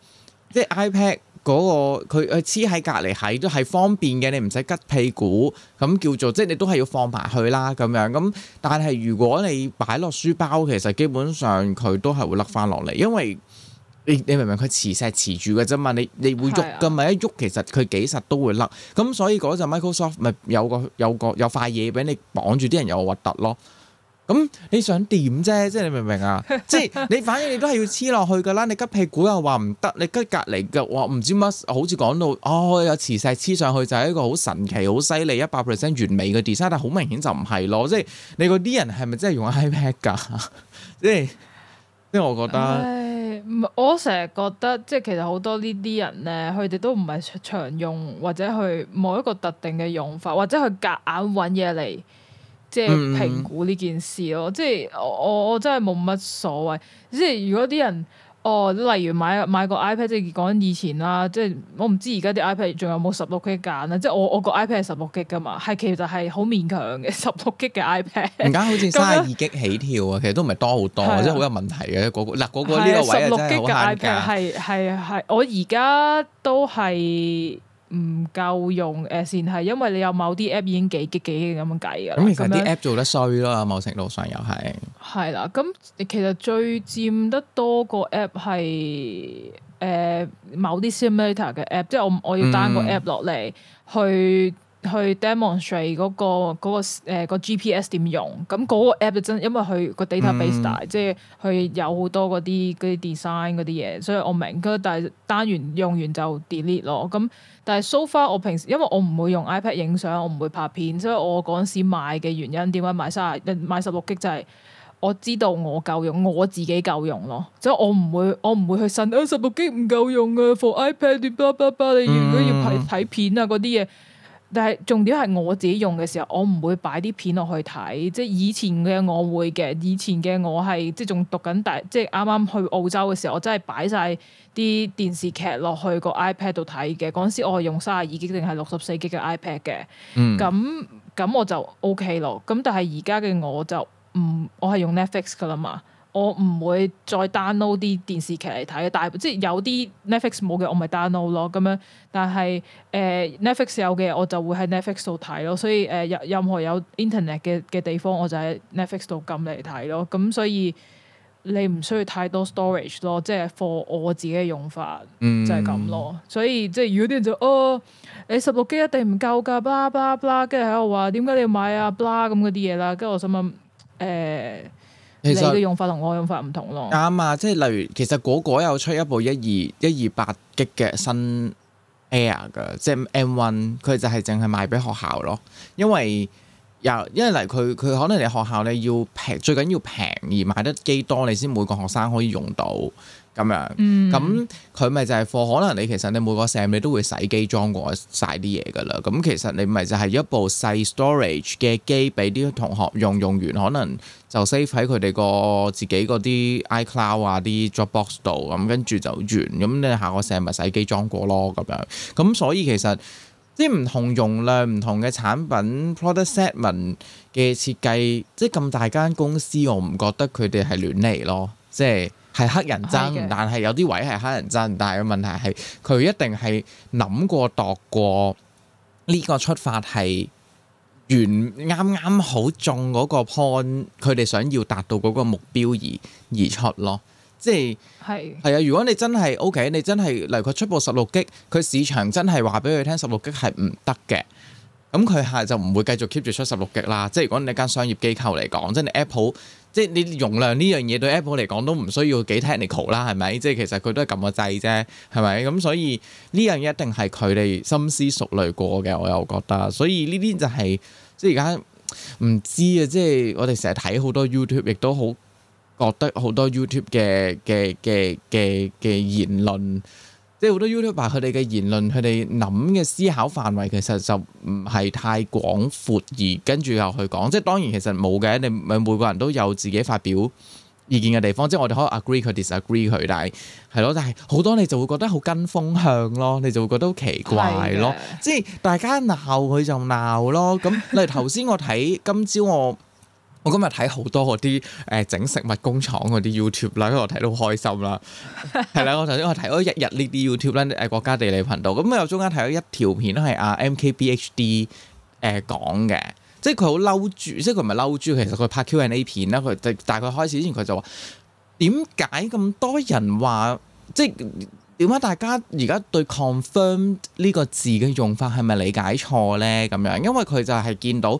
即係 iPad 嗰、那個佢佢黐喺隔籬喺都係方便嘅，你唔使吉屁股咁叫做即係你都係要放埋去啦咁樣咁。但係如果你擺落書包，其實基本上佢都係會甩翻落嚟，因為你你明唔明佢磁石磁住嘅啫嘛？你你會喐噶嘛？啊、一喐其實佢幾實都會甩咁，所以嗰隻 Microsoft 咪有個有個有塊嘢俾你綁住，啲人又核突咯。咁、嗯、你想點啫？即係你明唔明啊？ <laughs> 即係你反正你都係要黐落去噶啦。你吉屁股又話唔得，你吉隔離嘅話唔知乜，好似講到哦，有磁石黐上去就係一個好神奇、好犀利、一百 percent 完美嘅 design，但好明顯就唔係咯。即係你嗰啲人係咪真係用 iPad 噶？ <laughs> 即係即係我覺得，我成日覺得即係其實好多呢啲人咧，佢哋都唔係常用或者去冇一個特定嘅用法，或者去夾硬揾嘢嚟。即係、嗯、評估呢件事咯，即係我我我真係冇乜所謂。即係如果啲人，哦，例如買買個 iPad，即係講以前啦，即係我唔知而家啲 iPad 仲有冇十六 G 揀啦。即係我我個 iPad 十六 G 㗎嘛，係其實係好勉強嘅十六 G 嘅 iPad。而家好似三十二 G 起跳啊， <laughs> 其實都唔係多好多，即係好有問題嘅一個嗱嗰個呢個,個,個,個位真係好慳嘅。係係係，我而家都係。唔夠用誒先係。呃、因為你有某啲 app 已經幾激幾咁樣計嘅，咁而家啲 app 做得衰咯，某程度上又係。係啦，咁其實最佔得多個 app 係誒、呃、某啲 simulator 嘅 app，即係我我要 down 個 app 落嚟、嗯、去。去 demonstrate 嗰、嗰個嗰、嗰個、呃、個 GPS 點用，咁嗰個 app 真因為佢個 database 大，嗯、即係佢有好多嗰啲嗰啲 design 嗰啲嘢，所以我明。咁但係單元用完就 delete 咯。咁但係 so far 我平時因為我唔會用 iPad 影相，我唔會拍片，所以我嗰陣時買嘅原因點解買卅買十六 G 就係我知道我夠用，我自己夠用咯。即係我唔會我唔會去信。啊，十六 G 唔夠用啊，for iPad blah blah blah，你巴巴巴你如果要睇、嗯、片啊嗰啲嘢。但係重點係我自己用嘅時候，我唔會擺啲片落去睇，即係以前嘅我會嘅，以前嘅我係即係仲讀緊大，即係啱啱去澳洲嘅時候，我真係擺晒啲電視劇落去個 iPad 度睇嘅。嗰陣時我係用三十二 G 定係六十四 G 嘅 iPad 嘅，咁咁、嗯、我就 OK 咯。咁但係而家嘅我就唔、嗯，我係用 Netflix 噶啦嘛。我唔會再 download 啲電視劇嚟睇嘅，但係即係有啲 Netflix 冇嘅，我咪 download 咯。咁樣，但係誒、呃、Netflix 有嘅，我就會喺 Netflix 度睇咯。所以誒任、呃、任何有 internet 嘅嘅地方，我就喺 Netflix 度撳嚟睇咯。咁所以你唔需要太多 storage 咯，即係 for 我自己嘅用法、嗯、就係咁咯。所以即係如果啲人就哦，你十六 G 一定唔夠噶，blah blah blah，跟住喺度話點解你要買啊，blah 咁嗰啲嘢啦。跟住我想問誒。呃你嘅用法同我用法唔同咯，啱啊！即係例如，其實果果有出一部一二一二八 G 嘅新 Air 噶，嗯、即係 M1，佢就係淨係賣俾學校咯。因為又因為嚟佢，佢可能你學校你要平，最緊要平而買得幾多，你先每個學生可以用到。咁、嗯、樣，咁佢咪就係貨？可能你其實你每個 sem 你都會洗機裝過晒啲嘢噶啦。咁其實你咪就係一部細 storage 嘅機俾啲同學用，用完可能就 save 喺佢哋個自己嗰啲 iCloud 啊啲 Dropbox 度，咁跟住就完。咁你下個 sem 洗機裝過咯，咁樣。咁、嗯、所以其實即係唔同容量，唔同嘅產品 product segment 嘅設計，即係咁大間公司，我唔覺得佢哋係亂嚟咯，即係。係黑人憎的，但係有啲位係黑人憎，但係個問題係佢一定係諗過、度過呢個出發係原啱啱好中嗰個 point，佢哋想要達到嗰個目標而而出咯，即係係係啊！如果你真係 OK，你真係例如佢出部十六擊，佢市場真係話俾佢聽十六擊係唔得嘅，咁佢係就唔會繼續 keep 住出十六擊啦。即係如果你一間商業機構嚟講，即係 Apple。即係你容量呢樣嘢對 Apple 嚟講都唔需要幾 technical 啦，係咪？即係其實佢都係撳個掣啫，係咪？咁所以呢樣一定係佢哋深思熟慮過嘅，我又覺得。所以呢啲就係即係而家唔知啊！即係我哋成日睇好多 YouTube，亦都好覺得好多 YouTube 嘅嘅嘅嘅嘅言論。即係好多 YouTuber 佢哋嘅言論，佢哋諗嘅思考範圍其實就唔係太廣闊，而跟住又去講。即係當然其實冇嘅，你每每個人都有自己發表意見嘅地方。即係我哋可以 agree 佢，disagree 佢，但係係咯，但係好多你就會覺得好跟風向咯，你就會覺得好奇怪咯。的即係大家鬧佢就鬧咯。咁例如頭先我睇今朝我。我今日睇好多嗰啲誒整食物工廠嗰啲 YouTube 啦，因為我睇到開心啦，係 <laughs> 啦。我頭先我睇咗一日呢啲 YouTube 咧，誒國家地理頻道。咁、嗯、我中間睇咗一條片咧、啊，係 MKBHD 誒、呃、講嘅，即係佢好嬲住，即係佢唔係嬲住。其實佢拍 Q&A 片啦，佢大概開始之前佢就話：點解咁多人話，即係點解大家而家對 confirm 呢個字嘅用法係咪理解錯咧？咁樣，因為佢就係見到。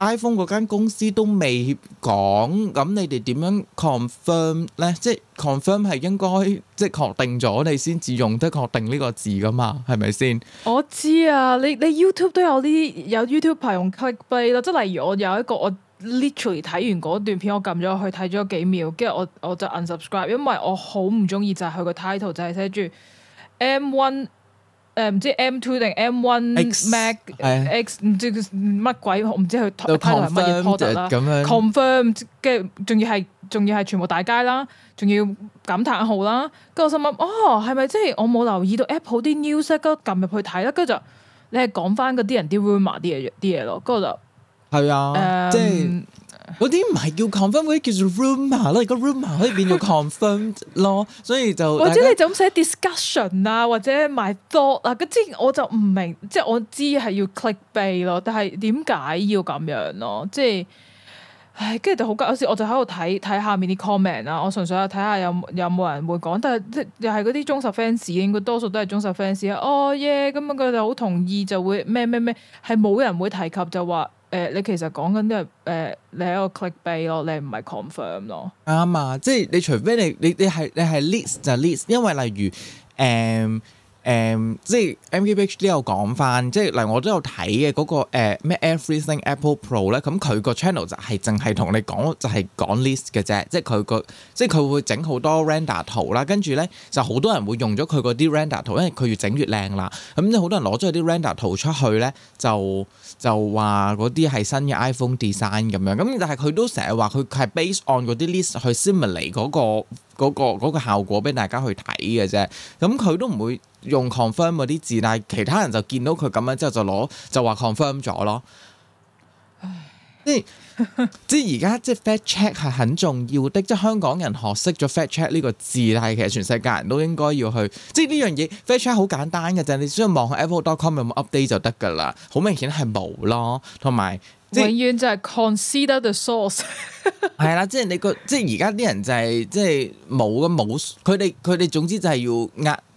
iPhone 嗰間公司都未講，咁你哋點樣 confirm 咧？即 confirm 係應該即係確定咗你先至用得確定呢個字噶嘛？係咪先？我知啊，你你 YouTube 都有啲有 YouTuber 用 clickbait 咯，即係例如我有一個我 literally 睇完嗰段片，我撳咗去睇咗幾秒，跟住我我就 unsubscribe，因為我好唔中意就係佢個 title 就係寫住 M one。誒，唔知 M two 定 M one Mac X 唔知佢乜鬼，唔知佢睇嚟係乜嘢 product 啦？Confirmed 跟住仲要係仲要係全部大街啦，仲要感嘆號啦。跟住我心諗，哦，係咪即係我冇留意到 Apple 啲 news 啊？撳入去睇啦，跟住就你係講翻嗰啲人啲 rumor 啲嘢啲嘢咯。跟住就係啊，即係。嗰啲唔係叫 confirm 嗰啲叫做 rumor 咯。如果 rumor 可以變到 confirmed 咯，所以就或者你就咁寫 discussion 啊，或者 my thought 啊。咁之我就唔明，即我知係要 clickbait 咯，但係點解要咁樣咯？即係，唉，跟住就好搞笑。我就喺度睇睇下面啲 comment 啊，我純粹睇下有有冇人會講。但係又係嗰啲忠實 fans，應該多數都係忠實 fans。哦耶，咁、yeah, 樣佢就好同意，就會咩咩咩，係冇人會提及就話。誒、呃，你其實講緊啲係誒，你係一個 click 背咯，你唔係 confirm 咯。啱啊，即係你除非你，你你係你係 list 就 list，因為例如誒。呃誒、um，即係 MKBHD 都有講翻，即係嗱，我都有睇嘅嗰個咩 Everything Apple Pro 咧、嗯，咁佢個 channel 就係淨係同你講，就係、是、講 list 嘅啫，即係佢個即係佢會整好多 render 圖啦，跟住咧就好多人會用咗佢嗰啲 render 圖，因為佢越整越靚啦，咁、嗯、即就好多人攞咗佢啲 render 圖出去咧，就就話嗰啲係新嘅 iPhone design 咁樣，咁、嗯、但係佢都成日話佢佢係 base on 嗰啲 list 去 simulate 嗰個嗰個效果俾大家去睇嘅啫，咁、嗯、佢都唔會。用 confirm 嗰啲字，但係其他人就見到佢咁樣之後就攞就話 confirm 咗咯。 <laughs> 即係即係而家即係 fact check 係很重要的，即係香港人學識咗 fact check 呢個字，但係其實全世界人都應該要去。即係呢樣嘢 fact check 好簡單嘅啫，你只要望去 apple.com 有冇 update 就得噶啦。好明顯係冇咯，同埋永遠就係 consider the source。係啦，即係你個即係而家啲人就係、是、即係冇嘅冇，佢哋佢哋總之就係要壓。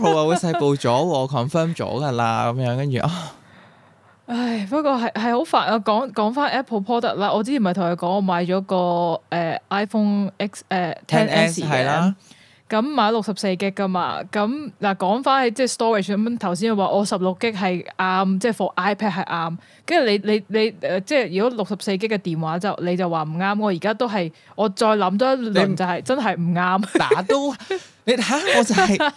Apple 會細步咗 confirm 咗噶啦，咁樣跟住啊，唉，不過係係好煩啊！講講翻 Apple product 啦，product, 我之前咪同佢講，我買咗個誒、呃、iPhone X 誒、呃、ten S 嘅的，咁、嗯、買六十四 G 噶嘛，咁、嗯、嗱講翻喺即係 storage 咁頭先話我十六 G 係啱，即係 for iPad 係啱，跟住你你你、呃、即係如果六十四 G 嘅電話就你就話唔啱，我而家都係我再諗多一輪就係真係唔啱，你 打都 到。 <laughs> 你睇，我就係，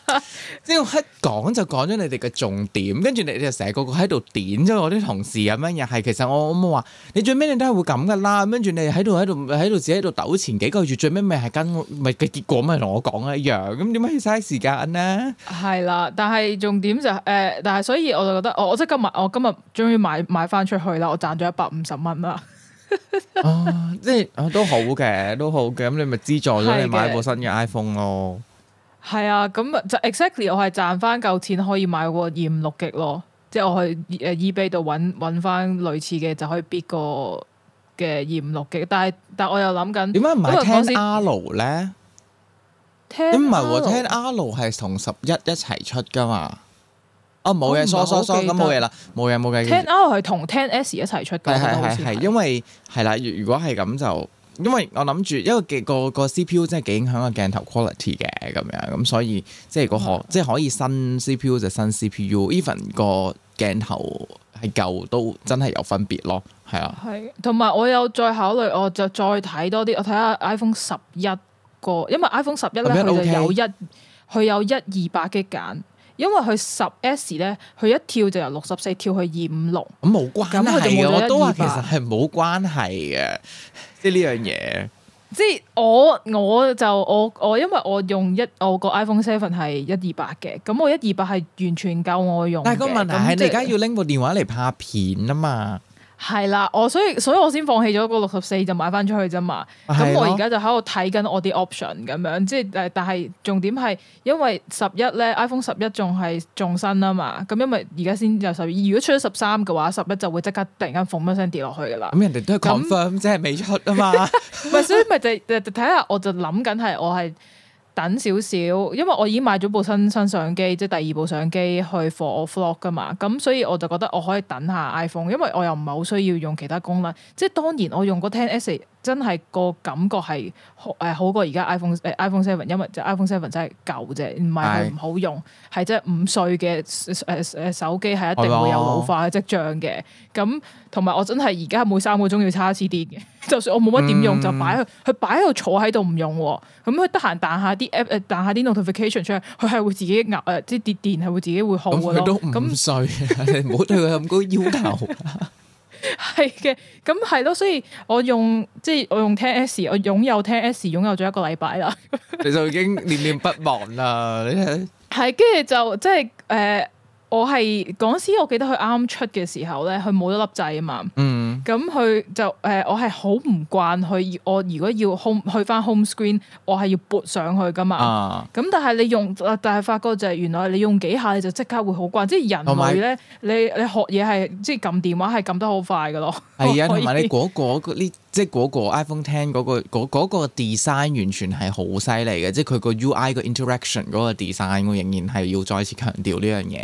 即係一講就講咗你哋嘅重點，跟住你你又成日個個喺度點咗我啲同事咁樣，又係其實我我冇話，你最尾你都係會咁噶啦，跟住你喺度喺度喺度自己喺度抖前幾個月最尾咪係跟咪嘅結果咪同我講一樣，咁點解要嘥時間咧？係啦，但係重點就誒，但係所以我就覺得我我即係今日我今日終於買買翻出去啦，我賺咗一百五十蚊啦。啊，即係都好嘅，都好嘅，咁你咪資助咗你買部新嘅 iPhone 咯。係啊，咁就 exactly，我係賺翻夠錢可以買個二五六級咯，即係我去誒 eBay 度搵搵翻類似嘅就可以 bid 個嘅二五六級，但係但我又諗緊點解唔係 Ten R 呢？唔係喎 Ten R 係同十一一齊出噶嘛、啊？哦、啊，冇嘢，疏疏咁冇嘢啦，冇嘢冇嘢。Ten R 係同 Ten S 一齊出嘅，係係，因為係啦，如果係咁就。因為我諗住，因為個個 C P U 真係幾影響個鏡頭 quality 嘅咁樣，咁、嗯、所以即係、嗰個可即係可以新 C P U 就新 C P U，even 個鏡頭係舊都真係有分別咯，係啊。同埋我有再考慮，我就再睇多啲，我睇下 iPhone 十一個，因為 iPhone 十一咧佢有一佢 okay? 有一，有一二八嘅揀，因為佢十 S 咧，佢一跳就由六十四跳去二五六，咁冇關係嘅，我都話其實係冇關係嘅。即呢樣嘢，即我我就我我因為我用一我個 iPhone 7係一二八嘅，咁我一二八係完全夠我用。但係個問題係你而家要拎部電話嚟拍片啊嘛。係啦，我所以所以我先放棄咗個六十四就買翻出去咋的嘛。咁我而家就喺度睇緊我啲 option 咁樣，即係但係重點係因為十一咧，iPhone 十一仲係仲新啊嘛。咁因為而家先至有十二，如果出咗十三嘅話，十一就會即刻突然間嘣一聲跌落去噶啦。咁、嗯、人哋都係 confirm 即係未出啊嘛。唔 <laughs> 係 <laughs> 所以咪就就睇下，我就諗緊係我係。等少少，因為我已經買咗部新新相機，即第二部相機去 for 我 vlog 㗎嘛，咁所以我就覺得我可以等下 iPhone，因為我又唔係好需要用其他功能，即係當然我用個 10S。真係個感覺係好誒、呃，好過而家、呃、iPhone 誒 iPhone Seven，因為 iPhone Seven 真係舊啫，唔係佢唔好用，係真係五歲嘅誒誒手機係一定會有老化嘅跡象嘅。咁同埋我真係而家每三個鐘要叉一次電嘅， <laughs> 就算我冇乜點用、嗯、就擺、呃、佢，佢擺喺度坐喺度唔用，咁佢得閒彈下啲 app，誒彈下啲 notification 出嚟，佢係會自己壓誒，即係跌電係會自己會好嘅咯。佢都五歲， <laughs> 冇對佢咁高要求。係嘅，咁係咯，所以我用即係我用 Ten S，我擁有 Ten S，擁有咗一個禮拜啦， <laughs> 你就已經念念不忘啦，你睇 <laughs> ，係跟住就即係誒。呃我係嗰陣時，我記得佢啱出嘅時候咧，佢冇一粒掣啊嘛。嗯。咁佢就誒、呃，我係好唔慣佢。我如果要 home 去翻 home screen，我係要撥上去噶嘛。咁、啊、但係你用，但係發覺就係原來你用幾下你、就係有你，你就即刻會好慣。即係人類咧，你你學嘢係即係撳電話係撳得好快噶咯。係啊的，同埋可你嗰嗰嗰即係嗰個 iPhone X 嗰個嗰嗰、嗰個 design、嗰個嗰個、完全係好犀利嘅，即係佢個 UI inter 個 interaction 嗰個 design，我仍然係要再次強調呢樣嘢。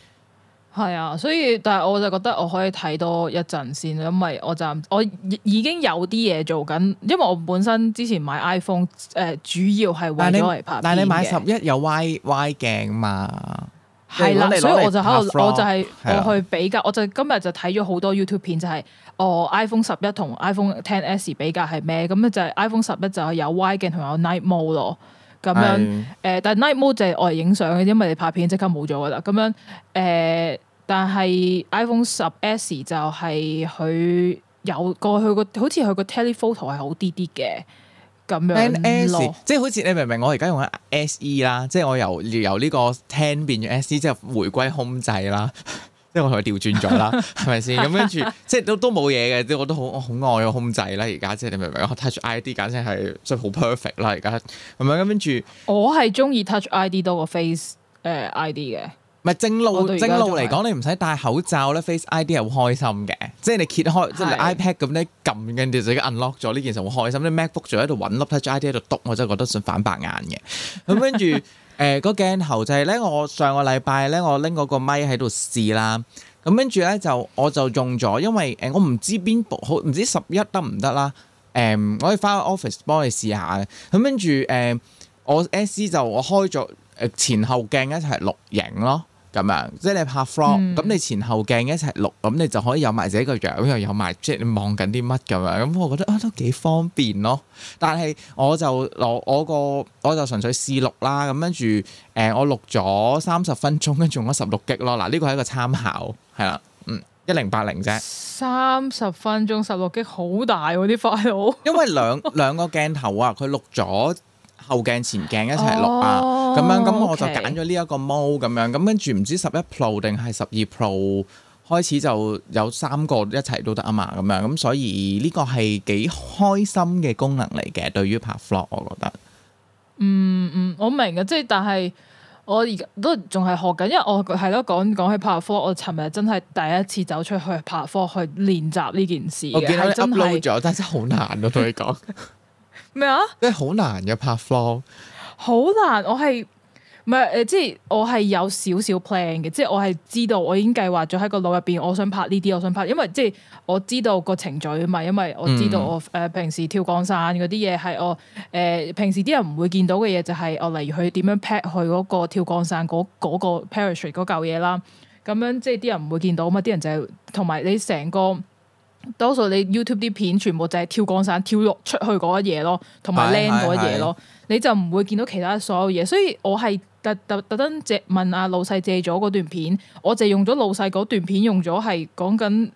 係啊，所以但係我就覺得我可以睇多一陣先，因為我就我已經有啲嘢做緊，因為我本身之前買 iPhone 誒、呃，主要係為咗嚟拍片嘅。但你買十一有 Y Y 鏡嘛？係啦、啊，用來用來拍 Vlog，所以我就喺度，我就係我去比較，啊、我就今日就睇咗好多 YouTube 片、就是，就係哦 iPhone 十一同 iPhone Ten S, S 比較係咩？咁、嗯、咧就係、是、iPhone 十一就係有 Y 鏡同有 Night Mode 咯。咁樣，誒、呃，但 night mode 就係我嚟影相嘅，因為你拍片即刻冇咗噶啦。咁樣，誒、呃，但係 iPhone 十 S 就係佢有過去個，個好似佢個 telephoto 係好啲啲嘅，咁樣，S，即係好似你明唔明？我而家用緊 SE 啦，即係我由由呢個 ten 變咗 SE，即係回歸控制啦。因為我同佢調轉咗啦，係咪先？咁跟住即係都都冇嘢嘅，都我都好我好愛控制啦。而家即係你明唔明？Touch ID 簡直係即係好 perfect 啦，而家係咪？咁跟住我係中意 Touch ID 多過 Face 誒 ID 嘅。唔係正路正路嚟講，你唔使戴口罩咧。Face ID 係好開心嘅，即係你揭開即你 iPad 咁咧撳跟住就已 unlock 咗呢件事，好開心。你 MacBook 仲喺度揾粒 Touch ID 喺度篤，我真係覺得想反白眼嘅。咁跟住。誒、呃個鏡頭就係咧，我上個禮拜咧，我拎嗰個咪喺度試啦，咁跟住咧就我就用咗，因為誒、呃、我唔知邊部，唔知十一得唔得啦，誒、呃、我可以翻 office 幫你試下嘅，咁跟住誒、呃、我 S C 就我開咗誒前後鏡一齊錄影咯。咁樣，即係你拍 vlog，咁、嗯、你前後鏡一齊錄，咁你就可以有埋自己個樣，樣，又有埋即係你望緊啲乜咁樣。咁我覺得啊，都幾方便咯。但係我就攞我，我個，我就純粹試錄啦。咁跟住，誒、呃，我錄咗三十分鐘，跟住用咗十六 G 咯。嗱，呢個係一個參考，係啦，嗯，一零八零啫。三十分鐘十六 G 好大喎、啊，啲 file。 <laughs> 因為兩兩個鏡頭啊，佢錄咗。後鏡、前鏡一齊錄啊，咁樣咁我就揀咗呢一個模咁 Okay. 樣，咁跟住唔知十一 Pro 定係十二 Pro 開始就有三個一齊都得啊嘛，咁樣咁所以呢個係幾開心嘅功能嚟嘅，對於拍 vlog 我覺得，嗯嗯，我明嘅，即係但係我而家都仲係學緊，因為我係咯講講起拍 vlog，我尋日真係第一次走出去拍 vlog 去練習呢件事我見到你 upload 咗，但真係好難咯、啊，同你講。咩啊？即係好難嘅，拍 vlog 好難。我係唔係誒？即係我係有少少 plan 嘅，即係我係知道我已經計劃咗喺個腦入邊，我想拍呢啲，我想拍。因為即係我知道個程序啊嘛，因為我知道我誒、嗯呃、平時跳光山嗰啲嘢係我誒平時啲人唔會見到嘅嘢，就係我例如去點樣 pack 去嗰個跳降傘嗰嗰個 parachute 嗰嚿嘢啦。咁樣即係啲人唔會見到啊嘛，啲、那個、人，人就係同埋你成個。多數你 YouTube 啲片全部就係跳降傘跳落出去嗰一嘢咯，同埋 land 嗰一嘢咯，是是是你就唔會見到其他所有嘢。所以我係特特特登借問阿老細借咗嗰段片，我就用咗老細嗰段片用咗係講緊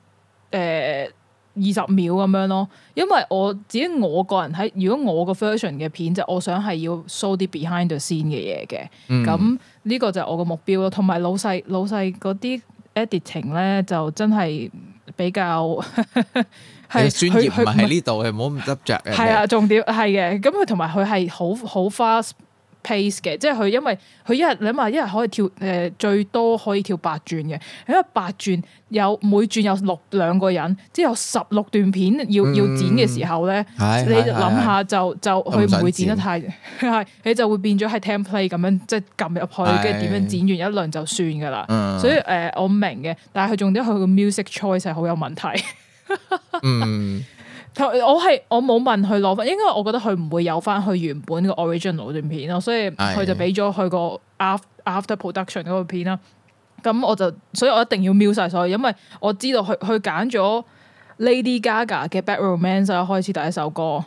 誒二十秒咁樣咯。因為我自己我個人喺如果我個 version 嘅片就我想係要 show 啲 behind the scene 嘅嘢嘅，咁呢、嗯、個就係我個目標咯。同埋老細老細嗰啲 editing 咧就真係。比較係 <laughs> 專業唔係喺呢度嘅，唔好咁執着嘅。係啊，重點係嘅，咁佢同埋佢係好好 fast，pace 嘅，即係佢，因為佢一日，你諗下，一日可以跳誒、呃、最多可以跳八轉嘅，因為八轉有每轉有六兩個人，即係有十六段片要、嗯、要剪嘅時候咧，是你諗下就就佢唔會剪得太係，你 <laughs> 就會變咗係 template 咁樣即係撳入去，跟住點樣剪完一輪就算噶啦。嗯、所以誒、呃，我明嘅，但係佢重點佢嘅 music choice 係好有問題。 <laughs> 嗯我係我冇問佢攞翻，應該我覺得佢唔會有翻佢原本嘅 original 段片咯，所以佢就俾咗佢個 after, <music> after production 嗰個片啦。咁、嗯、我就，所以我一定要瞄晒所有，因為我知道佢佢揀咗 Lady Gaga 嘅 Bad Romance 啊，開始第一首歌，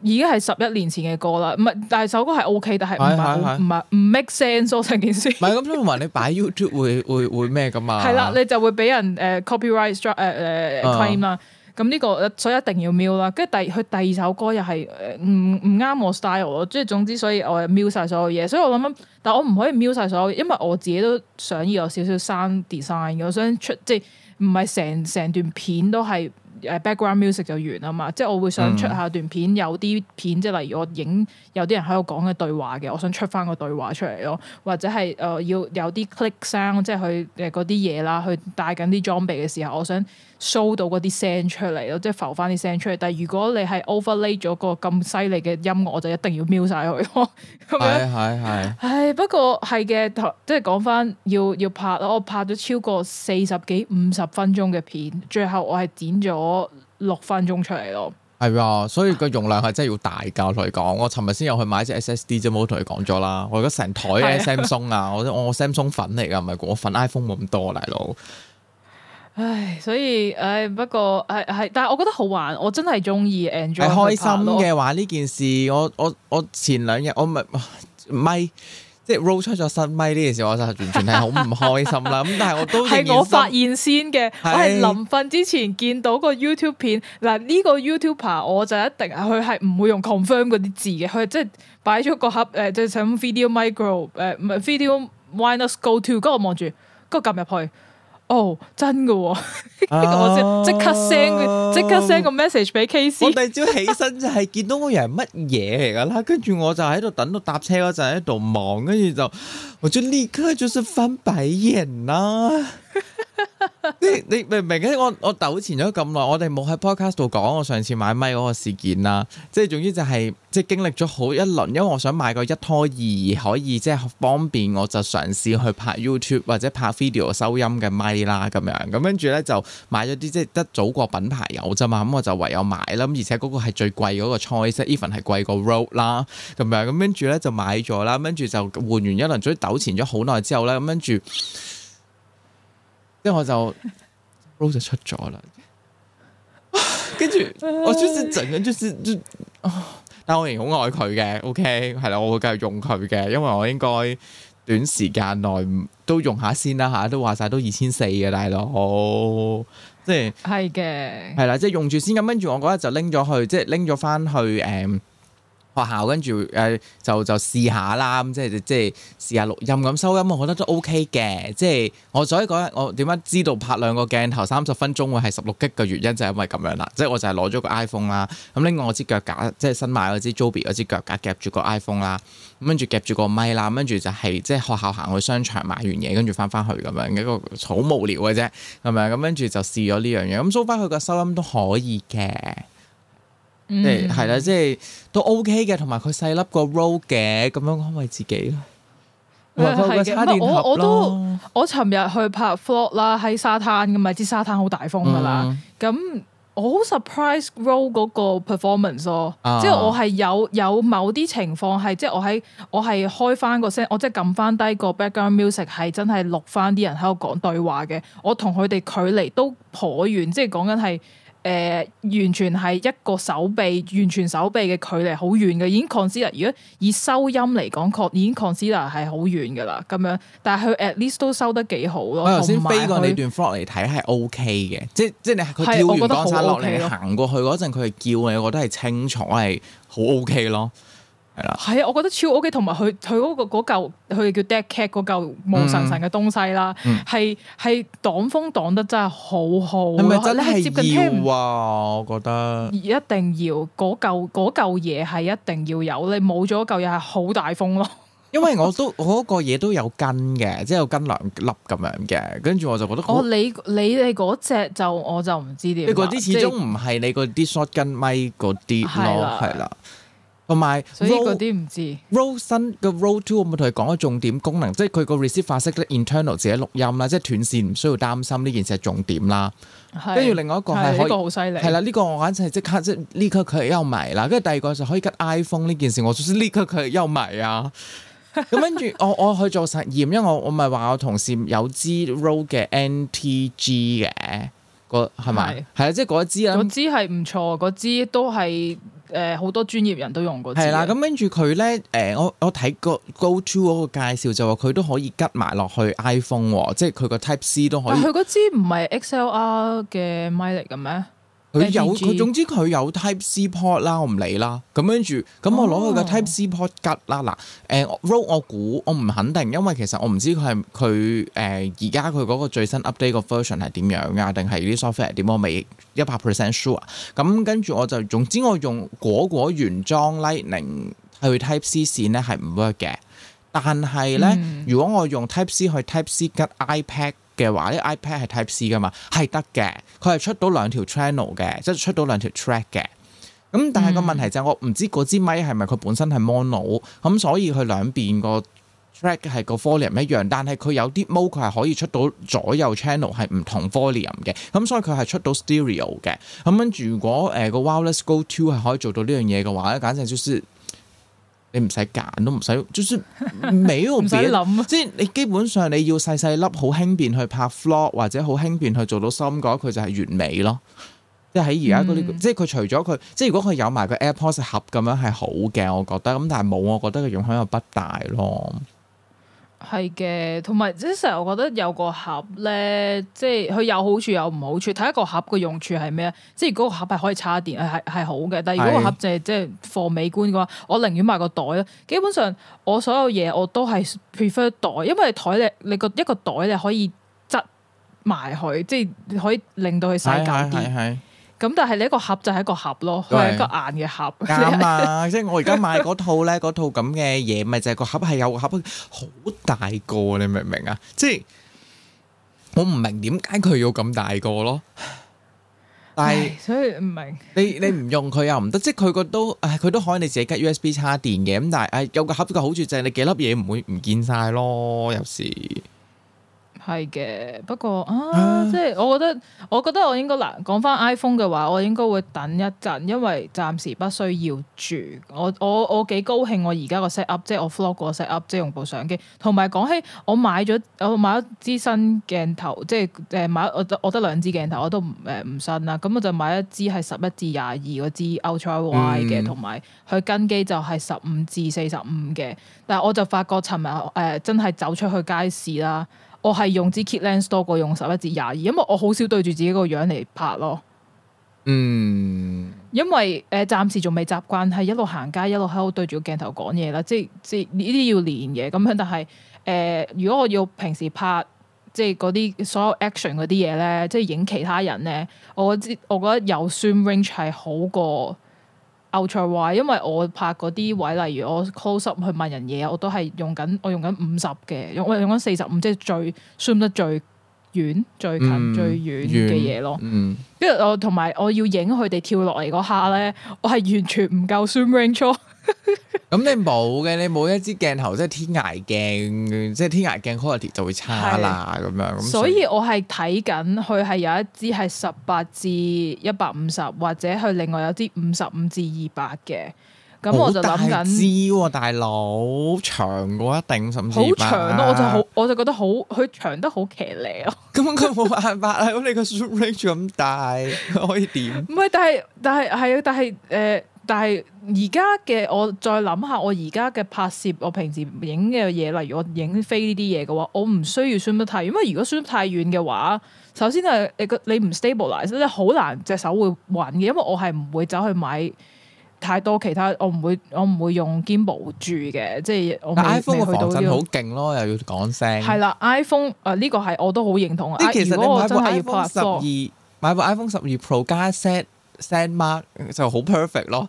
已經係十一年前嘅歌啦。唔係，但係首歌係 OK，但係唔係唔係唔 make sense 成件事。唔係咁，即係話你擺 YouTube 會會會咩噶嘛？係啦，你就會俾人誒、uh, copyright 誒誒、uh, uh, claim 啦、啊。咁呢、這個所以一定要 mute 啦，跟住第佢第二首歌又係誒唔唔啱我 style 咯，即係總之所以我 mute 晒所有嘢，所以我諗，但我唔可以 mute 晒所有，因為我自己都想要有少少 sound design 我想出即係唔係成成段片都係誒 background music 就完啊嘛，即係我會想出一下一段片、嗯、有啲片，即係例如我影有啲人喺度講嘅對話嘅，我想出翻個對話出嚟咯，或者係誒、呃、要有啲 click sound，即係佢誒嗰啲嘢啦，去帶緊啲裝備嘅時候，我想。搜到嗰啲聲出嚟咯，即係浮翻啲聲出嚟。但係如果你係 overlay 咗個咁犀利嘅音樂，我就一定要瞄晒佢咯。係係係。是是是是唉，不過係嘅，即係講翻要要拍咯。我拍咗超過四十幾五十分鐘嘅片，最後我係剪咗六分鐘出嚟咯。係啊，所以個容量係真係要大教嚟講。我尋日先有去買隻 SSD 啫，冇同你講咗啦。我而家成台 Samsung 啊，是的 我我 Samsung 粉嚟噶，唔係我粉 iPhone 咁多，大佬。唉，所以唉，不過係係，但係我覺得好玩，我真係中意 enjoy 開心嘅玩呢件事。我我我前兩日我咪咪、啊、即係 roll 出咗新咪呢件事，我就完全係好唔開心啦。咁 <laughs> 但係我都係我發現先嘅，是我係臨瞓之前見到個 YouTube 片嗱呢、呢個 YouTuber，我就一定係佢係唔會用 confirm 嗰啲字嘅，佢即係擺咗個盒誒、呃，就上、是、video micro 誒、呃，唔係 video minus go to，嗰我望住，嗰、嗰個撳入去。Oh, 哦、 <laughs> oh, <laughs> 道，真嘅、oh，跟住我即刻 send，即刻 send 個 message 俾 KC。我第二朝起身就係見到個人乜嘢嚟噶啦，跟住我就喺度等到搭車嗰陣喺度望，跟住就我就立刻就是翻白眼啦。 <laughs> 你，你明唔明我我糾纏咗咁耐，我哋冇喺 Podcast 度講我上次買咪嗰個事件啦，即係總之就係、是、即係經歷咗好一輪，因為我想買個一拖二可以即係方便，我就嘗試去拍 YouTube 或者拍 video 收音嘅咪啦，咁樣咁跟住咧就買咗啲即係得祖國品牌有咋嘛，咁我就唯有買啦。而且嗰個係最貴嗰個 choice，even 係貴過 Rode 啦，咁樣咁跟住咧就買咗啦，跟住就換完一輪，總之糾纏咗好耐之後咧，咁跟住。即係我就 Rose 出咗啦，跟 <laughs> 住我就是盡咗，就是但我仍然好愛佢嘅，OK 係啦，我會繼續用佢嘅，因為我應該短時間內都用下先啦吓，都話晒都二千四嘅大佬，即係係嘅，係啦的、嗯，即係用住先咁，跟住我嗰日就拎咗去，即係拎咗翻去誒。嗯學校跟住誒就就試下啦，咁即係即係試下錄音咁收音，我覺得都 OK 嘅。即係我所以講我點樣知道拍兩個鏡頭三十分鐘會係十六 G 嘅原因就係、是、因為咁樣啦。即係我就係攞咗個 iPhone 啦、啊，咁另外我支腳架即係新買嗰支 Joby 嗰支腳架夾住個 iPhone 啦、啊，咁跟住夾住個咪啦，跟、啊、住就係即係學校行去商場買完嘢，跟住翻翻去咁樣一個好無聊嘅啫咁樣，咁跟住就試咗呢樣嘢，咁收翻佢個收音都可以嘅。係啦，即係都 OK 嘅，同埋佢細粒個 roll 嘅，咁樣安慰自己咯。唔係，係咪我我都我尋日去拍 vlog 啦，喺沙灘咁啊，知沙灘好大風噶啦。咁我好 surprise roll 嗰個 performance 咯，即係我係有有某啲情況係，即係我喺我係開翻個聲，我即係撳翻低個 background music，係真係錄翻啲人喺度講對話嘅，我同佢哋距離都頗遠，即係講緊係。誒、呃、完全係一個手臂，完全手臂嘅距離好遠嘅，已經 consider 如果以收音嚟講，已經 consider 係好遠嘅啦。咁樣，但係佢 at least 都收得幾好咯。我頭先飛過呢段 floor 嚟睇係 OK 嘅，嗯、即係即係你佢跳完落嚟行過去嗰陣，佢係叫你，我覺得係清楚係好 OK 咯。係啊，我覺得超 OK，同埋佢佢嗰個嗰嚿佢叫 dead cat 嗰嚿毛神神嘅東西啦，係係擋風擋得真係好好。係咪真係要啊？接近我覺得一定要嗰嚿嘢係一定要有，你冇咗嚿嘢係好大風咯。因為我都嗰個嘢都有根嘅， <laughs> 即係有根兩粒咁樣嘅，跟住我就覺得哦，你你哋嗰隻就我就唔知點。嗰啲始終唔係你嗰啲 shotgun 咪嗰啲咯，係啦了。了同埋，呢以啲唔知。Row 新嘅 Row l Two，我咪同佢講咗重點功能，即係佢個 receive 化式 internal 自己錄音啦，即係斷線唔需要擔心呢件事係重點啦。跟住是另外一個係呢、呢個好犀利，係啦，呢、呢個我簡直係即刻即呢佢係優迷啦。跟住第二個就可以 get iPhone 呢件事， <laughs> 我首先呢個佢係優迷啊。咁跟住我我去做實驗，因為我我咪話我同事有支 Row l 嘅 NTG 嘅個係咪？係啊是，即係嗰一支啊，嗰支係唔錯，嗰支都係。誒好多專業人都用過、嗯。係啦，咁跟住佢咧，誒我我睇個 GoTo 嗰個介紹就話佢都可以吉埋落去 iPhone 即係佢個 Type C 都可以。佢嗰支唔係 XLR 嘅麥嚟嘅咩？佢有佢總之佢有 Type C port 啦，我唔理啦。咁跟住，咁我攞佢嘅 Type C port 吉啦。嗱，誒，row 我估我唔肯定，因為其實我唔知佢係佢誒而家佢嗰個最新 update 個 version 係點樣啊，定係啲 software 點？我未一百 percent sure。咁跟住我就總之我用果果原裝 Lightning 去 Type C 線咧係唔 work 嘅，但係咧、嗯、如果我用 Type C 去 Type C 吉 iPad 嘅話，呢、這個、iPad 係 Type C 噶嘛，係得嘅。佢係出到兩條 channel 嘅，即係出到兩條 track 嘅。咁、嗯、但係個問題就係我唔知嗰支咪係咪佢本身係 mono 咁、嗯，所以佢兩邊個 track 係個 volume 唔一樣。但係佢有啲 mode 佢係可以出到左右 channel 係唔同 volume 嘅。咁、嗯、所以佢係出到 stereo 嘅。咁、嗯、樣如果誒、呃、個 Wireless Go Two 係可以做到呢樣嘢嘅話咧，簡直少、就、少、是。你唔使揀都唔使，就算尾都唔使諗。 <laughs> 啊、即係你基本上你要細細粒好輕便去拍 vlog 或者好輕便去做到深嘅，佢就係完美咯。在在這個嗯、即係喺而家嗰啲，即係佢除咗佢，即係如果佢有埋個 airpods 盒咁樣係好嘅，我覺得。咁但係冇，我覺得佢影響又不大咯。係嘅，同埋即成日，我覺得有個盒咧，即係佢有好處有唔好處，睇下個盒嘅用處係咩？即係如果個盒係可以叉電，係係好嘅。但係如果個盒淨係即係放美觀嘅話，我寧願買個袋咯。基本上我所有嘢我都係 prefer 袋，因為袋咧你個一個袋你可以執埋佢，即係可以令到佢細嚿啲。咁但係你一個盒就係、是、一個盒咯，係一個硬嘅盒。啱啊，即係我而家買嗰套咧，嗰套咁嘅嘢，咪就係個盒係有個盒好大個，你明唔明啊？即係我唔明點解佢要咁大個咯。但係所以唔明你。你你唔用佢又唔得，即係佢個都佢、哎、都可以你自己執 USB 插電嘅。咁但係誒，有個盒個好處就係你幾粒嘢唔會唔見晒咯，有時。係嘅，不過啊，啊即係我覺得，我覺得我應該嗱，講翻 iPhone 嘅話，我應該會等一陣，因為暫時不需要住。我我我幾高興，我而家個 set up，即係我 vlog 過 set up，即係用部相機。同埋講起我買咗，我買,我買一支新鏡頭，即係誒買，我得我得兩支鏡頭，我都唔誒唔新啦。咁我就買一支係十一至廿二嗰支 Ultra Wide 嘅，同埋佢跟機就係十五至四十五嘅。但係我就發覺尋日誒真係走出去街市啦。我係用支 Kit Lens 多過用十一至廿二，因為我好少對住自己個樣嚟拍咯。嗯，因為誒、呃、暫時仲未習慣係一路行街一路喺度對住個鏡頭講嘢啦，即係即係呢啲要練嘅咁樣。但係誒、呃、如果我要平時拍即係嗰啲所有 action 嗰啲嘢咧，即係影其他人咧，我知我覺得有 zoom range 係好過。ultra wide 因為我拍嗰啲位，例如我 close up 去問人嘢，我都係用緊我用緊五十嘅，用我用緊四十五，即係最 zoom 得最遠、最近、嗯、最遠嘅嘢咯。跟、嗯、住我同埋我要影佢哋跳落嚟嗰下咧，我係完全唔夠 zoom in 出。咁 <laughs> 你冇嘅，你冇一支鏡頭，即係天涯鏡，即係天涯鏡 quality 就會差啦，咁的樣。所以我係睇緊佢係有一支係十八至一百五十，或者佢另外有支五十五至二百嘅。咁我就諗緊、啊，大佬長過一定，甚至好長咯。我就好，我就覺得好，佢長得 <laughs> 好騎呢哦。咁佢冇辦法啊，你個 super range 咁大，可以點？唔係， <laughs> 但係但係係啊，但係誒。但係而家嘅我再諗下，我而家嘅拍攝，我平時影嘅嘢，例如我影飛呢啲嘢嘅話，我唔需要 zoom 得太遠，因為如果 zoom 得太遠嘅話，首先係你你唔 stable 即係好難隻手會穩嘅，因為我係唔會走去買太多其他，我唔會我唔會用 gimbal 住嘅，即係 iPhone 嘅防震好勁咯，這個、又要講聲。係啦，iPhone 啊、呃、呢、這個係我都好認同啊！其實你買部 iPhone 十二，買部 iPhone 十二 Pro 加 set。Sandmark 就好 perfect 咯，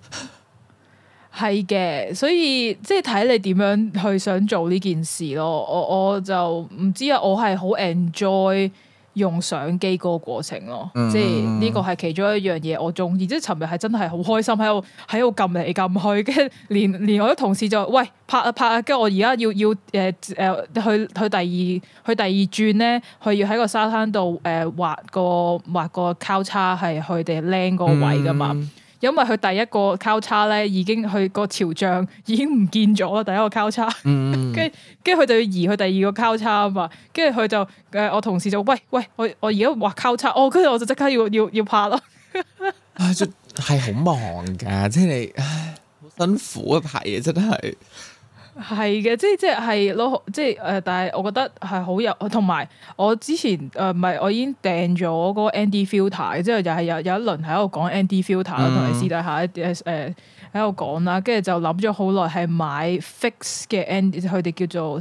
係嘅，所以即係睇你點樣去想做呢件事咯。我我就唔知啊，我係好 enjoy。用相機嗰個過程咯，嗯、即係呢個係其中一樣嘢我中意。即係尋日係真係好開心喺度喺度撳嚟撳去，跟住連連我啲同事就喂，拍啊拍啊，跟住我而家要要誒誒、呃、去去第二去第二轉咧，佢要喺個沙灘度誒、呃、畫個畫個交叉係佢哋靚個位噶嘛。嗯因為佢第一個交叉咧，已經佢個潮漲已經唔見咗啦，第一個交叉，跟跟住佢就要移去第二個交叉啊嘛，跟住佢就誒，我同事就喂喂，我我而家話交叉，我跟住我就即刻要要要拍咯，係 <laughs> 好、啊就是、忙噶，即係你，唉，辛苦一排嘢，真係。係嘅，即係即係攞，即係誒，但係我覺得係好有，同埋我之前誒，唔、呃、係我已經訂咗嗰個 ND filter，之後又係有有一輪喺度講 ND filter 同、嗯、你私底下誒喺度講啦，跟住就諗咗好耐，係買 fix 嘅 ND，佢哋叫做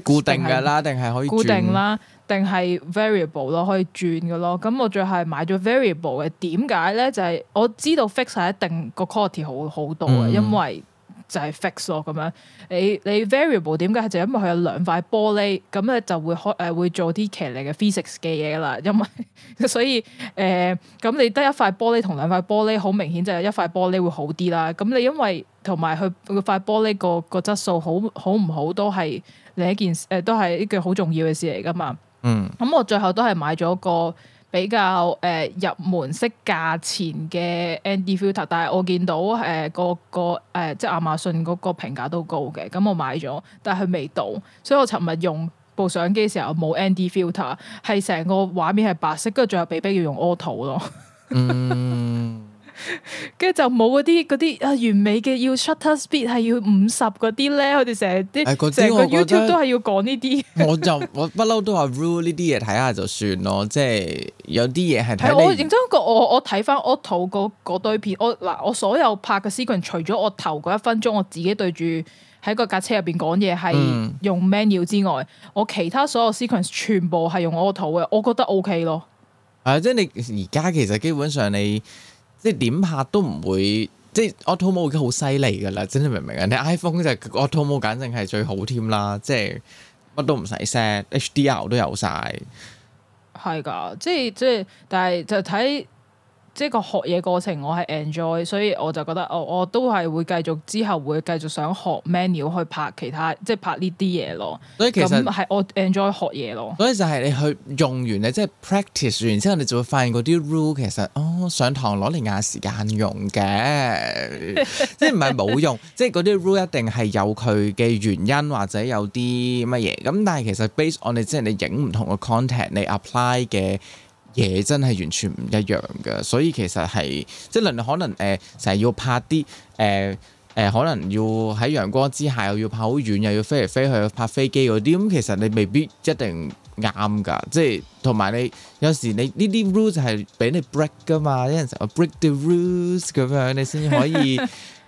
固定嘅啦，定係可以轉固定啦，定係 variable 咯，可以轉嘅咯。咁我最後買咗 variable 嘅，點解咧？就係、是、我知道 fix 係一定個 quality 好好多嘅，嗯、因為。就係 fix 咯，咁樣，你你 variable 點解？就因為佢有兩塊玻璃咁咧，你就會開誒、呃、會做啲騎力嘅 physics 嘅嘢啦。因為 <laughs> 所以誒，咁、呃、你得一塊玻璃同兩塊玻璃，好明顯就有一塊玻璃會好啲啦。咁你因為同埋佢佢塊玻璃個個質素好好唔好，都係另一件誒、呃，都係一件好重要嘅事嚟噶嘛。嗯，咁、嗯、我最後都係買咗個。比較誒入門式價錢嘅 ND filter，但係我見到誒、呃、個個誒、呃、即係亞馬遜嗰個評價都高嘅，咁我買咗，但係佢未到，所以我尋日用部相機嘅時候冇 ND filter，係成個畫面係白色，跟住最後被逼要用 auto 咯、嗯。 <laughs> 跟住就冇嗰啲啲啊完美嘅要 shutter speed 係要五十嗰啲咧，佢哋成日啲成個 YouTube 都係要講呢啲。我就我不嬲都話 rule 呢啲嘢睇下就算咯，即係有啲嘢係睇。我認真過我我睇翻 auto 嗰堆片，我嗱我所有拍嘅 sequence 除咗我頭嗰一分鐘我自己對住喺個架車入邊講嘢係用 menu 之外，嗯、我其他所有 sequence 全部係用 auto 嘅，我覺得 OK 咯。係啊，即係你而家其實基本上你。即係點拍都唔會，即係 Auto Mode 已經好犀利㗎啦！真你明唔明啊？你 iPhone 就係，Auto Mode 簡直係最好添啦！即係乜都唔使 set，HDR 都有晒。係噶，即係即係，但係就睇。即係個學嘢過程我，我係 enjoy，所以我就覺得，我、哦、我都係會繼續，之後會繼續想學 manual 去拍其他，即係拍呢啲嘢咯。所以其實係我 enjoy 學嘢咯。所以就係你去用完你即係 practice 完之後，你就會發現嗰啲 rule 其實，哦，上堂攞嚟壓時間用嘅， <laughs> 即係唔係冇用，即係嗰啲 rule 一定係有佢嘅原因或者有啲乜嘢。咁但係其實 base on 即你即係你影唔同嘅 content，你 apply 嘅。嘢真係完全唔一樣㗎，所以其實係即係可能誒，成、呃、日要拍啲誒誒，可能要喺陽光之下，又要拍好遠，又要飛嚟飛去，要拍飛機嗰啲。咁其實你未必一定啱㗎，即係同埋你有時你呢啲 rules 係俾你 break 㗎嘛，有陣時 break the rules 咁樣，你先可以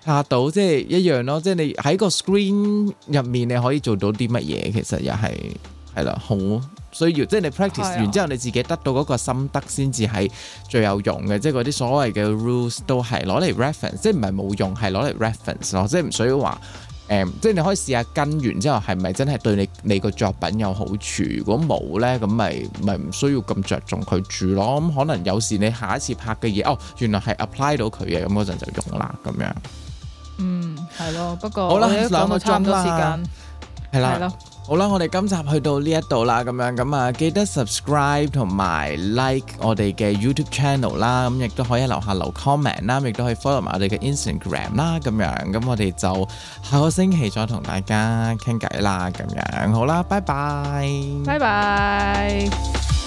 拍到 <laughs> 即係一樣咯。即係你喺個 screen 入面你可以做到啲乜嘢，其實又係。係啦，好需要，即係你 practice 的完之後，你自己得到嗰個心得，先至係最有用嘅。即係嗰啲所謂嘅 rules 都係攞嚟 reference，即係唔係冇用，係攞嚟 reference 咯、嗯。即係唔需要話，誒，即係你可以試下跟完之後，係咪真係對你你個作品有好處？如果冇咧，咁咪咪唔需要咁着重佢住咯。咁、嗯、可能有時你下一次拍嘅嘢，哦，原來係 apply 到佢嘅，咁嗰陣就用啦，咁樣。嗯，係咯。不過好啦，講到差唔多時間，係啦了。好啦，我哋今集去到呢一度啦，咁樣咁啊，記得 subscribe 同埋 like 我哋嘅 YouTube channel 啦，咁亦都可以留下留 comment 啦，亦都可以 follow 埋我哋嘅 Instagram 啦，咁樣，咁我哋就下個星期再同大家傾偈啦，咁樣，好啦，拜拜，拜拜 bye。Bye bye